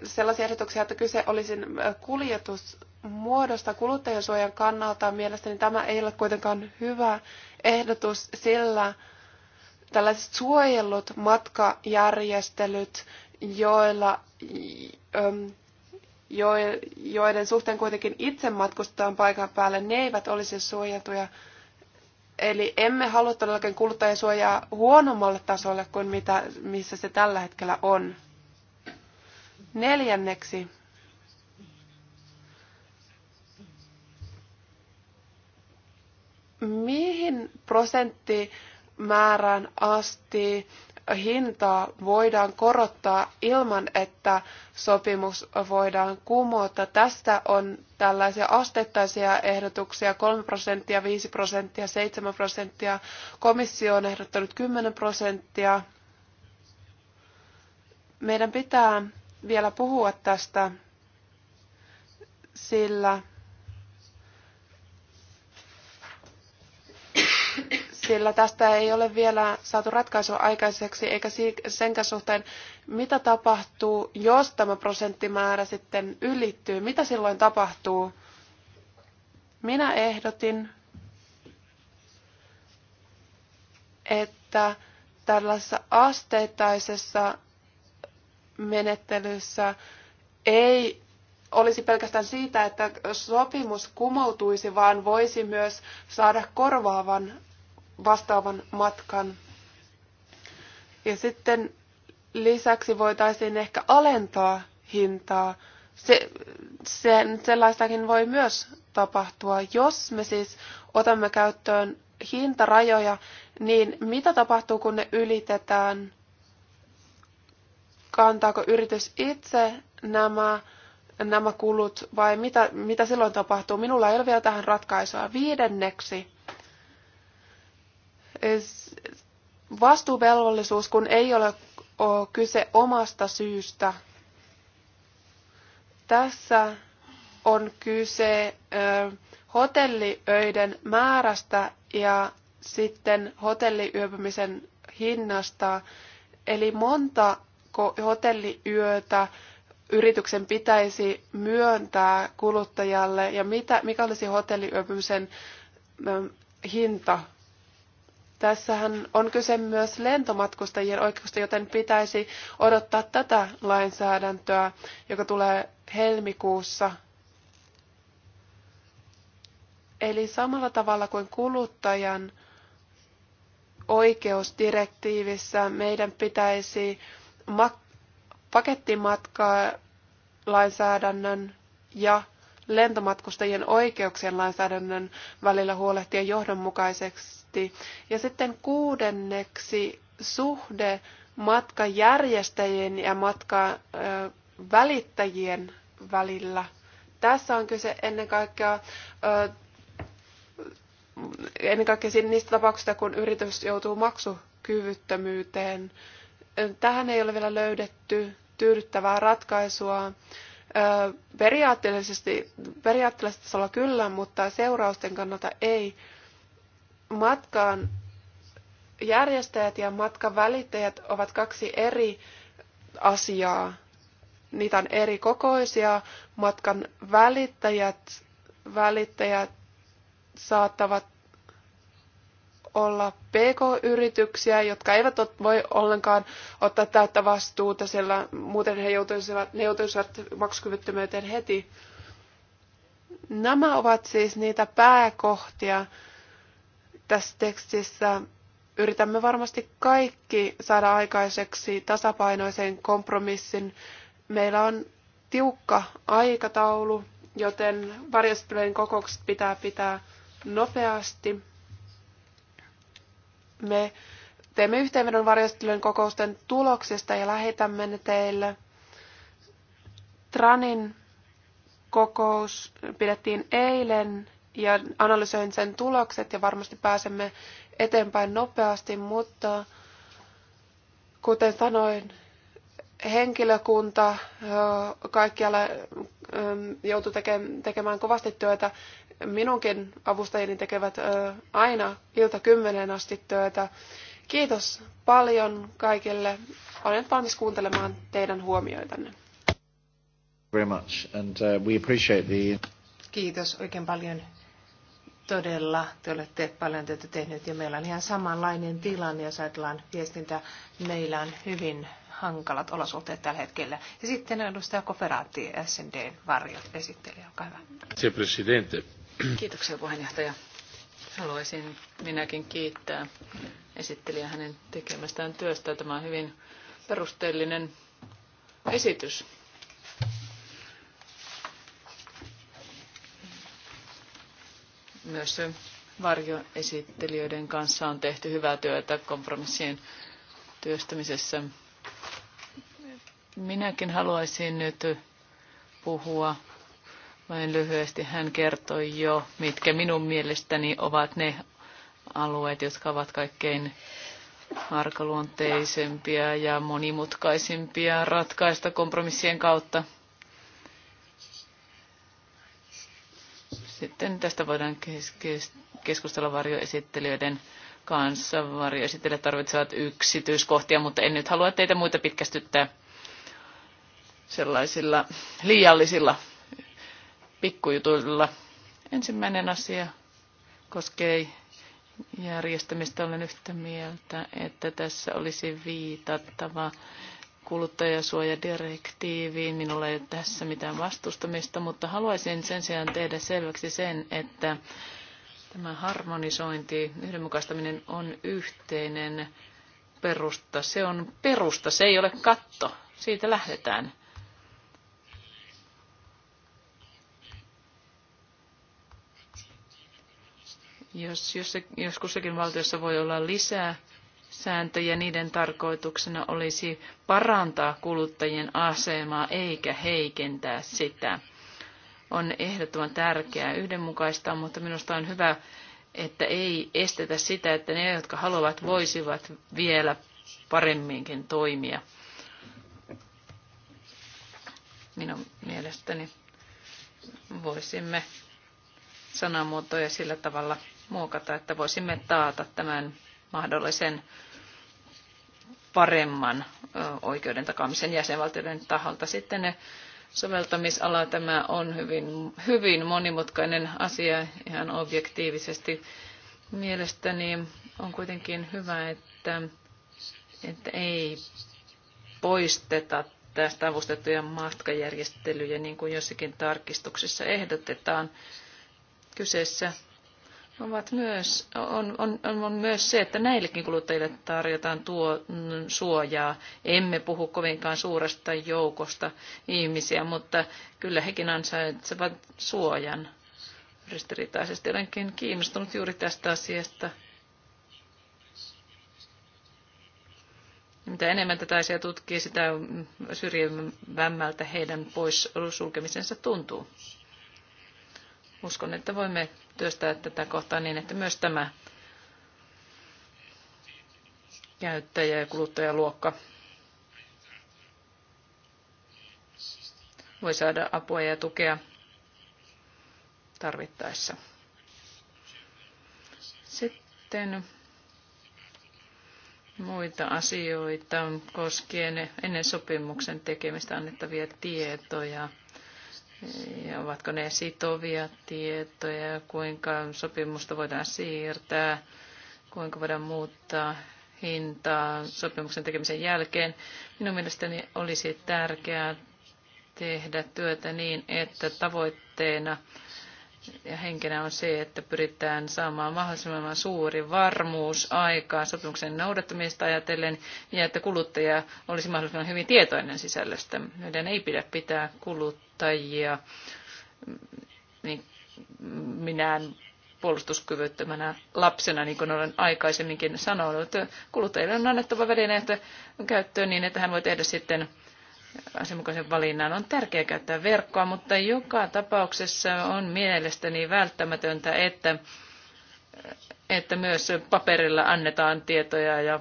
sellaisia ehdotuksia, että kyse olisi äh, kuljetusmuodosta kuluttajansuojan kannalta. Mielestäni tämä ei ole kuitenkaan hyvä ehdotus, sillä tällaiset suojellut matkajärjestelyt, joilla ähm, joiden suhteen kuitenkin itse matkustetaan paikan päälle, ne eivät olisi suojatuja. Eli emme halua todellakin kuluttajasuojaa huonommalle tasolle kuin mitä, missä se tällä hetkellä on. Neljänneksi. Mihin prosenttimäärään asti hintaa voidaan korottaa ilman, että sopimus voidaan kumota. Tästä on tällaisia asteittaisia ehdotuksia, 3 prosenttia, 5 prosenttia, 7 prosenttia. Komissio on ehdottanut 10 prosenttia. Meidän pitää vielä puhua tästä, sillä sillä tästä ei ole vielä saatu ratkaisua aikaiseksi, eikä senkään suhteen, mitä tapahtuu, jos tämä prosenttimäärä sitten ylittyy, mitä silloin tapahtuu. Minä ehdotin, että tällaisessa asteittaisessa menettelyssä ei olisi pelkästään siitä, että sopimus kumoutuisi, vaan voisi myös saada korvaavan vastaavan matkan. Ja sitten lisäksi voitaisiin ehkä alentaa hintaa. Se, se, sellaistakin voi myös tapahtua. Jos me siis otamme käyttöön hintarajoja, niin mitä tapahtuu, kun ne ylitetään? Kantaako yritys itse nämä, nämä kulut vai mitä, mitä silloin tapahtuu? Minulla ei ole vielä tähän ratkaisua. Viidenneksi vastuuvelvollisuus, kun ei ole kyse omasta syystä. Tässä on kyse hotelliöiden määrästä ja sitten hotelliyöpymisen hinnasta. Eli montako hotelliyötä yrityksen pitäisi myöntää kuluttajalle ja mitä, mikä olisi hotelliyöpymisen hinta Tässähän on kyse myös lentomatkustajien oikeuksista, joten pitäisi odottaa tätä lainsäädäntöä, joka tulee helmikuussa. Eli samalla tavalla kuin kuluttajan oikeusdirektiivissä meidän pitäisi pakettimatkaa lainsäädännön ja lentomatkustajien oikeuksien lainsäädännön välillä huolehtia johdonmukaiseksi kohti. Ja sitten kuudenneksi suhde matkajärjestäjien ja matkavälittäjien välillä. Tässä on kyse ennen kaikkea ennen kaikkea niistä tapauksista, kun yritys joutuu maksukyvyttömyyteen. Tähän ei ole vielä löydetty tyydyttävää ratkaisua. Periaatteellisesti, periaatteellisesti tasolla kyllä, mutta seurausten kannalta ei matkaan järjestäjät ja matkan välittäjät ovat kaksi eri asiaa. Niitä on eri kokoisia. Matkan välittäjät, välittäjät saattavat olla pk-yrityksiä, jotka eivät voi ollenkaan ottaa täyttä vastuuta, sillä muuten he joutuisivat, ne joutuisivat maksukyvyttömyyteen heti. Nämä ovat siis niitä pääkohtia, tässä tekstissä yritämme varmasti kaikki saada aikaiseksi tasapainoisen kompromissin. Meillä on tiukka aikataulu, joten varjospelujen kokoukset pitää pitää nopeasti. Me teemme yhteenvedon varjostelujen kokousten tuloksista ja lähetämme ne teille. Tranin kokous pidettiin eilen ja analysoin sen tulokset ja varmasti pääsemme eteenpäin nopeasti, mutta kuten sanoin, henkilökunta kaikkialla joutui tekemään kovasti työtä. Minunkin avustajini tekevät aina ilta kymmeneen asti työtä. Kiitos paljon kaikille. Olen valmis kuuntelemaan teidän huomioitanne. Very much. And, uh, we appreciate the... Kiitos oikein paljon todella te olette paljon työtä tehnyt ja meillä on ihan samanlainen tilanne, jos ajatellaan viestintä. Meillä on hyvin hankalat olosuhteet tällä hetkellä. Ja sitten edustaja Koferaatti, SNDn varjoesittelijä, olkaa hyvä. Kiitoksia puheenjohtaja. Haluaisin minäkin kiittää esittelijä hänen tekemästään työstä. Tämä on hyvin perusteellinen esitys. Myös varjoesittelijöiden kanssa on tehty hyvää työtä kompromissien työstämisessä. Minäkin haluaisin nyt puhua vain lyhyesti. Hän kertoi jo, mitkä minun mielestäni ovat ne alueet, jotka ovat kaikkein arkaluonteisempia ja monimutkaisimpia ratkaista kompromissien kautta. Sitten tästä voidaan kes- kes- keskustella varjoesittelijöiden kanssa. Varjoesittelijät tarvitsevat yksityiskohtia, mutta en nyt halua teitä muita pitkästyttää sellaisilla liiallisilla pikkujutuilla. Ensimmäinen asia koskee järjestämistä. Olen yhtä mieltä, että tässä olisi viitattava kuluttajasuojadirektiiviin. Minulla ei ole tässä mitään vastustamista, mutta haluaisin sen sijaan tehdä selväksi sen, että tämä harmonisointi, yhdenmukaistaminen on yhteinen perusta. Se on perusta, se ei ole katto. Siitä lähdetään. Jos, jos, jos kussakin valtiossa voi olla lisää sääntöjä. Niiden tarkoituksena olisi parantaa kuluttajien asemaa eikä heikentää sitä. On ehdottoman tärkeää yhdenmukaistaa, mutta minusta on hyvä, että ei estetä sitä, että ne, jotka haluavat, voisivat vielä paremminkin toimia. Minun mielestäni voisimme sanamuotoja sillä tavalla muokata, että voisimme taata tämän mahdollisen paremman oikeuden takaamisen jäsenvaltioiden taholta. Sitten ne soveltamisala tämä on hyvin, hyvin monimutkainen asia ihan objektiivisesti. Mielestäni on kuitenkin hyvä, että, että ei poisteta tästä avustettuja matkajärjestelyjä, niin kuin jossakin tarkistuksessa ehdotetaan. Kyseessä ovat myös, on, on, on myös se, että näillekin kuluttajille tarjotaan tuo mm, suojaa. Emme puhu kovinkaan suuresta joukosta ihmisiä, mutta kyllä hekin ansaitsevat suojan. Ristiriitaisesti olenkin kiinnostunut juuri tästä asiasta. Mitä enemmän tätä asiaa tutkii, sitä syrjivämmältä heidän pois sulkemisensa tuntuu. Uskon, että voimme työstää tätä kohtaa niin, että myös tämä käyttäjä- ja kuluttajaluokka voi saada apua ja tukea tarvittaessa. Sitten muita asioita koskien ennen sopimuksen tekemistä annettavia tietoja ja ovatko ne sitovia tietoja, kuinka sopimusta voidaan siirtää, kuinka voidaan muuttaa hintaa sopimuksen tekemisen jälkeen. Minun mielestäni olisi tärkeää tehdä työtä niin, että tavoitteena ja henkenä on se, että pyritään saamaan mahdollisimman suuri varmuus aikaa sopimuksen noudattamista ajatellen ja että kuluttaja olisi mahdollisimman hyvin tietoinen sisällöstä. Meidän ei pidä pitää kuluttajia mm, niin minään puolustuskyvyttömänä lapsena, niin kuin olen aikaisemminkin sanonut. Kuluttajille on annettava välineet käyttöön niin, että hän voi tehdä sitten asianmukaisen valinnan. On tärkeää käyttää verkkoa, mutta joka tapauksessa on mielestäni välttämätöntä, että, että myös paperilla annetaan tietoja ja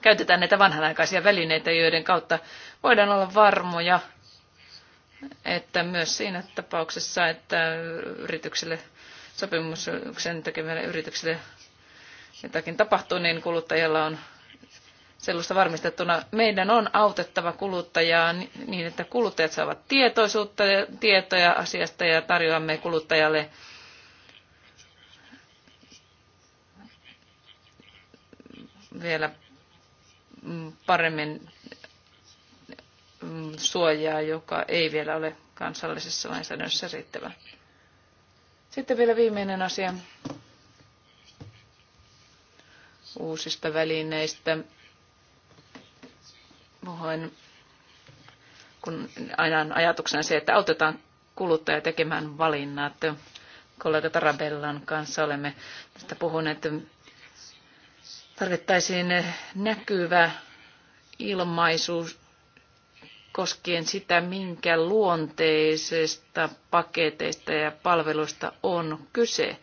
käytetään näitä vanhanaikaisia välineitä, joiden kautta voidaan olla varmoja, että myös siinä tapauksessa, että yritykselle, sopimuksen tekemälle yritykselle jotakin tapahtuu, niin kuluttajalla on sellaista varmistettuna. Meidän on autettava kuluttajaa niin, että kuluttajat saavat tietoisuutta ja tietoja asiasta ja tarjoamme kuluttajalle vielä paremmin mm, suojaa, joka ei vielä ole kansallisessa lainsäädännössä riittävä. Sitten vielä viimeinen asia uusista välineistä Voin, kun aina on ajatuksena se, että autetaan kuluttaja tekemään valinnat. Kollega Tarabellan kanssa olemme tästä puhuneet. Tarvittaisiin näkyvä ilmaisu koskien sitä, minkä luonteisesta paketeista ja palveluista on kyse,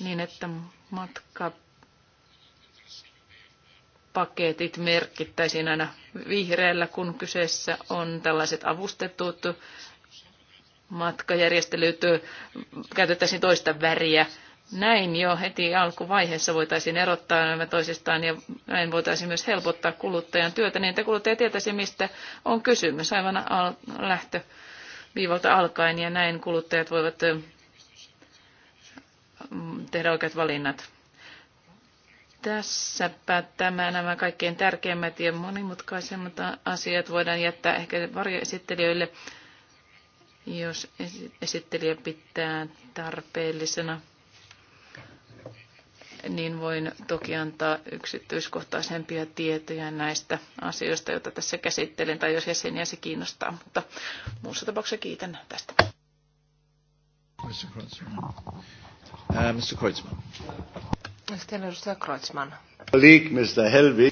niin että matka paketit merkittäisiin aina vihreällä, kun kyseessä on tällaiset avustetut matkajärjestelyt, käytettäisiin toista väriä. Näin jo heti alkuvaiheessa voitaisiin erottaa nämä toisistaan ja näin voitaisiin myös helpottaa kuluttajan työtä niin, että kuluttaja tietäisi, mistä on kysymys aivan al- lähtö viivalta alkaen ja näin kuluttajat voivat mm, tehdä oikeat valinnat tässäpä tämä, nämä kaikkein tärkeimmät ja monimutkaisemmat asiat voidaan jättää ehkä varjoesittelijöille, jos esittelijä pitää tarpeellisena. Niin voin toki antaa yksityiskohtaisempia tietoja näistä asioista, joita tässä käsittelen, tai jos jäseniä se kiinnostaa, mutta muussa tapauksessa kiitän tästä. Mr. Kreutzmann. Uh, Mr. Kreutzmann. Sitten edustaja Kreutzmann. Helvi.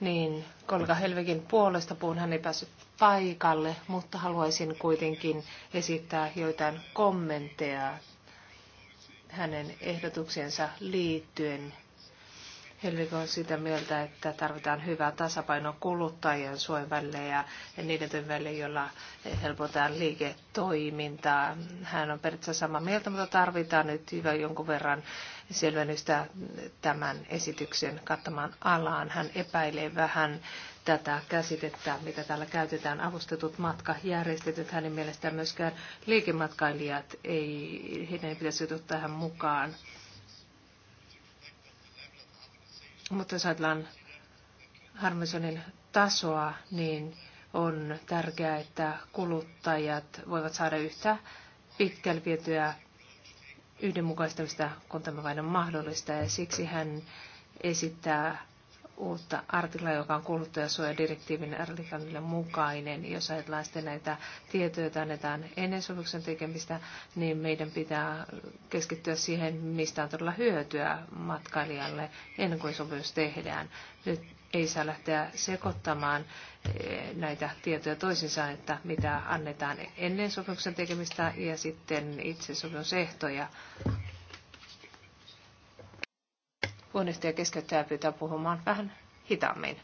Niin, kollega Helvikin puolesta puhun, hän ei päässyt paikalle, mutta haluaisin kuitenkin esittää joitain kommentteja hänen ehdotuksensa liittyen. Helvik on sitä mieltä, että tarvitaan hyvää tasapainoa kuluttajien suojan välillä ja niiden työn välillä, joilla helpotetaan liiketoimintaa. Hän on periaatteessa samaa mieltä, mutta tarvitaan nyt hyvä jonkun verran selvennystä tämän esityksen kattamaan alaan. Hän epäilee vähän tätä käsitettä, mitä täällä käytetään, avustetut matkajärjestetyt. Hänen mielestään myöskään liikematkailijat, ei, heidän ei pitäisi ottaa tähän mukaan. Mutta jos ajatellaan harmonisoinnin tasoa, niin on tärkeää, että kuluttajat voivat saada yhtä pitkälle vietyä yhdenmukaistamista, kun tämä vain on mahdollista, ja siksi hän esittää uutta artiklaa, joka on kuluttajasuojadirektiivin artiklanille mukainen. Jos ajatellaan sitten näitä tietoja, joita annetaan ennen sopimuksen tekemistä, niin meidän pitää keskittyä siihen, mistä on todella hyötyä matkailijalle ennen kuin sopimus tehdään. Nyt ei saa lähteä sekoittamaan eh, näitä tietoja toisinsa, että mitä annetaan ennen sopimuksen tekemistä ja sitten itse sopimusehtoja. Puheenjohtaja keskeyttää pyytää puhumaan vähän hitaammin.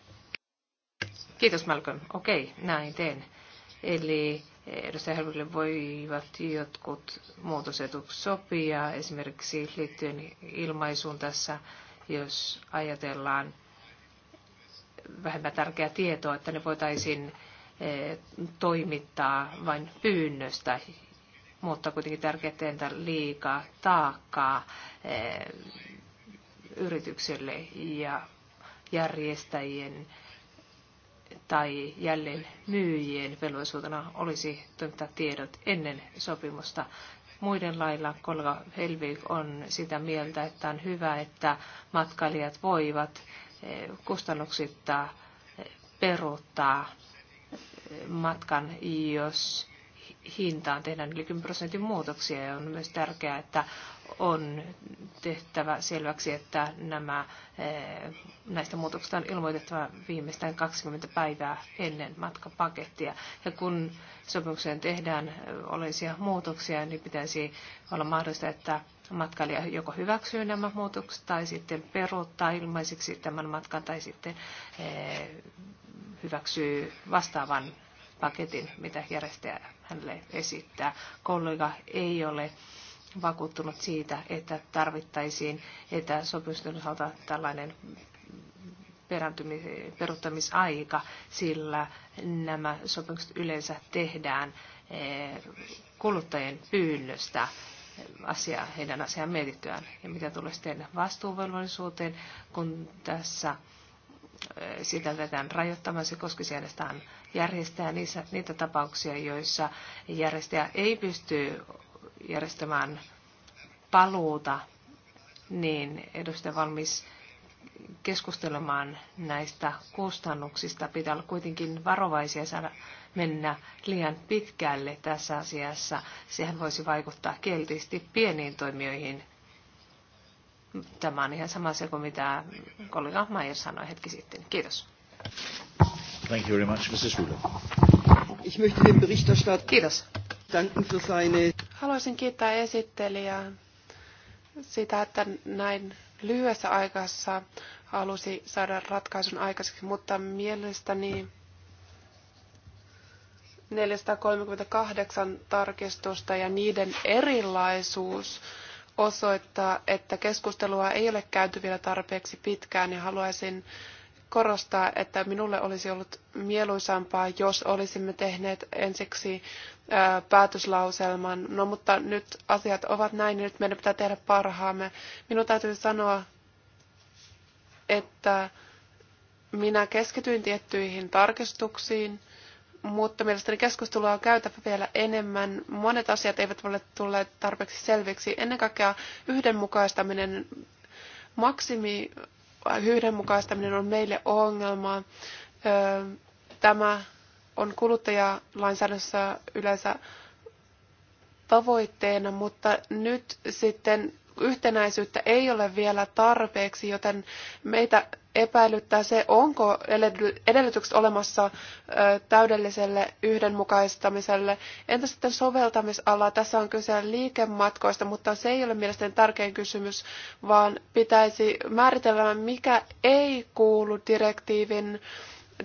Kiitos Malcolm. Okei, näin teen. Eli eh, edustaja Helville voivat jotkut muutosetut sopia, esimerkiksi liittyen ilmaisuun tässä, jos ajatellaan vähemmän tärkeää tietoa, että ne voitaisiin eh, toimittaa vain pyynnöstä, mutta kuitenkin tärkeää tehdä liikaa taakkaa eh, yritykselle ja järjestäjien tai jälleen myyjien velvollisuutena olisi toimittaa tiedot ennen sopimusta. Muiden lailla kollega Helvig on sitä mieltä, että on hyvä, että matkailijat voivat kustannuksittaa peruuttaa matkan, jos hintaan tehdään yli 10 prosentin muutoksia. Ja on myös tärkeää, että on tehtävä selväksi, että nämä, eh, näistä muutoksista on ilmoitettava viimeistään 20 päivää ennen matkapakettia. Ja kun sopimukseen tehdään eh, oleellisia muutoksia, niin pitäisi olla mahdollista, että matkailija joko hyväksyy nämä muutokset tai sitten peruuttaa ilmaiseksi tämän matkan tai sitten eh, hyväksyy vastaavan paketin, mitä järjestäjä hänelle esittää. Kollega ei ole vakuuttunut siitä, että tarvittaisiin, että sopimusten osalta tällainen peruuttamisaika, sillä nämä sopimukset yleensä tehdään eh, kuluttajien pyynnöstä asia heidän asiaan mietittyään. Ja mitä tulee sitten vastuuvelvollisuuteen, kun tässä eh, sitä lähdetään rajoittamaan, se koskisi ainoastaan järjestää niissä, niitä tapauksia, joissa järjestäjä ei pysty järjestämään paluuta, niin edustaja valmis keskustelemaan näistä kustannuksista. Pitää olla kuitenkin varovaisia saada mennä liian pitkälle tässä asiassa. Sehän voisi vaikuttaa kielteisesti pieniin toimijoihin. Tämä on ihan sama se kuin mitä kollega Mayer sanoi hetki sitten. Kiitos. Thank you very much, Mrs. Ich möchte den Berichterstatter Kiitos. danken für seine... Haluaisin kiittää esittelijää sitä, että näin lyhyessä aikassa halusi saada ratkaisun aikaiseksi, mutta mielestäni 438 tarkistusta ja niiden erilaisuus osoittaa, että keskustelua ei ole käyty vielä tarpeeksi pitkään ja haluaisin korostaa, että minulle olisi ollut mieluisampaa, jos olisimme tehneet ensiksi päätöslauselman. No mutta nyt asiat ovat näin, niin nyt meidän pitää tehdä parhaamme. Minun täytyy sanoa, että minä keskityin tiettyihin tarkistuksiin, mutta mielestäni keskustelua on käytävä vielä enemmän. Monet asiat eivät ole tulleet tarpeeksi selviksi. Ennen kaikkea yhdenmukaistaminen maksimi yhdenmukaistaminen on meille ongelma. Tämä on kuluttajalainsäädännössä yleensä tavoitteena, mutta nyt sitten yhtenäisyyttä ei ole vielä tarpeeksi, joten meitä epäilyttää se, onko edellytykset olemassa täydelliselle yhdenmukaistamiselle. Entä sitten soveltamisala? Tässä on kyse liikematkoista, mutta se ei ole mielestäni tärkein kysymys, vaan pitäisi määritellä, mikä ei kuulu direktiivin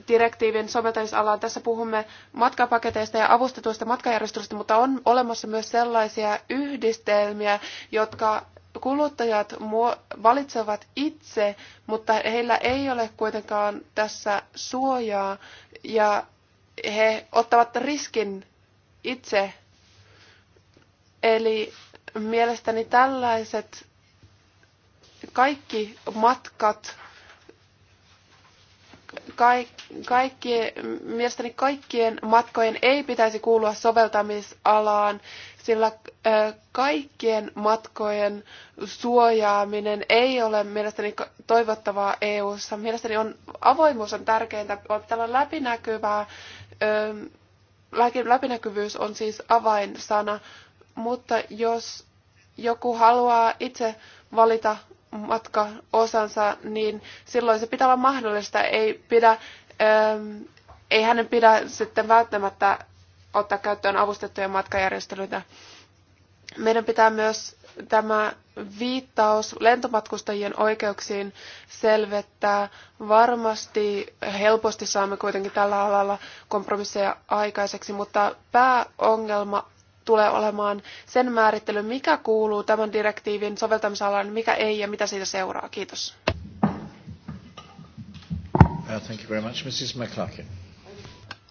direktiivin soveltamisalaan. Tässä puhumme matkapaketeista ja avustetuista matkajärjestelyistä, mutta on olemassa myös sellaisia yhdistelmiä, jotka kuluttajat valitsevat itse, mutta heillä ei ole kuitenkaan tässä suojaa ja he ottavat riskin itse. Eli mielestäni tällaiset kaikki matkat kaikki, mielestäni kaikkien matkojen ei pitäisi kuulua soveltamisalaan, sillä kaikkien matkojen suojaaminen ei ole mielestäni toivottavaa EU:ssa. Mielestäni on, avoimuus on tärkeintä, on läpinäkyvää, läpinäkyvyys on siis avainsana, mutta jos joku haluaa itse valita matkaosansa, niin silloin se pitää olla mahdollista. Ei, pidä, ähm, ei hänen pidä sitten välttämättä ottaa käyttöön avustettuja matkajärjestelyitä. Meidän pitää myös tämä viittaus lentomatkustajien oikeuksiin selvettää. Varmasti helposti saamme kuitenkin tällä alalla kompromisseja aikaiseksi, mutta pääongelma tulee olemaan sen määrittely, mikä kuuluu tämän direktiivin soveltamisalaan, mikä ei ja mitä siitä seuraa. Kiitos. Uh, thank you very much, Mrs. McClarkin.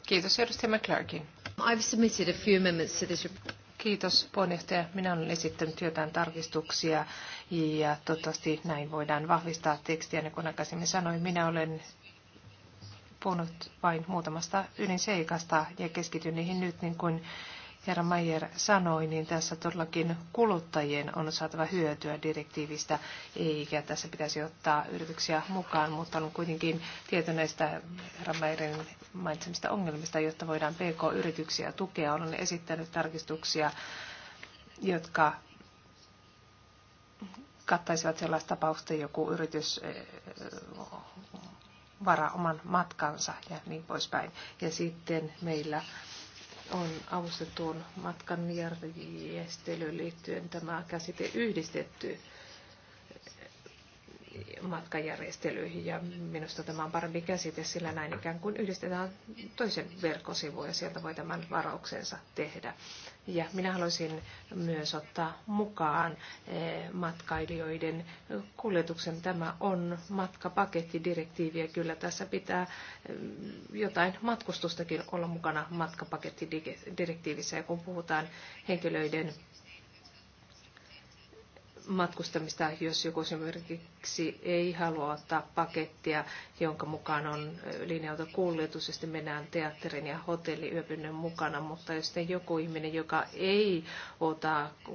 Kiitos, edustaja McClarkin. I've submitted a few amendments to this report. Kiitos puheenjohtaja. Minä olen esittänyt jotain tarkistuksia ja toivottavasti näin voidaan vahvistaa tekstiä. Niin kuin aikaisemmin sanoin, minä olen puhunut vain muutamasta ydinseikasta ja keskityn niihin nyt niin kuin herra Mayer sanoi, niin tässä todellakin kuluttajien on saatava hyötyä direktiivistä, eikä tässä pitäisi ottaa yrityksiä mukaan, mutta on kuitenkin tieto näistä herra Mayerin mainitsemista ongelmista, jotta voidaan PK-yrityksiä tukea. Olen esittänyt tarkistuksia, jotka kattaisivat sellaista tapausta, joku yritys e, varaa oman matkansa ja niin poispäin. Ja sitten meillä on avustettuun matkan järjestelyyn liittyen tämä käsite yhdistetty matkajärjestelyihin ja minusta tämä on parempi käsite, sillä näin ikään kuin yhdistetään toisen verkkosivun ja sieltä voi tämän varauksensa tehdä. Ja minä haluaisin myös ottaa mukaan eh, matkailijoiden kuljetuksen. Tämä on matkapakettidirektiivi ja kyllä tässä pitää eh, jotain matkustustakin olla mukana matkapakettidirektiivissä. Ja kun puhutaan henkilöiden matkustamista, jos joku esimerkiksi ei halua ottaa pakettia, jonka mukaan on linja-autokuljetus, ja sitten mennään teatterin ja hotelliyöpynnön mukana, mutta jos sitten joku ihminen, joka ei ota mm,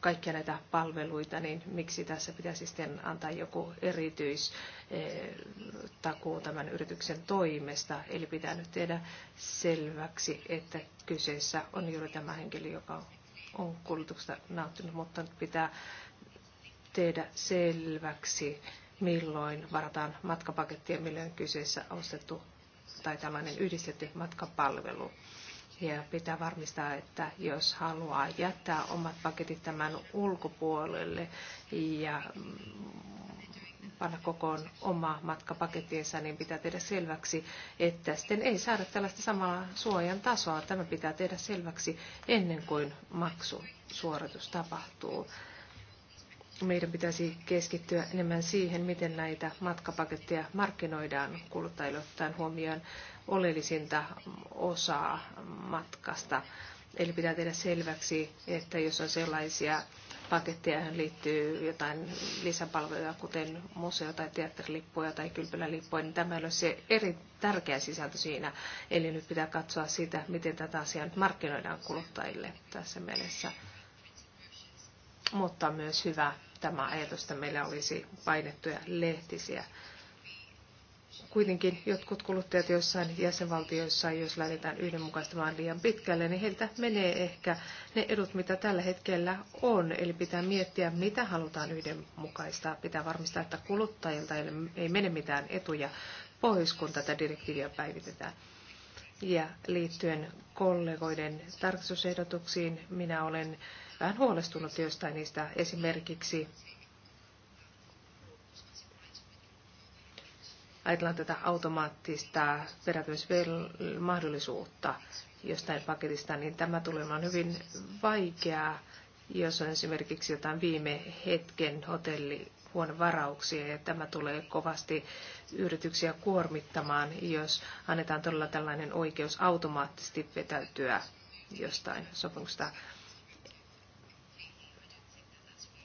kaikkia näitä palveluita, niin miksi tässä pitäisi sitten antaa joku erityistakuu tämän yrityksen toimesta, eli pitää nyt tehdä selväksi, että kyseessä on juuri tämä henkilö, joka on on kulutuksesta nauttinut, mutta pitää tehdä selväksi, milloin varataan matkapaketti ja milloin kyseessä ostettu tai tällainen yhdistetty matkapalvelu. Ja pitää varmistaa, että jos haluaa jättää omat paketit tämän ulkopuolelle ja panna kokoon oma matkapakettiensa, niin pitää tehdä selväksi, että sitten ei saada tällaista samaa suojan tasoa. Tämä pitää tehdä selväksi ennen kuin maksusuoritus tapahtuu. Meidän pitäisi keskittyä enemmän siihen, miten näitä matkapaketteja markkinoidaan kuluttajille ottaen huomioon oleellisinta osaa matkasta. Eli pitää tehdä selväksi, että jos on sellaisia pakettia, johon liittyy jotain lisäpalveluja, kuten museo- tai teatterilippuja tai kylpylälippuja, niin tämä olisi se eri tärkeä sisältö siinä. Eli nyt pitää katsoa sitä, miten tätä asiaa nyt markkinoidaan kuluttajille tässä mielessä. Mutta myös hyvä tämä ajatus, että meillä olisi painettuja lehtisiä kuitenkin jotkut kuluttajat joissain jäsenvaltioissa, jos lähdetään yhdenmukaistamaan liian pitkälle, niin heiltä menee ehkä ne edut, mitä tällä hetkellä on. Eli pitää miettiä, mitä halutaan yhdenmukaistaa. Pitää varmistaa, että kuluttajilta ei mene mitään etuja pois, kun tätä direktiiviä päivitetään. Ja liittyen kollegoiden tarkastusehdotuksiin, minä olen vähän huolestunut joistain niistä esimerkiksi ajatellaan tätä automaattista perääntymismahdollisuutta jostain paketista, niin tämä tulee olemaan hyvin vaikeaa, jos on esimerkiksi jotain viime hetken hotelli varauksia ja tämä tulee kovasti yrityksiä kuormittamaan, jos annetaan todella tällainen oikeus automaattisesti vetäytyä jostain sopimuksesta.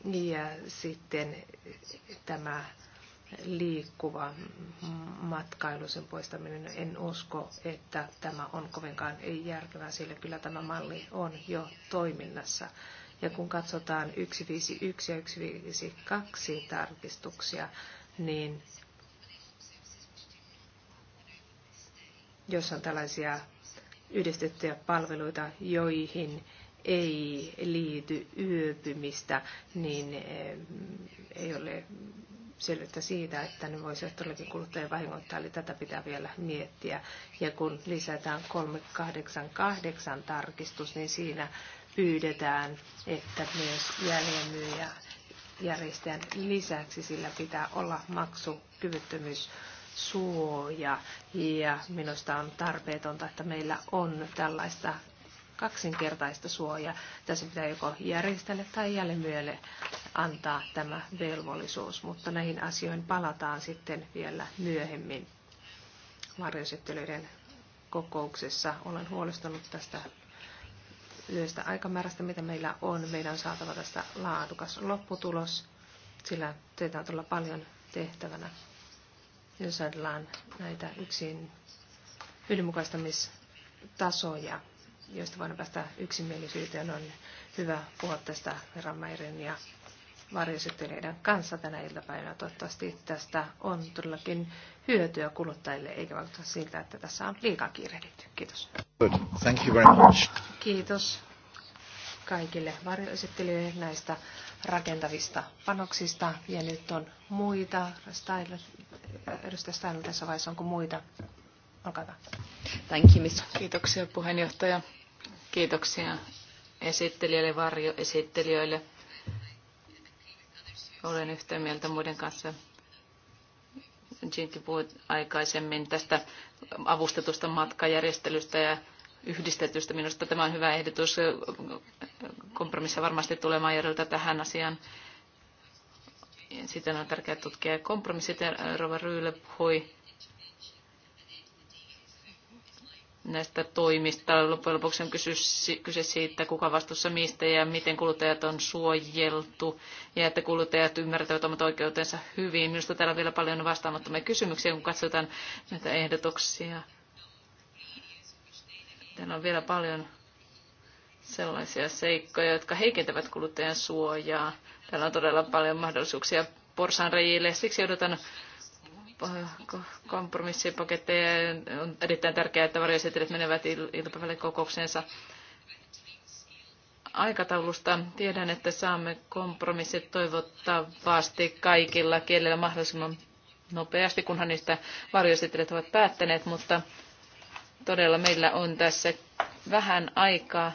Ja sitten tämä liikkuva matkailu, sen poistaminen, en usko, että tämä on kovinkaan ei järkevää, sillä kyllä tämä malli on jo toiminnassa. Ja kun katsotaan 151 ja 152 tarkistuksia, niin jos on tällaisia yhdistettyjä palveluita, joihin ei liity yöpymistä, niin eh, ei ole selvyyttä siitä, että ne voisivat todellakin kuluttajia vahingoittaa, eli tätä pitää vielä miettiä. Ja kun lisätään 388 tarkistus, niin siinä pyydetään, että myös jäljenmyyjä järjestäjän lisäksi sillä pitää olla maksukyvyttömyys suoja ja minusta on tarpeetonta, että meillä on tällaista kaksinkertaista suojaa. Tässä pitää joko järjestäjälle tai jälleenmyyjälle antaa tämä velvollisuus, mutta näihin asioihin palataan sitten vielä myöhemmin varjoesittelyiden kokouksessa. Olen huolestunut tästä lyhyestä aikamäärästä, mitä meillä on. Meidän on saatava tästä laadukas lopputulos, sillä teitä on tulla paljon tehtävänä. Jos ajatellaan näitä yksin ylimukaistamistasoja, joista voidaan päästä yksimielisyyteen, on hyvä puhua tästä Rammairin ja varjosyttelijöiden kanssa tänä iltapäivänä. Toivottavasti tästä on todellakin hyötyä kuluttajille, eikä vaikuta siltä, että tässä on liikaa kiirehditty. Kiitos. Good. Thank you very much. Kiitos kaikille varjoesittelijöille näistä rakentavista panoksista. Ja nyt on muita. Style, edustaja Style tässä vaiheessa, onko muita? Olkaa hyvä. Thank you, Kiitoksia puheenjohtaja. Kiitoksia esittelijälle, varjoesittelijöille. Olen yhtä mieltä muiden kanssa. Jinkin puhui aikaisemmin tästä avustetusta matkajärjestelystä ja yhdistetystä. Minusta tämä on hyvä ehdotus. Kompromissa varmasti tulee Maijerilta tähän asiaan. Sitten on tärkeää tutkia kompromissit. Rova Ryyle puhui näistä toimista. Loppujen lopuksi on kyse siitä, kuka vastuussa mistä ja miten kuluttajat on suojeltu ja että kuluttajat ymmärtävät omat oikeutensa hyvin. Minusta täällä on vielä paljon vastaamattomia kysymyksiä, kun katsotaan näitä ehdotuksia. Täällä on vielä paljon sellaisia seikkoja, jotka heikentävät kuluttajan suojaa. Täällä on todella paljon mahdollisuuksia porsaanreijille. Siksi odotan kompromissipaketteja. On erittäin tärkeää, että varjoesittelijät menevät iltapäivälle kokoukseensa aikataulusta. Tiedän, että saamme kompromissit toivottavasti kaikilla kielillä mahdollisimman nopeasti, kunhan niistä varjoesittelijät ovat päättäneet, mutta todella meillä on tässä vähän aikaa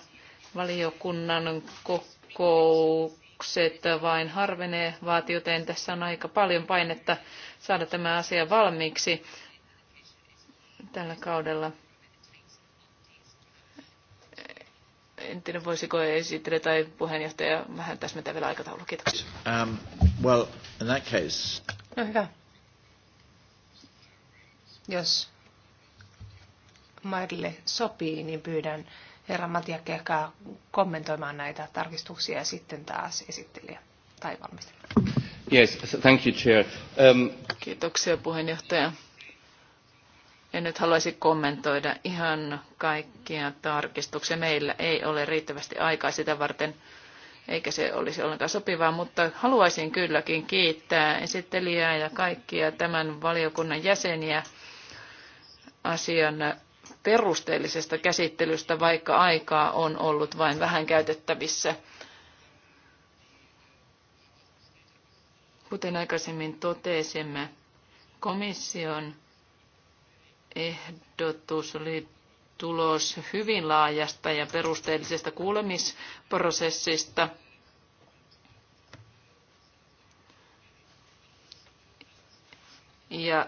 valiokunnan kokoukseen yritykset vain harvenevat, joten tässä on aika paljon painetta saada tämä asia valmiiksi tällä kaudella. En tiedä, voisiko esittelijä tai puheenjohtaja vähän täsmentää vielä aikataulua. Kiitoksia. Um, well, in that case... No hyvä. Jos Marille sopii, niin pyydän herra Matia Kehkää kommentoimaan näitä tarkistuksia ja sitten taas esittelijä tai valmistelija. Yes, thank you, Chair. Um... Kiitoksia puheenjohtaja. En nyt haluaisi kommentoida ihan kaikkia tarkistuksia. Meillä ei ole riittävästi aikaa sitä varten, eikä se olisi ollenkaan sopivaa, mutta haluaisin kylläkin kiittää esittelijää ja kaikkia tämän valiokunnan jäseniä asian perusteellisesta käsittelystä, vaikka aikaa on ollut vain vähän käytettävissä. Kuten aikaisemmin totesimme, komission ehdotus oli tulos hyvin laajasta ja perusteellisesta kuulemisprosessista. Ja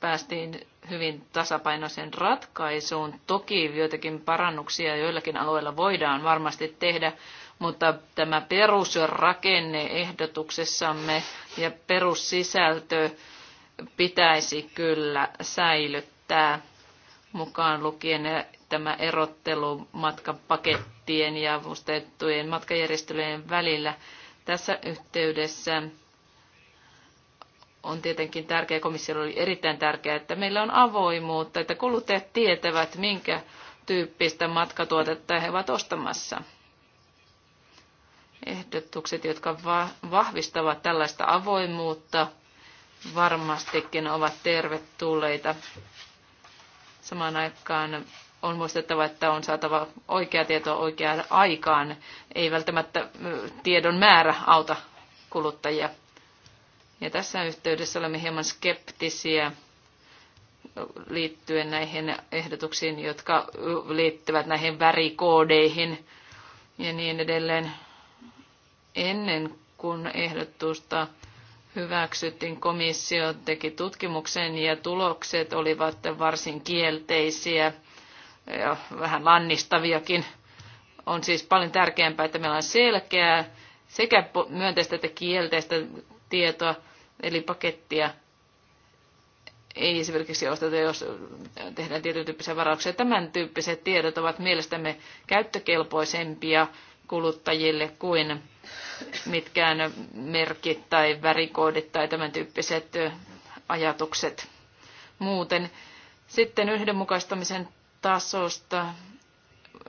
päästiin hyvin tasapainoisen ratkaisuun. Toki joitakin parannuksia joillakin alueilla voidaan varmasti tehdä, mutta tämä perusrakenne ehdotuksessamme ja perussisältö pitäisi kyllä säilyttää mukaan lukien tämä erottelu matkapakettien ja avustettujen matkajärjestelyjen välillä. Tässä yhteydessä on tietenkin tärkeää, komissiolle oli erittäin tärkeää, että meillä on avoimuutta, että kuluttajat tietävät, minkä tyyppistä matkatuotetta he ovat ostamassa. Ehdotukset, jotka vahvistavat tällaista avoimuutta, varmastikin ovat tervetulleita. Samaan aikaan on muistettava, että on saatava oikea tieto oikeaan aikaan. Ei välttämättä tiedon määrä auta kuluttajia. Ja tässä yhteydessä olemme hieman skeptisiä liittyen näihin ehdotuksiin, jotka liittyvät näihin värikoodeihin ja niin edelleen. Ennen kuin ehdotusta hyväksyttiin, komissio teki tutkimuksen ja tulokset olivat varsin kielteisiä ja vähän lannistaviakin. On siis paljon tärkeämpää, että meillä on selkeää sekä myönteistä että kielteistä tietoa Eli pakettia ei esimerkiksi osteta, jos tehdään tietyn tyyppisiä varauksia. Tämän tyyppiset tiedot ovat mielestämme käyttökelpoisempia kuluttajille kuin mitkään merkit tai värikoodit tai tämän tyyppiset ajatukset muuten. Sitten yhdenmukaistamisen tasosta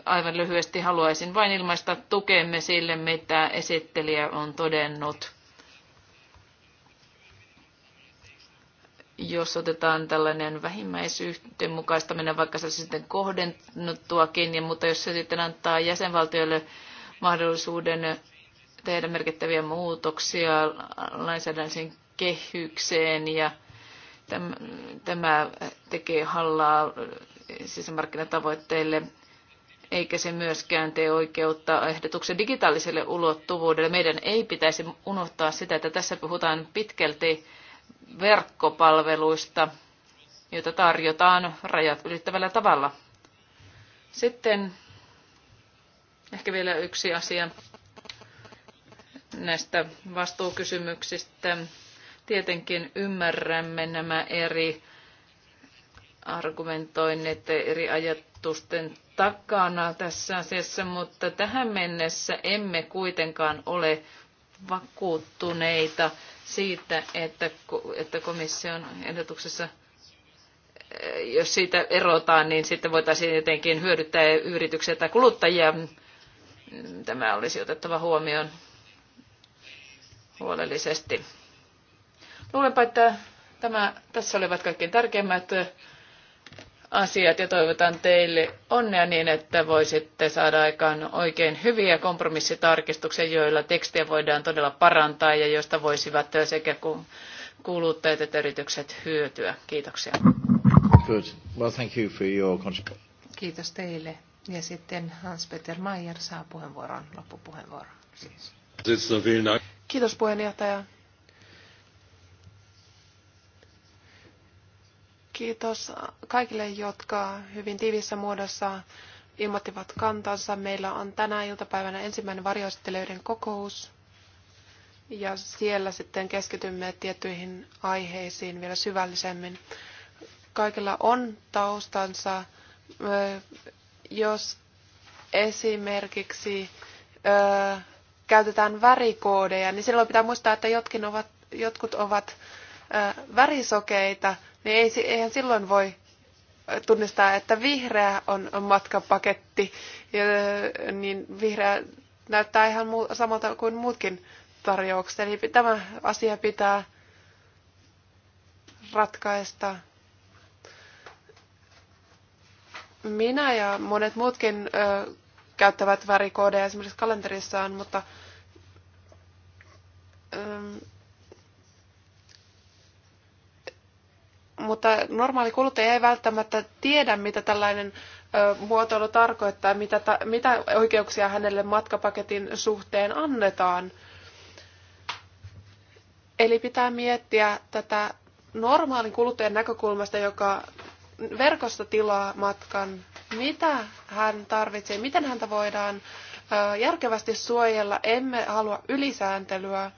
aivan lyhyesti haluaisin vain ilmaista tukemme sille, mitä esittelijä on todennut jos otetaan tällainen vähimmäisyhdenmukaistaminen, vaikka se sitten kohdennuttuakin, mutta jos se sitten antaa jäsenvaltioille mahdollisuuden tehdä merkittäviä muutoksia lainsäädännön kehykseen ja tämä tekee hallaa sisämarkkinatavoitteille, eikä se myöskään tee oikeutta ehdotuksen digitaaliselle ulottuvuudelle. Meidän ei pitäisi unohtaa sitä, että tässä puhutaan pitkälti verkkopalveluista, joita tarjotaan rajat ylittävällä tavalla. Sitten ehkä vielä yksi asia näistä vastuukysymyksistä. Tietenkin ymmärrämme nämä eri argumentoinnit eri ajatusten takana tässä asiassa, mutta tähän mennessä emme kuitenkaan ole vakuuttuneita siitä, että, että komission ehdotuksessa eh, jos siitä erotaan, niin sitten voitaisiin jotenkin hyödyttää yrityksiä tai kuluttajia. Tämä olisi otettava huomioon huolellisesti. Luulenpa, että tämä, tässä olivat kaikkein tärkeimmät asiat ja toivotan teille onnea niin, että voisitte saada aikaan oikein hyviä kompromissitarkistuksia, joilla tekstiä voidaan todella parantaa ja joista voisivat sekä kuluttajat että yritykset hyötyä. Kiitoksia. Good. Well, thank you for your Kiitos teille. Ja sitten Hans-Peter Mayer saa puheenvuoron, loppupuheenvuoron. Kiitos puheenjohtaja. Kiitos kaikille, jotka hyvin tiivissä muodossa ilmoittivat kantansa. Meillä on tänä iltapäivänä ensimmäinen varjoistelijoiden kokous. Ja siellä sitten keskitymme tiettyihin aiheisiin vielä syvällisemmin. Kaikilla on taustansa. Jos esimerkiksi käytetään värikoodeja, niin silloin pitää muistaa, että jotkin ovat, jotkut ovat värisokeita – niin ei, eihän silloin voi äh, tunnistaa, että vihreä on matkapaketti, ja, äh, niin vihreä näyttää ihan samalta kuin muutkin tarjoukset. Eli tämä asia pitää ratkaista. Minä ja monet muutkin ö, äh, käyttävät värikoodeja esimerkiksi kalenterissaan, mutta ähm, mutta normaali kuluttaja ei välttämättä tiedä, mitä tällainen muotoilu tarkoittaa, mitä, ta, mitä oikeuksia hänelle matkapaketin suhteen annetaan. Eli pitää miettiä tätä normaalin kuluttajan näkökulmasta, joka verkosta tilaa matkan, mitä hän tarvitsee, miten häntä voidaan järkevästi suojella, emme halua ylisääntelyä,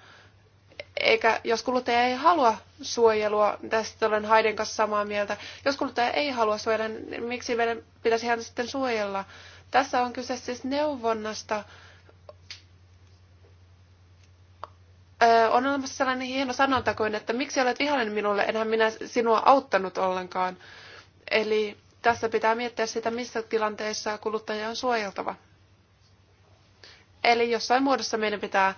eikä jos kuluttaja ei halua suojelua, tästä olen Haiden kanssa samaa mieltä, jos kuluttaja ei halua suojella, niin miksi meidän pitäisi häntä sitten suojella? Tässä on kyse siis neuvonnasta. Öö, on olemassa sellainen hieno sanonta kuin, että miksi olet vihainen minulle, enhän minä sinua auttanut ollenkaan. Eli tässä pitää miettiä sitä, missä tilanteissa kuluttaja on suojeltava. Eli jossain muodossa meidän pitää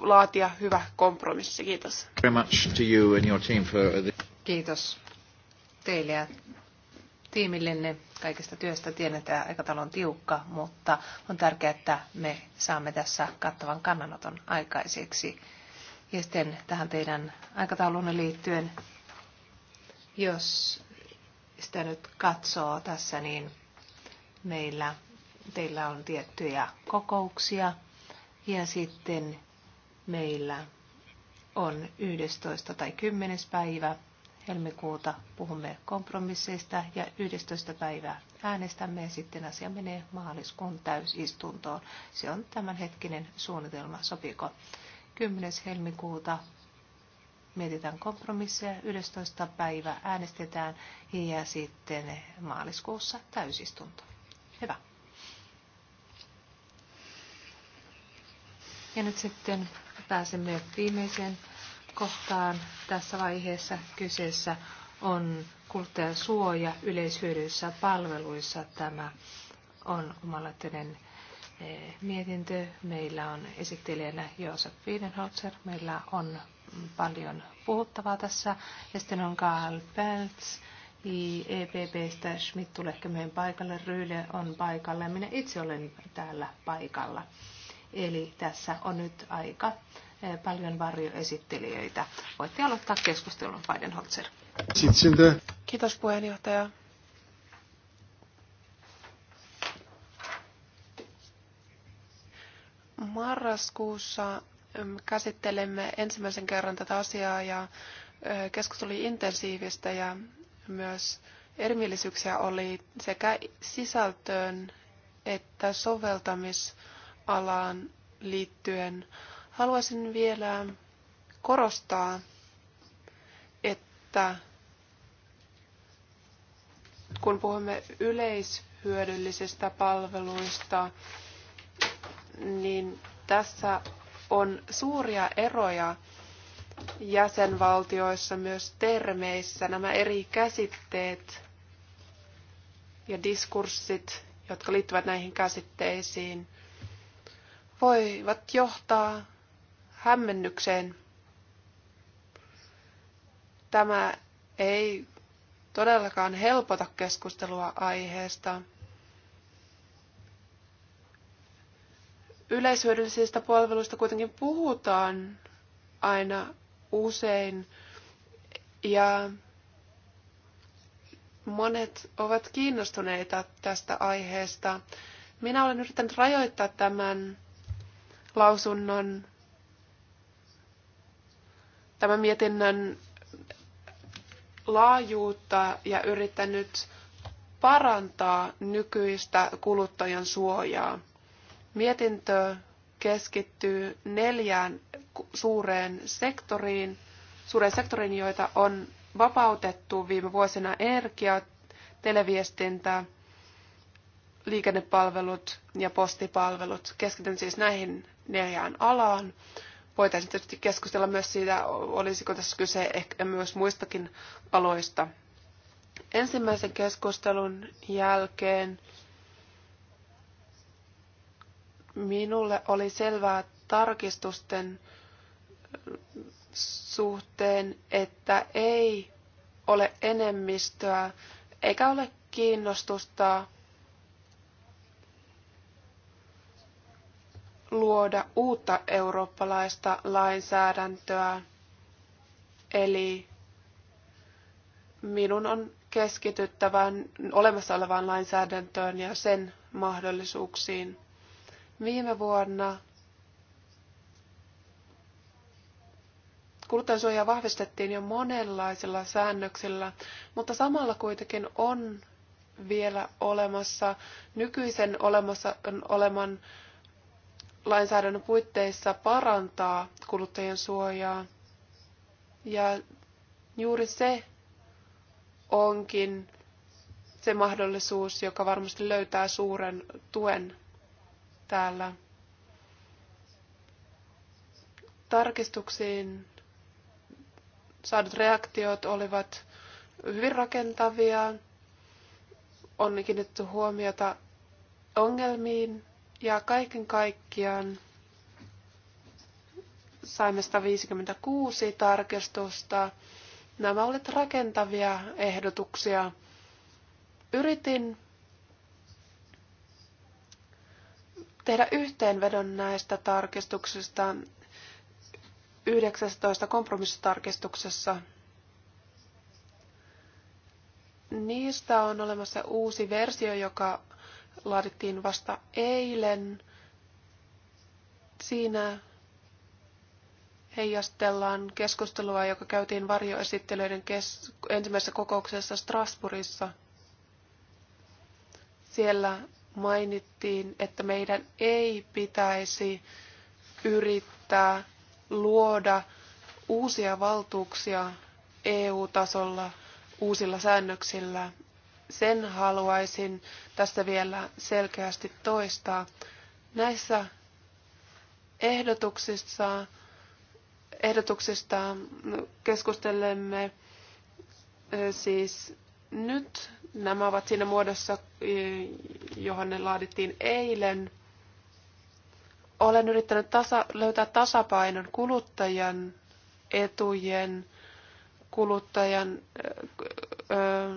laatia hyvä kompromissi. Kiitos. Kiitos teille ja tiimillenne kaikesta työstä. tiedetään, että aikataulu on tiukka, mutta on tärkeää, että me saamme tässä kattavan kannanoton aikaiseksi. Ja sitten tähän teidän aikataulunne liittyen, jos sitä nyt katsoo tässä, niin meillä teillä on tiettyjä kokouksia ja sitten meillä on 11. tai 10. päivä helmikuuta puhumme kompromisseista ja 11. päivää äänestämme ja sitten asia menee maaliskuun täysistuntoon. Se on tämänhetkinen suunnitelma, sopiiko? 10. helmikuuta mietitään kompromisseja, 11. päivä äänestetään ja sitten maaliskuussa täysistunto. Hyvä. Ja nyt sitten pääsemme viimeiseen kohtaan tässä vaiheessa. Kyseessä on kuluttajasuoja yleishyödyissä palveluissa. Tämä on omalaitteinen eh, mietintö. Meillä on esittelijänä Joosef Wiedenholzer. Meillä on paljon puhuttavaa tässä. Ja sitten on Karl Peltz. EPPstä Schmidt tulee meidän paikalle, Ryyle on paikalla ja minä itse olen täällä paikalla. Eli tässä on nyt aika eh, paljon varjoesittelijöitä. Voitte aloittaa keskustelun, Weidenholzer. Kiitos puheenjohtaja. Marraskuussa mm, käsittelemme ensimmäisen kerran tätä asiaa ja eh, keskustelu oli intensiivistä ja myös erimielisyyksiä oli sekä sisältöön että soveltamis- alaan liittyen haluaisin vielä korostaa, että kun puhumme yleishyödyllisistä palveluista, niin tässä on suuria eroja jäsenvaltioissa myös termeissä. Nämä eri käsitteet ja diskurssit, jotka liittyvät näihin käsitteisiin – voivat johtaa hämmennykseen. Tämä ei todellakaan helpota keskustelua aiheesta. Yleishyödyllisistä palveluista kuitenkin puhutaan aina usein ja monet ovat kiinnostuneita tästä aiheesta. Minä olen yrittänyt rajoittaa tämän lausunnon, tämän mietinnön laajuutta ja yrittänyt parantaa nykyistä kuluttajan suojaa. Mietintö keskittyy neljään suureen sektoriin, suureen sektoriin, joita on vapautettu viime vuosina energia, televiestintä, liikennepalvelut ja postipalvelut. Keskityn siis näihin neljään alaan. Voitaisiin tietysti keskustella myös siitä, olisiko tässä kyse ehkä myös muistakin aloista. Ensimmäisen keskustelun jälkeen minulle oli selvää tarkistusten suhteen, että ei ole enemmistöä eikä ole kiinnostusta luoda uutta eurooppalaista lainsäädäntöä. Eli minun on keskityttävä olemassa olevaan lainsäädäntöön ja sen mahdollisuuksiin. Viime vuonna kuluttajansuojaa vahvistettiin jo monenlaisilla säännöksillä, mutta samalla kuitenkin on vielä olemassa nykyisen olemassa, oleman lainsäädännön puitteissa parantaa kuluttajien suojaa. Ja juuri se onkin se mahdollisuus, joka varmasti löytää suuren tuen täällä. Tarkistuksiin saadut reaktiot olivat hyvin rakentavia. On kiinnitetty huomiota ongelmiin, ja kaiken kaikkiaan saimme 156 tarkistusta. Nämä olivat rakentavia ehdotuksia. Yritin tehdä yhteenvedon näistä tarkistuksista 19 kompromissitarkistuksessa. Niistä on olemassa uusi versio, joka laadittiin vasta eilen. Siinä heijastellaan keskustelua, joka käytiin varjoesittelyiden kes- ensimmäisessä kokouksessa Strasbourgissa. Siellä mainittiin, että meidän ei pitäisi yrittää luoda uusia valtuuksia EU-tasolla uusilla säännöksillä sen haluaisin tässä vielä selkeästi toistaa. Näissä ehdotuksissa, ehdotuksista keskustelemme siis nyt. Nämä ovat siinä muodossa, johon ne laadittiin eilen. Olen yrittänyt tasa, löytää tasapainon kuluttajan etujen, kuluttajan ö, ö,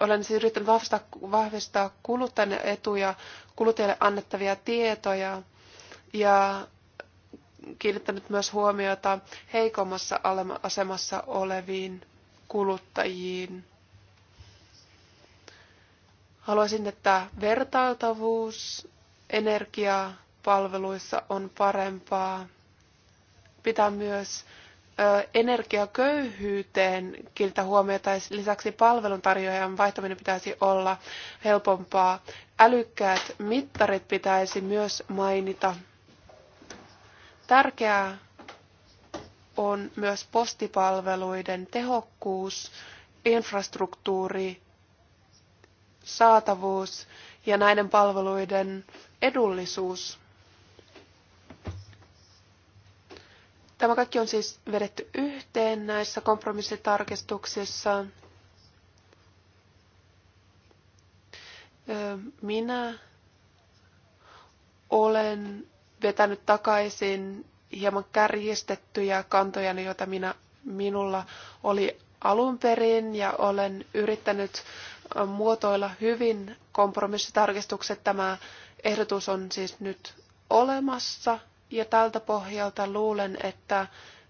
olen siis yrittänyt vahvistaa, vahvistaa kuluttajan etuja, kuluttajalle annettavia tietoja ja kiinnittänyt myös huomiota heikommassa asemassa oleviin kuluttajiin. Haluaisin, että vertailtavuus energiapalveluissa on parempaa. Pitää myös energiaköyhyyteen kiinnitä huomiota. Lisäksi palveluntarjoajan vaihtaminen pitäisi olla helpompaa. Älykkäät mittarit pitäisi myös mainita. Tärkeää on myös postipalveluiden tehokkuus, infrastruktuuri, saatavuus ja näiden palveluiden edullisuus. Tämä kaikki on siis vedetty yhteen näissä kompromissitarkistuksissa. Minä olen vetänyt takaisin hieman kärjistettyjä kantoja, joita minä, minulla oli alun perin ja olen yrittänyt muotoilla hyvin kompromissitarkistukset. Tämä ehdotus on siis nyt olemassa ja tältä pohjalta luulen, että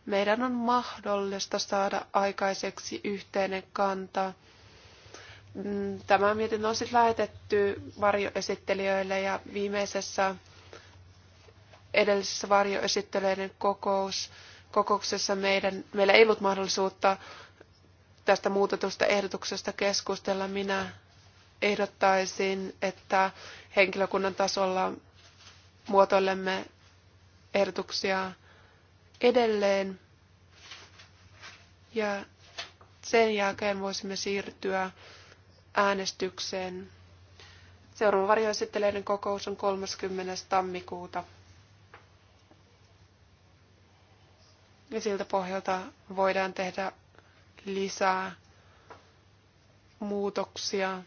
meidän on mahdollista saada aikaiseksi yhteinen kanta. Mm, tämä mietintö on sitten lähetetty varjoesittelijöille ja viimeisessä edellisessä varjoesittelijöiden kokous, kokouksessa meidän, meillä ei ollut mahdollisuutta tästä muutetusta ehdotuksesta keskustella. Minä ehdottaisin, että henkilökunnan tasolla muotoilemme ehdotuksia edelleen. Ja sen jälkeen voisimme siirtyä äänestykseen. Seuraava varjoesittelijöiden kokous on 30. tammikuuta. Ja siltä pohjalta voidaan tehdä lisää muutoksia.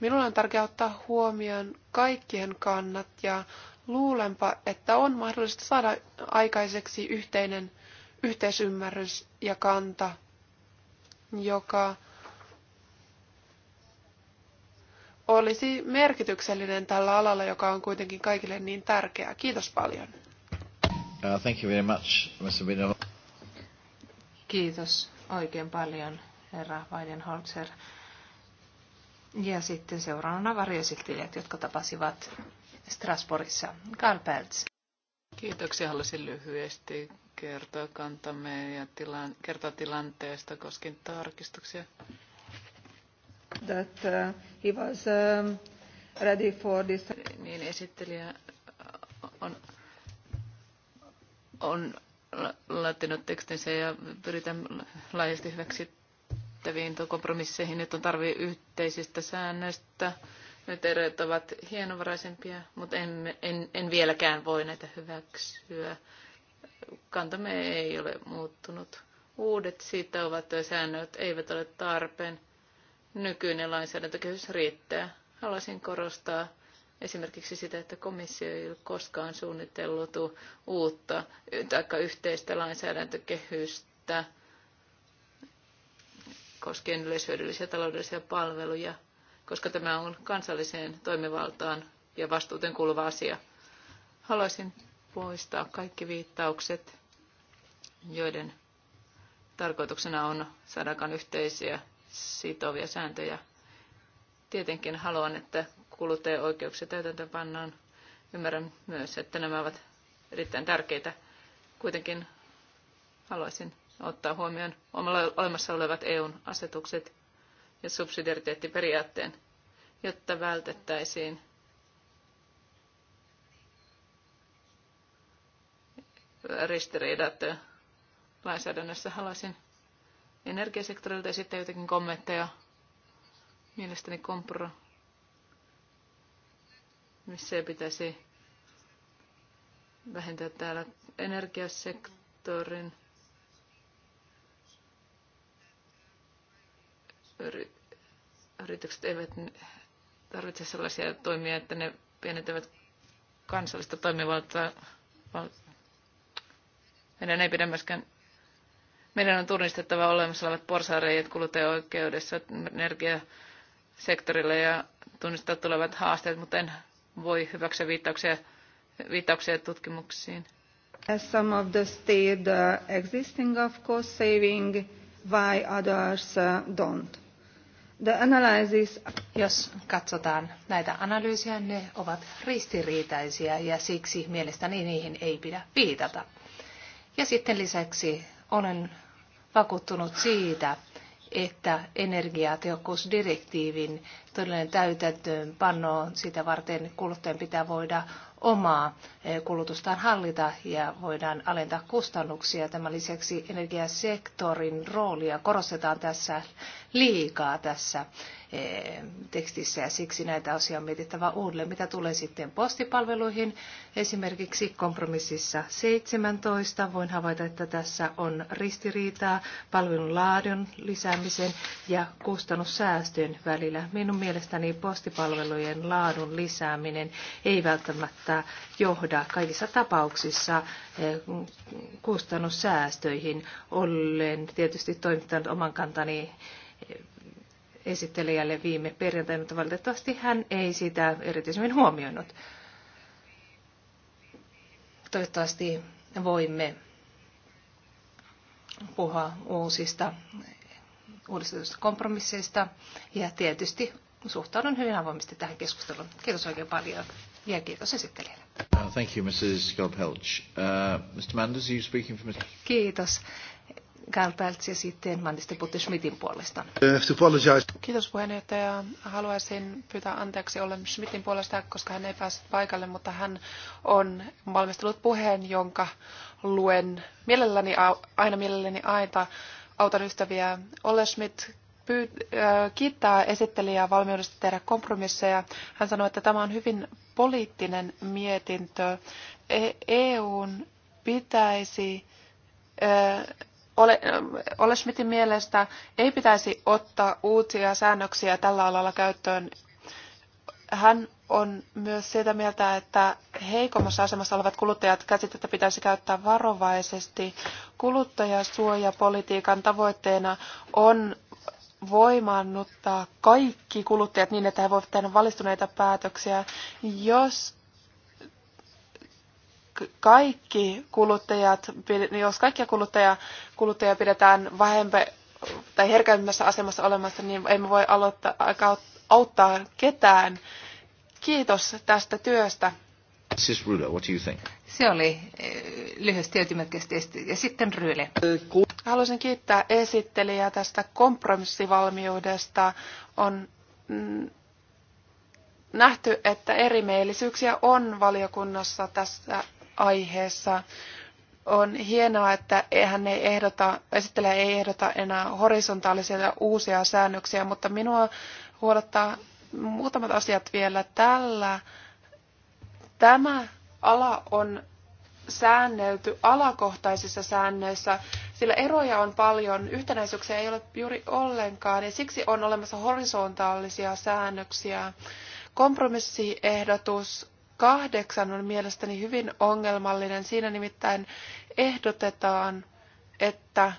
Minulla on tärkeää ottaa huomioon kaikkien kannat ja luulenpa, että on mahdollista saada aikaiseksi yhteinen yhteisymmärrys ja kanta, joka olisi merkityksellinen tällä alalla, joka on kuitenkin kaikille niin tärkeää. Kiitos paljon. Uh, thank you very much, Mr. Kiitos oikein paljon, herra Weidenholzer. Ja sitten seuraavana varjoesittelijät, jotka tapasivat Strasbourgissa. Karl Peltz. Kiitoksia. Haluaisin lyhyesti kertoa kantamme ja tilan, kertoa tilanteesta koskien tarkistuksia. That uh, he was um, ready for this. Niin esittelijä on, on laittanut tekstinsä ja pyritään laajasti hyväksyttäviin kompromisseihin. että on tarve yhteisistä säännöistä ne terveet ovat hienovaraisempia, mutta en, en, en vieläkään voi näitä hyväksyä. Kantamme ei ole muuttunut. Uudet siitä ovat säännöt eivät ole tarpeen. Nykyinen lainsäädäntökehys riittää. Haluaisin korostaa esimerkiksi sitä, että komissio ei ole koskaan suunnitellut uutta tai yhteistä lainsäädäntökehystä koskien yleishyödyllisiä taloudellisia palveluja – koska tämä on kansalliseen toimivaltaan ja vastuuten kuuluva asia. Haluaisin poistaa kaikki viittaukset, joiden tarkoituksena on saadakaan yhteisiä sitovia sääntöjä. Tietenkin haluan, että kuluttajaoikeuksia täytäntöönpannaan. Ymmärrän myös, että nämä ovat erittäin tärkeitä. Kuitenkin haluaisin ottaa huomioon omalla olemassa olevat EUn asetukset ja subsidiariteettiperiaatteen, jotta vältettäisiin ristiriidat lainsäädännössä. Haluaisin energiasektorilta esittää jotakin kommentteja. Mielestäni kompro, missä pitäisi vähentää täällä energiasektorin yritykset eivät tarvitse sellaisia toimia, että ne pienentävät kansallista toimivaltaa. Meidän ei pidä myöskään meidän on tunnistettava olemassa olevat porsareijat kuluttajaoikeudessa energiasektorilla ja tunnistaa tulevat haasteet, mutta en voi hyväksyä viittauksia, viittauksia tutkimuksiin. As some of the state uh, existing of cost saving, why others uh, don't? The analysis, jos katsotaan näitä analyysiä, ne ovat ristiriitaisia ja siksi mielestäni niihin ei pidä viitata. Ja sitten lisäksi olen vakuuttunut siitä, että energiatehokkuusdirektiivin todellinen täytäntöönpano sitä varten kuluttajan pitää voida omaa e, kulutustaan hallita ja voidaan alentaa kustannuksia. Tämän lisäksi energiasektorin roolia korostetaan tässä liikaa tässä eh, tekstissä ja siksi näitä osia on mietittävä uudelleen. Mitä tulee sitten postipalveluihin, esimerkiksi kompromississa 17 voin havaita, että tässä on ristiriitaa palvelun laadun lisäämisen ja kustannussäästöjen välillä. Minun mielestäni postipalvelujen laadun lisääminen ei välttämättä johda kaikissa tapauksissa eh, kustannussäästöihin. Olen tietysti toimittanut oman kantani esittelijälle viime perjantaina, mutta valitettavasti hän ei sitä erityisemmin huomioinut. Toivottavasti voimme puhua uusista uudistetuista kompromisseista ja tietysti suhtaudun hyvin avoimesti tähän keskusteluun. Kiitos oikein paljon ja kiitos esittelijälle. Uh, thank you, Mrs. Uh, Mr. Manders, are you speaking for Mr. Kiitos. Galpelts ja sitten Mandiste Schmidtin puolesta. Eh, Kiitos puheenjohtaja. Haluaisin pyytää anteeksi Olem Schmidtin puolesta, koska hän ei päässyt paikalle, mutta hän on valmistellut puheen, jonka luen mielelläni, aina mielelläni aita autan ystäviä. Olle Schmidt eh, kiittää esittelijää valmiudesta tehdä kompromisseja. Hän sanoi, että tämä on hyvin poliittinen mietintö. E- EUn pitäisi eh, ole, Ole Schmidtin mielestä ei pitäisi ottaa uusia säännöksiä tällä alalla käyttöön. Hän on myös sitä mieltä, että heikommassa asemassa olevat kuluttajat käsitettä pitäisi käyttää varovaisesti. Kuluttajasuojapolitiikan tavoitteena on voimaannuttaa kaikki kuluttajat niin, että he voivat tehdä valistuneita päätöksiä. Jos kaikki kuluttajat, niin jos kaikkia kuluttaja, kuluttajia pidetään vähempi tai herkemmässä asemassa olemassa, niin emme voi aloittaa, auttaa ketään. Kiitos tästä työstä. Mrs. what do you think? Se oli eh, lyhyesti ytimekkästi. Ja sitten Ryle. Haluaisin kiittää esittelijää tästä kompromissivalmiudesta. On mm, nähty, että erimielisyyksiä on valiokunnassa tässä aiheessa. On hienoa, että hän ei ehdota, esittelijä ei ehdota enää horisontaalisia uusia säännöksiä, mutta minua huolettaa muutamat asiat vielä tällä. Tämä ala on säännelty alakohtaisissa säännöissä, sillä eroja on paljon, yhtenäisyyksiä ei ole juuri ollenkaan, ja siksi on olemassa horisontaalisia säännöksiä. Kompromissiehdotus kahdeksan on mielestäni hyvin ongelmallinen. Siinä nimittäin ehdotetaan, että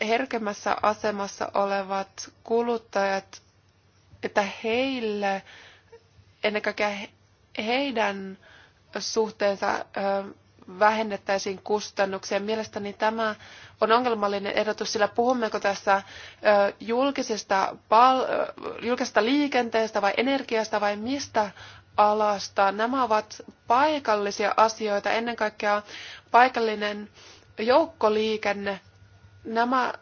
herkemmässä asemassa olevat kuluttajat, että heille, ennen kaikkea heidän suhteensa vähennettäisiin kustannuksia. Mielestäni tämä on ongelmallinen ehdotus, sillä puhummeko tässä julkisesta, pal- julkisesta liikenteestä vai energiasta vai mistä alasta. Nämä ovat paikallisia asioita, ennen kaikkea paikallinen joukkoliikenne. Nämä,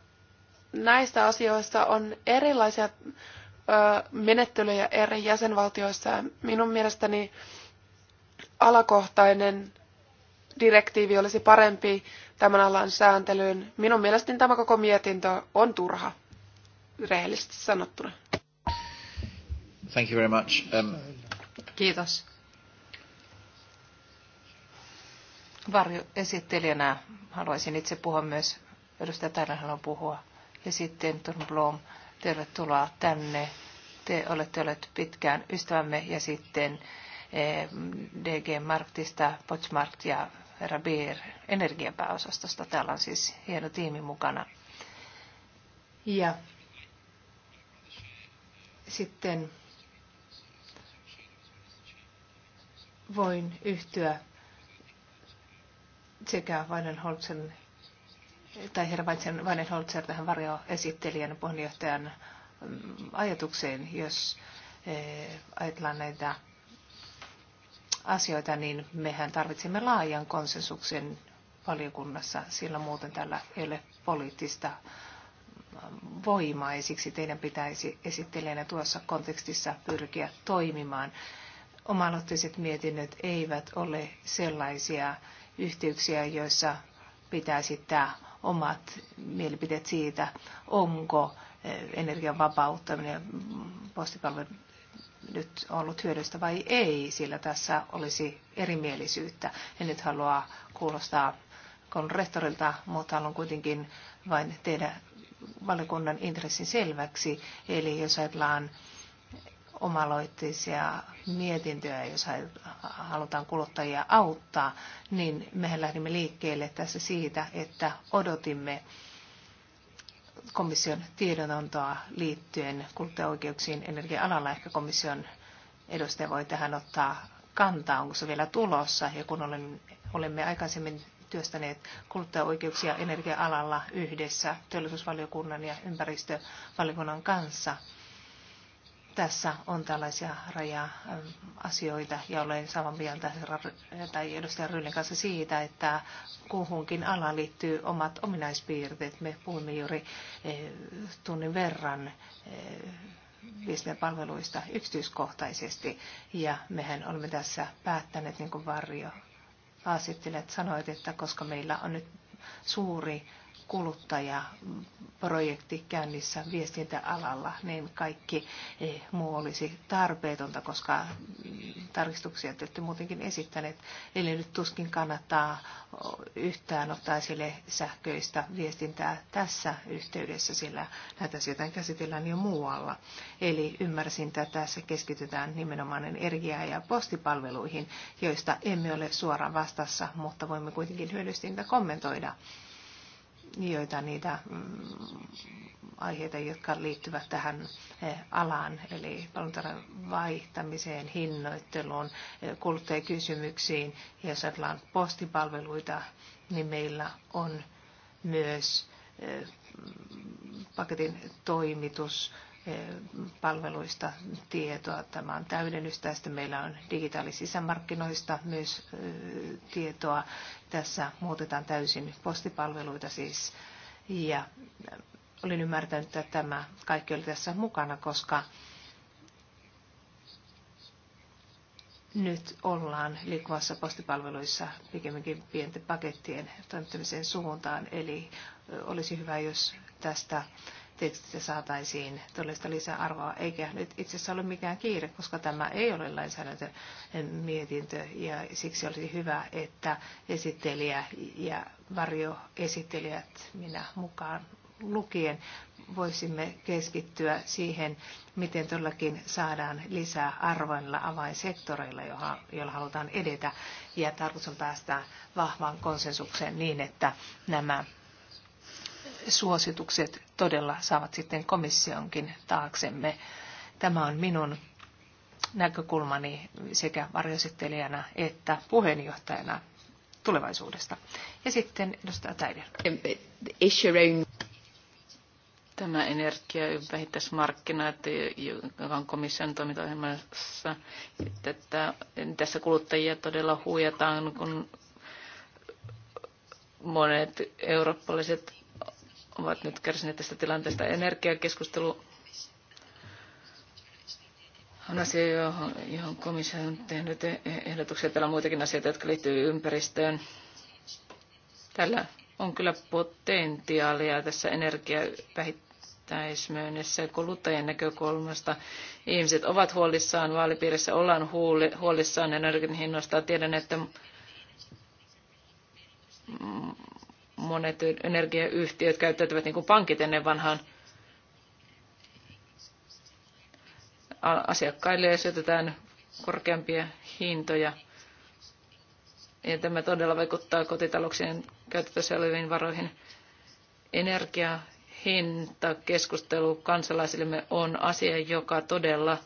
näissä asioissa on erilaisia ö, menettelyjä eri jäsenvaltioissa. Minun mielestäni alakohtainen direktiivi olisi parempi tämän alan sääntelyyn. Minun mielestäni tämä koko mietintö on turha, rehellisesti sanottuna. Thank you very much. Um... Kiitos. esittelijänä haluaisin itse puhua myös, edustaja Tailan haluan puhua. Ja sitten Turun Blom, tervetuloa tänne. Te olette olleet pitkään ystävämme ja sitten eh, DG Marktista, Potsmart ja herra Beer energiapääosastosta. Täällä on siis hieno tiimi mukana. Ja sitten voin yhtyä sekä Weidenholzen tai herra Weidenholzer tähän varjoesittelijän puheenjohtajan mm, ajatukseen, jos eh, ajatellaan näitä asioita, niin mehän tarvitsemme laajan konsensuksen valiokunnassa, sillä muuten tällä ei ole poliittista voimaa ja siksi teidän pitäisi esittelijänä tuossa kontekstissa pyrkiä toimimaan. Omaloitteiset mietinnöt eivät ole sellaisia yhteyksiä, joissa pitää sitten omat mielipiteet siitä, onko eh, energian vapauttaminen postipalvelun nyt ollut hyödyllistä vai ei, sillä tässä olisi erimielisyyttä. En nyt halua kuulostaa rehtorilta, mutta haluan kuitenkin vain tehdä valiokunnan intressin selväksi. Eli jos ajatellaan omaloittisia mietintöjä, jos halutaan kuluttajia auttaa, niin mehän lähdimme liikkeelle tässä siitä, että odotimme komission tiedonantoa liittyen kuluttajaoikeuksiin energia-alalla. Ehkä komission edustaja voi tähän ottaa kantaa, onko se vielä tulossa. Ja kun olemme aikaisemmin työstäneet kuluttajaoikeuksia energia-alalla yhdessä teollisuusvaliokunnan ja ympäristövaliokunnan kanssa, tässä on tällaisia raja-asioita ja olen saman mieltä tai edustaja Ryllin kanssa siitä, että kuhunkin alaan liittyy omat ominaispiirteet. Me puhumme juuri e, tunnin verran e, palveluista yksityiskohtaisesti ja mehän olemme tässä päättäneet, niin kuin Varjo sanoit, että koska meillä on nyt suuri kuluttajaprojekti käynnissä viestintäalalla, niin kaikki e, muu olisi tarpeetonta, koska mm, tarkistuksia te olette muutenkin esittäneet. Eli nyt tuskin kannattaa yhtään ottaa esille sähköistä viestintää tässä yhteydessä, sillä näitä asioita käsitellään jo muualla. Eli ymmärsin, että tässä keskitytään nimenomaan energia- ja postipalveluihin, joista emme ole suoraan vastassa, mutta voimme kuitenkin hyödyllisesti kommentoida joita niitä mm, aiheita, jotka liittyvät tähän eh, alaan, eli palveluntarjan vaihtamiseen, hinnoitteluun, eh, kuluttajakysymyksiin. Ja jos ajatellaan postipalveluita, niin meillä on myös eh, paketin toimitus, palveluista tietoa. Tämä on täydennystä. Sitten meillä on markkinoista myös tietoa tässä muutetaan täysin postipalveluita siis. Ja olin ymmärtänyt, että tämä kaikki oli tässä mukana, koska nyt ollaan liikkuvassa postipalveluissa pikemminkin pienten pakettien toimittamisen suuntaan. Eli olisi hyvä, jos tästä tekstistä saataisiin todellista lisäarvoa, eikä nyt itse asiassa ole mikään kiire, koska tämä ei ole lainsäädäntömietintö ja siksi olisi hyvä, että esittelijä ja varjoesittelijät, minä mukaan lukien, voisimme keskittyä siihen, miten todellakin saadaan lisää arvoilla avainsektoreilla, joilla halutaan edetä. Ja tarkoitus on päästä vahvaan konsensukseen niin, että nämä suositukset todella saavat sitten komissionkin taaksemme. Tämä on minun näkökulmani sekä varjoesittelijänä että puheenjohtajana tulevaisuudesta. Ja sitten edustaja Täider. Tämä energia- ja vähittäismarkkina, joka on komission toimintaohjelmassa, että tässä kuluttajia todella huijataan, kun monet eurooppalaiset ovat nyt kärsineet tästä tilanteesta. Energiakeskustelu on asia, johon, johon komissio on tehnyt ehdotuksia. Täällä on muitakin asioita, jotka liittyy ympäristöön. Tällä on kyllä potentiaalia tässä energiavähittäismyynnissä kuluttajien näkökulmasta. Ihmiset ovat huolissaan, vaalipiirissä ollaan huolissaan energian hinnoista. Tiedän, että Monet energiayhtiöt käyttäytyvät niin kuin pankit ennen vanhaan. Asiakkaille syötetään korkeampia hintoja. Ja tämä todella vaikuttaa kotitalouksien käytettävissä oleviin varoihin. Energia keskustelu kansalaisillemme on asia, joka todella,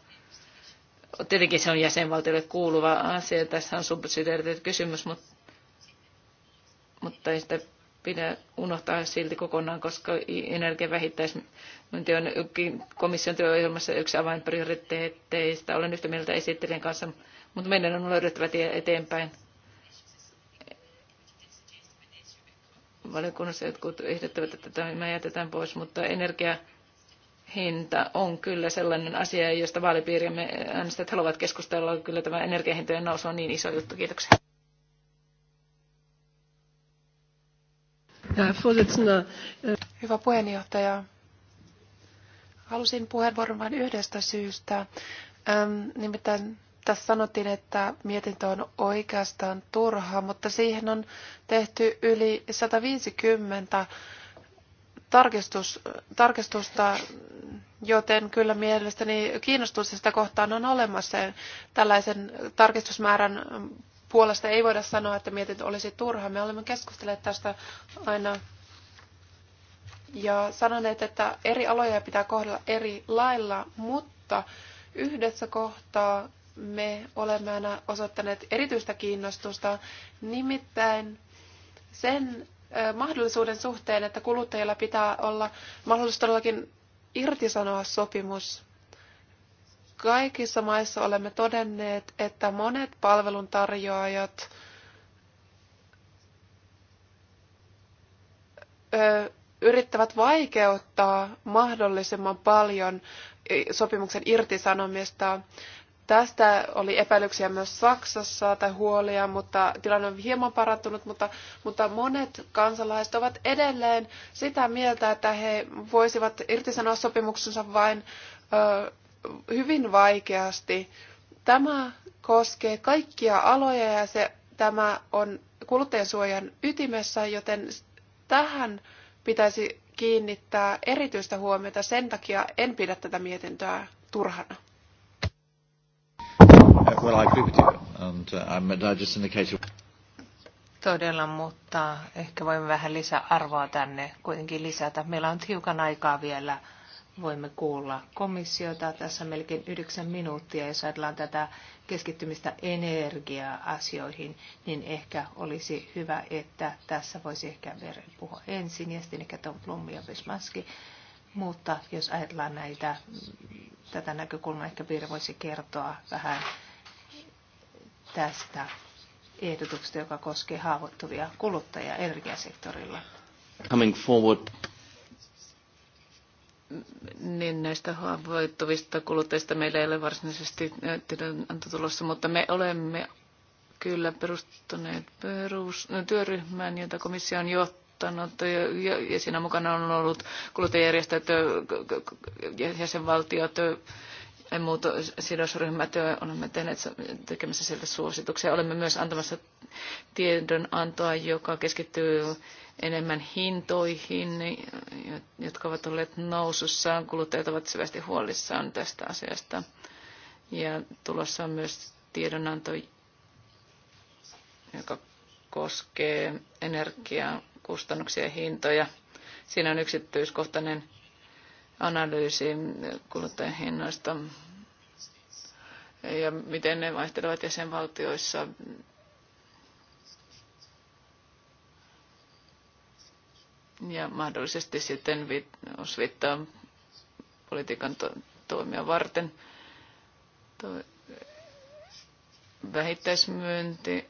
tietenkin se on jäsenvaltiolle kuuluva asia, tässä on subsidiariteetti kysymys, mutta, mutta ei sitä pidä unohtaa silti kokonaan, koska energian vähittäismyynti on komission työohjelmassa yksi avainprioriteetteista. Olen yhtä mieltä esittelijän kanssa, mutta meidän on löydettävä tie eteenpäin. Valiokunnassa jotkut ehdottavat, että tämä jätetään pois, mutta energia hinta on kyllä sellainen asia, josta vaalipiirimme äänestäjät haluavat keskustella. Kyllä tämä energiahintojen nousu on niin iso juttu. Kiitoksia. Äh, Hyvä puheenjohtaja. Halusin puheenvuoron vain yhdestä syystä. Ähm, nimittäin tässä sanottiin, että mietintö on oikeastaan turha, mutta siihen on tehty yli 150 tarkistus, tarkistusta, joten kyllä mielestäni kiinnostusta kohtaan on olemassa. Tällaisen tarkistusmäärän puolesta ei voida sanoa, että mietintö olisi turha. Me olemme keskustelleet tästä aina ja sanoneet, että eri aloja pitää kohdella eri lailla, mutta yhdessä kohtaa me olemme aina osoittaneet erityistä kiinnostusta, nimittäin sen mahdollisuuden suhteen, että kuluttajilla pitää olla mahdollisuus todellakin irtisanoa sopimus. Kaikissa maissa olemme todenneet, että monet palveluntarjoajat ö, yrittävät vaikeuttaa mahdollisimman paljon e, sopimuksen irtisanomista. Tästä oli epäilyksiä myös Saksassa tai huolia, mutta tilanne on hieman parantunut, mutta, mutta monet kansalaiset ovat edelleen sitä mieltä, että he voisivat irtisanoa sopimuksensa vain ö, hyvin vaikeasti. Tämä koskee kaikkia aloja ja se, tämä on kuluttajansuojan ytimessä, joten tähän pitäisi kiinnittää erityistä huomiota. Sen takia en pidä tätä mietintöä turhana. Well, I agree with you. And uh, I'm uh, just Todella, mutta ehkä voimme vähän lisää arvoa tänne kuitenkin lisätä. Meillä on hiukan aikaa vielä voimme kuulla komissiota. Tässä melkein yhdeksän minuuttia. Jos ajatellaan tätä keskittymistä energia-asioihin, niin ehkä olisi hyvä, että tässä voisi ehkä puhua ensin ja sitten ehkä Tom Blum ja Bismaski. Mutta jos ajatellaan näitä, tätä näkökulmaa, ehkä Piiri voisi kertoa vähän tästä ehdotuksesta, joka koskee haavoittuvia kuluttajia energiasektorilla. Coming forward niin näistä haavoittuvista kuluttajista meillä ei ole varsinaisesti tiedonanto tulossa, mutta me olemme kyllä perustaneet perus, työryhmän, jota komissio on johtanut, ja, ja siinä mukana on ollut kuluttajajärjestöt, jäsenvaltiot, muut sidosryhmät olemme tehneet, tekemässä sieltä suosituksia. Olemme myös antamassa tiedonantoa, joka keskittyy enemmän hintoihin, jotka ovat olleet nousussa. Kuluttajat ovat syvästi huolissaan tästä asiasta. Ja tulossa on myös tiedonanto, joka koskee energiakustannuksia ja hintoja. Siinä on yksityiskohtainen analyysi kuluttajahinnoista ja miten ne vaihtelevat jäsenvaltioissa. Ja mahdollisesti sitten osvittaa politiikan to- toimia varten. To-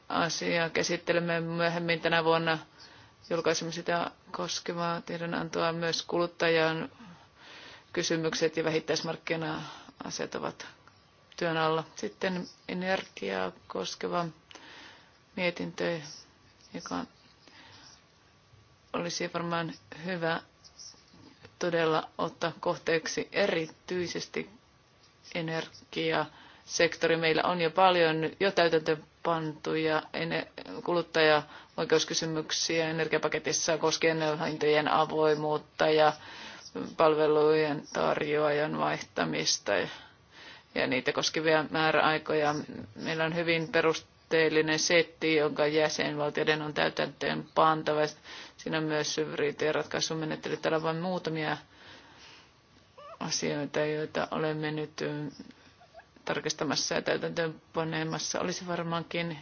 asia käsittelemme myöhemmin tänä vuonna. Julkaisemme sitä koskevaa tiedonantoa myös kuluttajan kysymykset ja vähittäismarkkina-asiat ovat työn alla. Sitten energiaa koskeva mietintö, joka olisi varmaan hyvä todella ottaa kohteeksi erityisesti sektori Meillä on jo paljon jo täytäntöpantuja kuluttaja-oikeuskysymyksiä energiapaketissa koskien hintojen avoimuutta ja palvelujen tarjoajan vaihtamista ja niitä koskevia määräaikoja. Meillä on hyvin perusteellinen setti, jonka jäsenvaltioiden on täytäntöön pantava. Siinä on myös riitojen ratkaisumenettely. Täällä on vain muutamia asioita, joita olemme nyt tarkistamassa ja täytäntöön paneemassa. Olisi varmaankin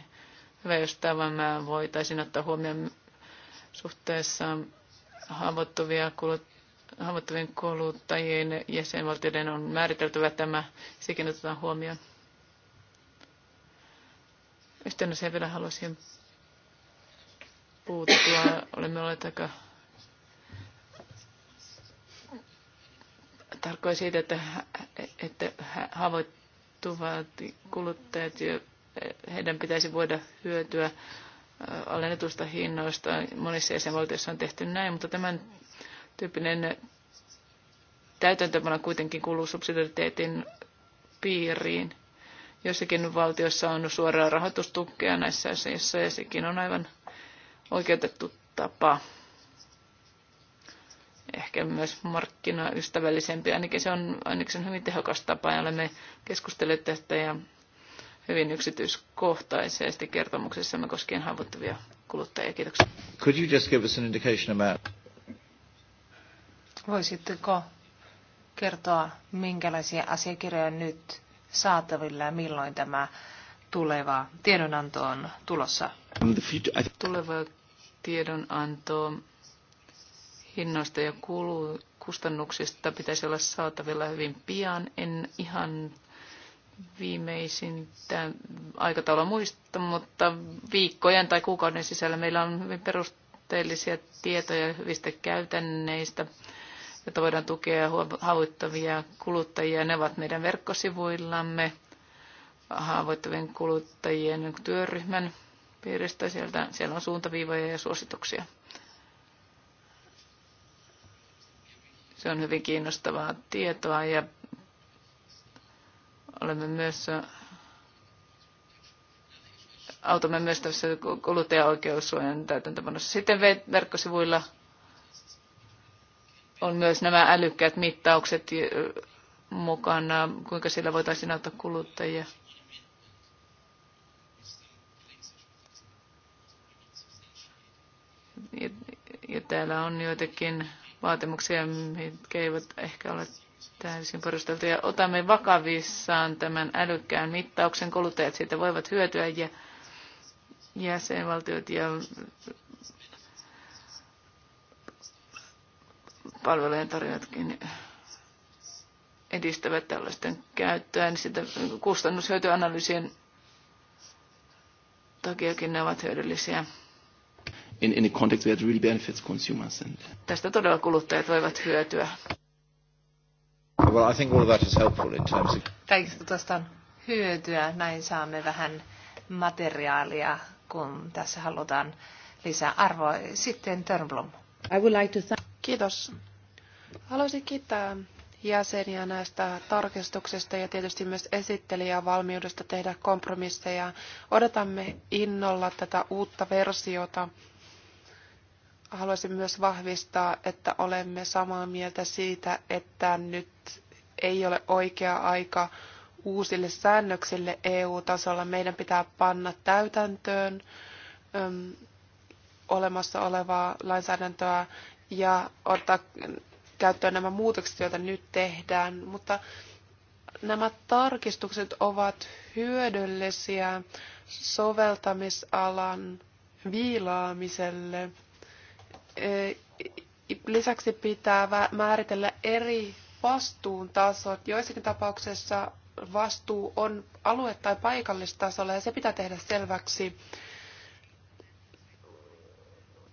hyvä, jos tämä voitaisiin ottaa huomioon suhteessa haavoittuvia kuluttajia haavoittuvien kuluttajien jäsenvaltioiden on määriteltävä tämä, sekin otetaan huomioon. Yhtenä se vielä haluaisin puuttua. Olemme olleet aika tarkoin siitä, että, että haavoittuvat kuluttajat, heidän pitäisi voida hyötyä alennetusta hinnoista. Monissa jäsenvaltioissa on tehty näin, mutta tämän tyyppinen täytäntöpano kuitenkin kuuluu subsidiariteetin piiriin. Joissakin valtiossa on suoraa rahoitustukea näissä asioissa ja sekin on aivan oikeutettu tapa. Ehkä myös markkinaystävällisempi, ainakin se on, ainakin se on hyvin tehokas tapa ja olemme keskustelleet tästä ja hyvin yksityiskohtaisesti kertomuksessamme koskien haavoittuvia kuluttajia. Kiitoksia. Could you just give us an indication about... Voisitteko kertoa, minkälaisia asiakirjoja nyt saatavilla ja milloin tämä tuleva tiedonanto on tulossa? Tuleva tiedonanto hinnoista ja kulu, kustannuksista pitäisi olla saatavilla hyvin pian. En ihan viimeisintä aikataulua muista, mutta viikkojen tai kuukauden sisällä meillä on hyvin perusteellisia tietoja hyvistä käytänneistä jotta voidaan tukea haavoittavia kuluttajia. Ne ovat meidän verkkosivuillamme haavoittavien kuluttajien työryhmän piiristä. Sieltä, siellä on suuntaviivoja ja suosituksia. Se on hyvin kiinnostavaa tietoa ja olemme myös autamme myös tässä kuluttajaoikeussuojan täytäntöpanossa. Sitten verkkosivuilla on myös nämä älykkäät mittaukset mukana, kuinka sillä voitaisiin auttaa kuluttajia. Ja, ja täällä on joitakin vaatimuksia, mitkä eivät ehkä ole täysin perusteltuja. Otamme vakavissaan tämän älykkään mittauksen. Kuluttajat siitä voivat hyötyä ja jäsenvaltiot ja palvelujen tarjonnatkin edistävät tällaisten käyttöä, niin sitä kustannushyötyanalyysien takiakin ne ovat hyödyllisiä. In, in a context where it really benefits consumers and... Tästä todella kuluttajat voivat hyötyä. Well, I think all of that is helpful in terms of... Kaikista tuosta on hyötyä, näin saamme vähän materiaalia, kun tässä halutaan lisää arvoa. Sitten Törnblom. I would like to thank... Kiitos. Haluaisin kiittää jäseniä näistä tarkistuksista ja tietysti myös esittelijää valmiudesta tehdä kompromisseja. Odotamme innolla tätä uutta versiota. Haluaisin myös vahvistaa, että olemme samaa mieltä siitä, että nyt ei ole oikea aika uusille säännöksille EU-tasolla. Meidän pitää panna täytäntöön öm, olemassa olevaa lainsäädäntöä ja ottaa käyttöön nämä muutokset, joita nyt tehdään, mutta nämä tarkistukset ovat hyödyllisiä soveltamisalan viilaamiselle. E, lisäksi pitää määritellä eri vastuun tasot. Joissakin tapauksessa vastuu on alue- tai paikallistasolla ja se pitää tehdä selväksi.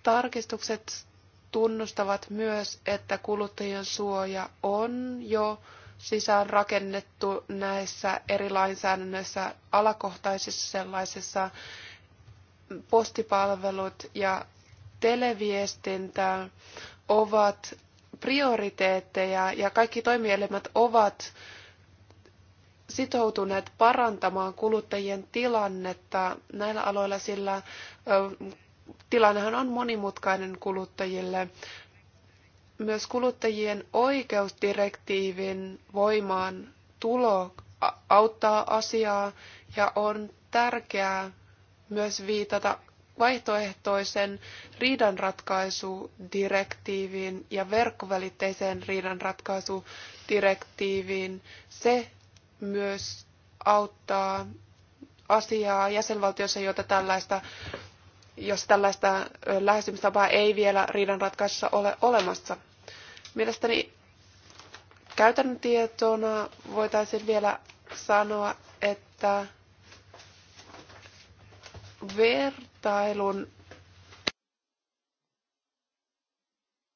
Tarkistukset tunnustavat myös, että kuluttajien suoja on jo sisään rakennettu näissä eri lainsäädännöissä, alakohtaisissa sellaisissa, postipalvelut ja televiestintä ovat prioriteetteja ja kaikki toimielimet ovat sitoutuneet parantamaan kuluttajien tilannetta näillä aloilla, sillä tilannehan on monimutkainen kuluttajille. Myös kuluttajien oikeusdirektiivin voimaan tulo auttaa asiaa ja on tärkeää myös viitata vaihtoehtoisen riidanratkaisudirektiiviin ja verkkovälitteiseen riidanratkaisudirektiiviin. Se myös auttaa asiaa jäsenvaltiossa, jota tällaista jos tällaista lähestymistapaa ei vielä riidanratkaisussa ole olemassa. Mielestäni käytännön tietona voitaisiin vielä sanoa, että vertailun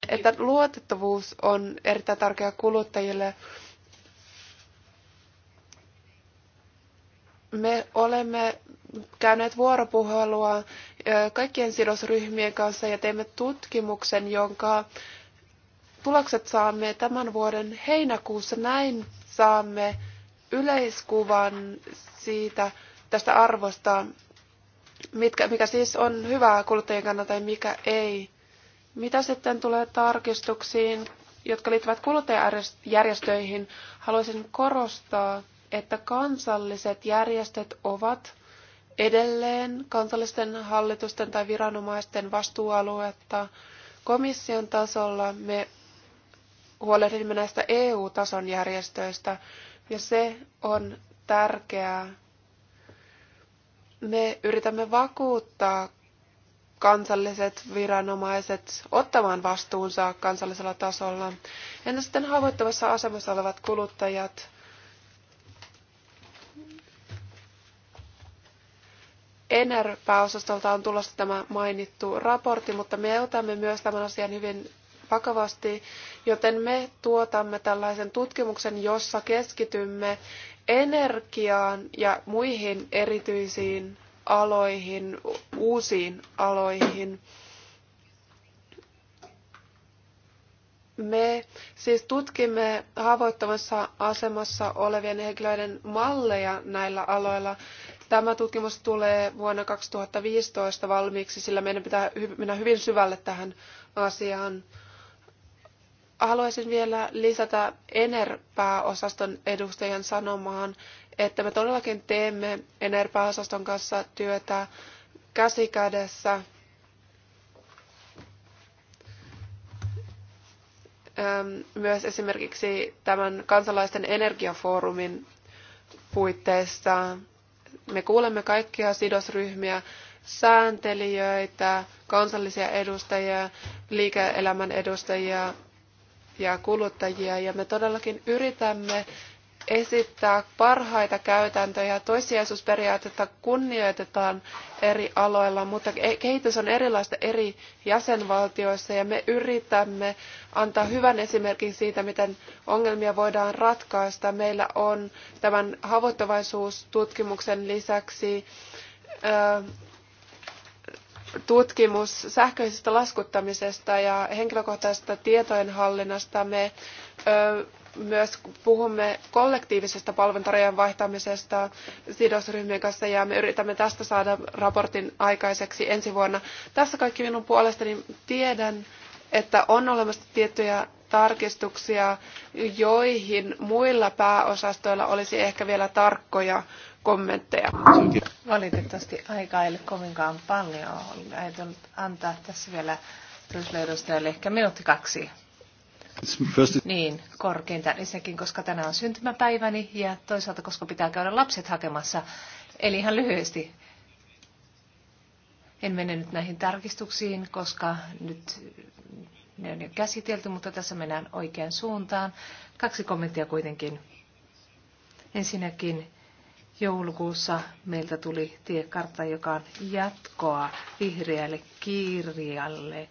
että luotettavuus on erittäin tärkeää kuluttajille. Me olemme käyneet vuoropuhelua kaikkien sidosryhmien kanssa ja teimme tutkimuksen, jonka tulokset saamme tämän vuoden heinäkuussa. Näin saamme yleiskuvan siitä tästä arvosta, mitkä, mikä siis on hyvää kuluttajien kannalta ja mikä ei. Mitä sitten tulee tarkistuksiin, jotka liittyvät kuluttajajärjestöihin, haluaisin korostaa, että kansalliset järjestöt ovat edelleen kansallisten hallitusten tai viranomaisten vastuualuetta. Komission tasolla me huolehdimme näistä EU-tason järjestöistä, ja se on tärkeää. Me yritämme vakuuttaa kansalliset viranomaiset ottamaan vastuunsa kansallisella tasolla. Entä sitten haavoittuvassa asemassa olevat kuluttajat? NR-pääosastolta on tulossa tämä mainittu raportti, mutta me otamme myös tämän asian hyvin vakavasti, joten me tuotamme tällaisen tutkimuksen, jossa keskitymme energiaan ja muihin erityisiin aloihin, uusiin aloihin. Me siis tutkimme haavoittavassa asemassa olevien henkilöiden malleja näillä aloilla Tämä tutkimus tulee vuonna 2015 valmiiksi, sillä meidän pitää mennä hyvin syvälle tähän asiaan. Haluaisin vielä lisätä ENER-pääosaston edustajan sanomaan, että me todellakin teemme ENER-pääosaston kanssa työtä käsikädessä. Myös esimerkiksi tämän kansalaisten energiafoorumin puitteissa me kuulemme kaikkia sidosryhmiä, sääntelijöitä, kansallisia edustajia, liike-elämän edustajia ja kuluttajia. Ja me todellakin yritämme esittää parhaita käytäntöjä. Toissijaisuusperiaatetta kunnioitetaan eri aloilla, mutta kehitys on erilaista eri jäsenvaltioissa ja me yritämme antaa hyvän esimerkin siitä, miten ongelmia voidaan ratkaista. Meillä on tämän haavoittuvaisuustutkimuksen lisäksi tutkimus sähköisestä laskuttamisesta ja henkilökohtaisesta tietojenhallinnasta. Me ö, myös puhumme kollektiivisesta palveluntarjoajan vaihtamisesta sidosryhmien kanssa ja me yritämme tästä saada raportin aikaiseksi ensi vuonna. Tässä kaikki minun puolestani tiedän, että on olemassa tiettyjä tarkistuksia, joihin muilla pääosastoilla olisi ehkä vielä tarkkoja kommentteja. Valitettavasti aika ei ole kovinkaan paljon. Olin ajatellut antaa tässä vielä toiselle edustajalle ehkä minuutti kaksi. Niin, korkeintaan ensinnäkin, koska tänään on syntymäpäiväni ja toisaalta, koska pitää käydä lapset hakemassa. Eli ihan lyhyesti. En mene nyt näihin tarkistuksiin, koska nyt ne on jo käsitelty, mutta tässä mennään oikeaan suuntaan. Kaksi kommenttia kuitenkin. Ensinnäkin joulukuussa meiltä tuli tiekartta, joka on jatkoa vihreälle kirjalle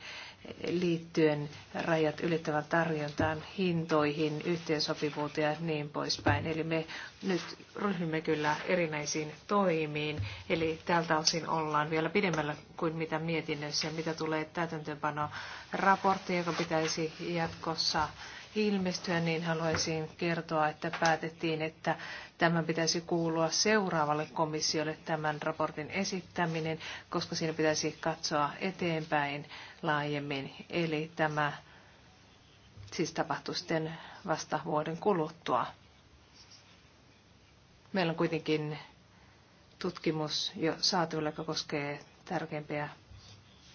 liittyen rajat ylittävän tarjontaan, hintoihin, yhteensopivuuteen ja niin poispäin. Eli me nyt ryhdymme kyllä erinäisiin toimiin, eli tältä osin ollaan vielä pidemmällä kuin mitä mietinnössä ja mitä tulee täytäntöönpano raportti, joka pitäisi jatkossa ilmestyä, niin haluaisin kertoa, että päätettiin, että tämän pitäisi kuulua seuraavalle komissiolle tämän raportin esittäminen, koska siinä pitäisi katsoa eteenpäin laajemmin. Eli tämä siis tapahtui sitten vasta vuoden kuluttua. Meillä on kuitenkin tutkimus jo saatu, joka koskee tärkeimpiä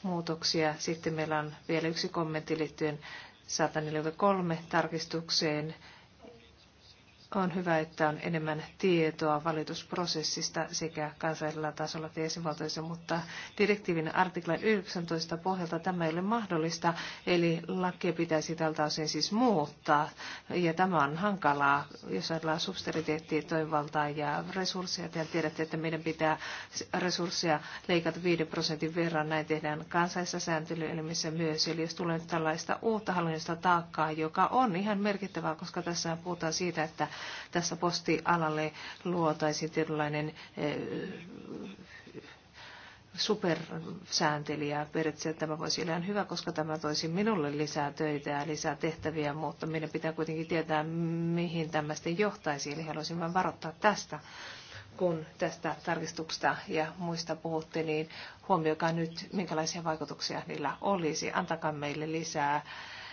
muutoksia. Sitten meillä on vielä yksi kommentti liittyen 143 tarkistukseen on hyvä, että on enemmän tietoa valitusprosessista sekä kansallisella tasolla että jäsenvaltioissa, mutta direktiivin artiklan 19 pohjalta tämä ei ole mahdollista, eli lakia pitäisi tältä osin siis muuttaa. Ja tämä on hankalaa, jos ajatellaan subsidiariteettia, toimivaltaa ja resursseja. Ja tiedätte, että meidän pitää resursseja leikata 5 prosentin verran. Näin tehdään kansallisessa sääntelyelimissä myös. Eli jos tulee nyt tällaista uutta hallinnollista taakkaa, joka on ihan merkittävää, koska tässä puhutaan siitä, että tässä postialalle luotaisiin tietynlainen eh, supersääntelijä. Periaatteessa tämä voisi olla hyvä, koska tämä toisi minulle lisää töitä ja lisää tehtäviä, mutta meidän pitää kuitenkin tietää, mihin tämä sitten johtaisi. Eli haluaisin vain varoittaa tästä, kun tästä tarkistuksesta ja muista puhutte, niin huomioikaa nyt, minkälaisia vaikutuksia niillä olisi. Antakaa meille lisää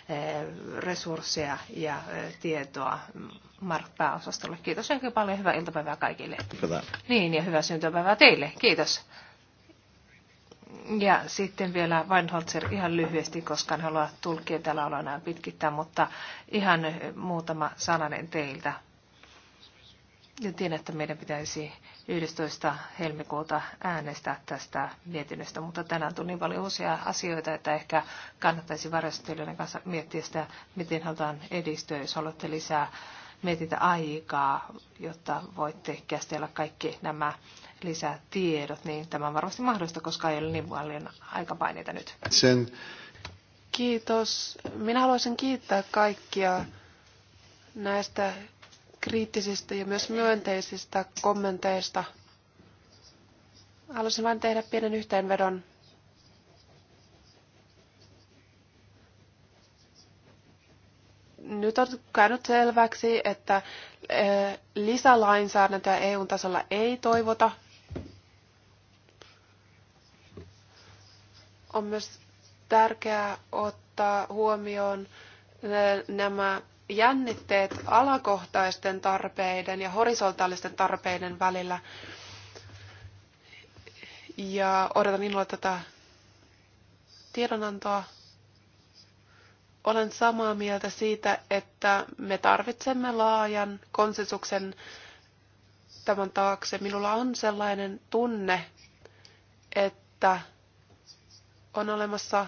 Eh, resursseja ja eh, tietoa pääosastolle Kiitos oikein paljon. Hyvää iltapäivää kaikille. Hyvää. Niin, ja hyvää syntymäpäivää teille. Kiitos. Ja sitten vielä Weinholzer ihan lyhyesti, koska en halua tulkia täällä olla enää pitkittää, mutta ihan muutama sananen teiltä ja tiedän, että meidän pitäisi 11. helmikuuta äänestää tästä mietinnöstä, mutta tänään tuli niin paljon uusia asioita, että ehkä kannattaisi varjostelijoiden kanssa miettiä sitä, miten halutaan edistyä, jos haluatte lisää mietitä aikaa, jotta voitte käsitellä kaikki nämä lisätiedot, niin tämä on varmasti mahdollista, koska ei ole niin paljon aikapaineita nyt. Sen. Kiitos. Minä haluaisin kiittää kaikkia näistä kriittisistä ja myös myönteisistä kommenteista. Haluaisin vain tehdä pienen yhteenvedon. Nyt on käynyt selväksi, että e, lisälainsäädäntöä EU-tasolla ei toivota. On myös tärkeää ottaa huomioon e, nämä jännitteet alakohtaisten tarpeiden ja horisontaalisten tarpeiden välillä. Ja odotan minulla tätä tiedonantoa. Olen samaa mieltä siitä, että me tarvitsemme laajan konsensuksen tämän taakse. Minulla on sellainen tunne, että on olemassa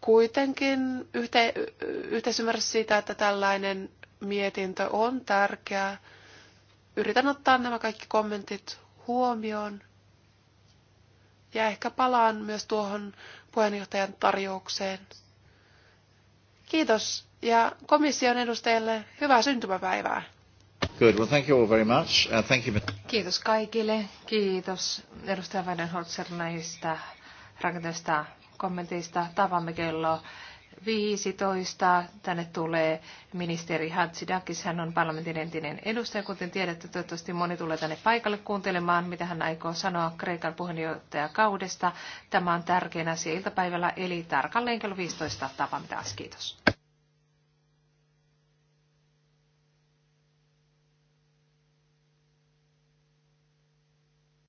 kuitenkin yhte, yhteisymmärrys siitä, että tällainen mietintö on tärkeä. Yritän ottaa nämä kaikki kommentit huomioon. Ja ehkä palaan myös tuohon puheenjohtajan tarjoukseen. Kiitos ja komission edustajille hyvää syntymäpäivää. Good. Well, thank you all very much. Uh, thank you. Kiitos kaikille. Kiitos edustaja Weidenholzer näistä rakenteista kommenteista. Tavamme kello 15. Tänne tulee ministeri Hatsidakis. Hän on parlamentin entinen edustaja. Kuten tiedätte, toivottavasti moni tulee tänne paikalle kuuntelemaan, mitä hän aikoo sanoa Kreikan puheenjohtajakaudesta. Tämä on tärkein asia iltapäivällä, eli tarkalleen kello 15 Tavamme taas. Kiitos.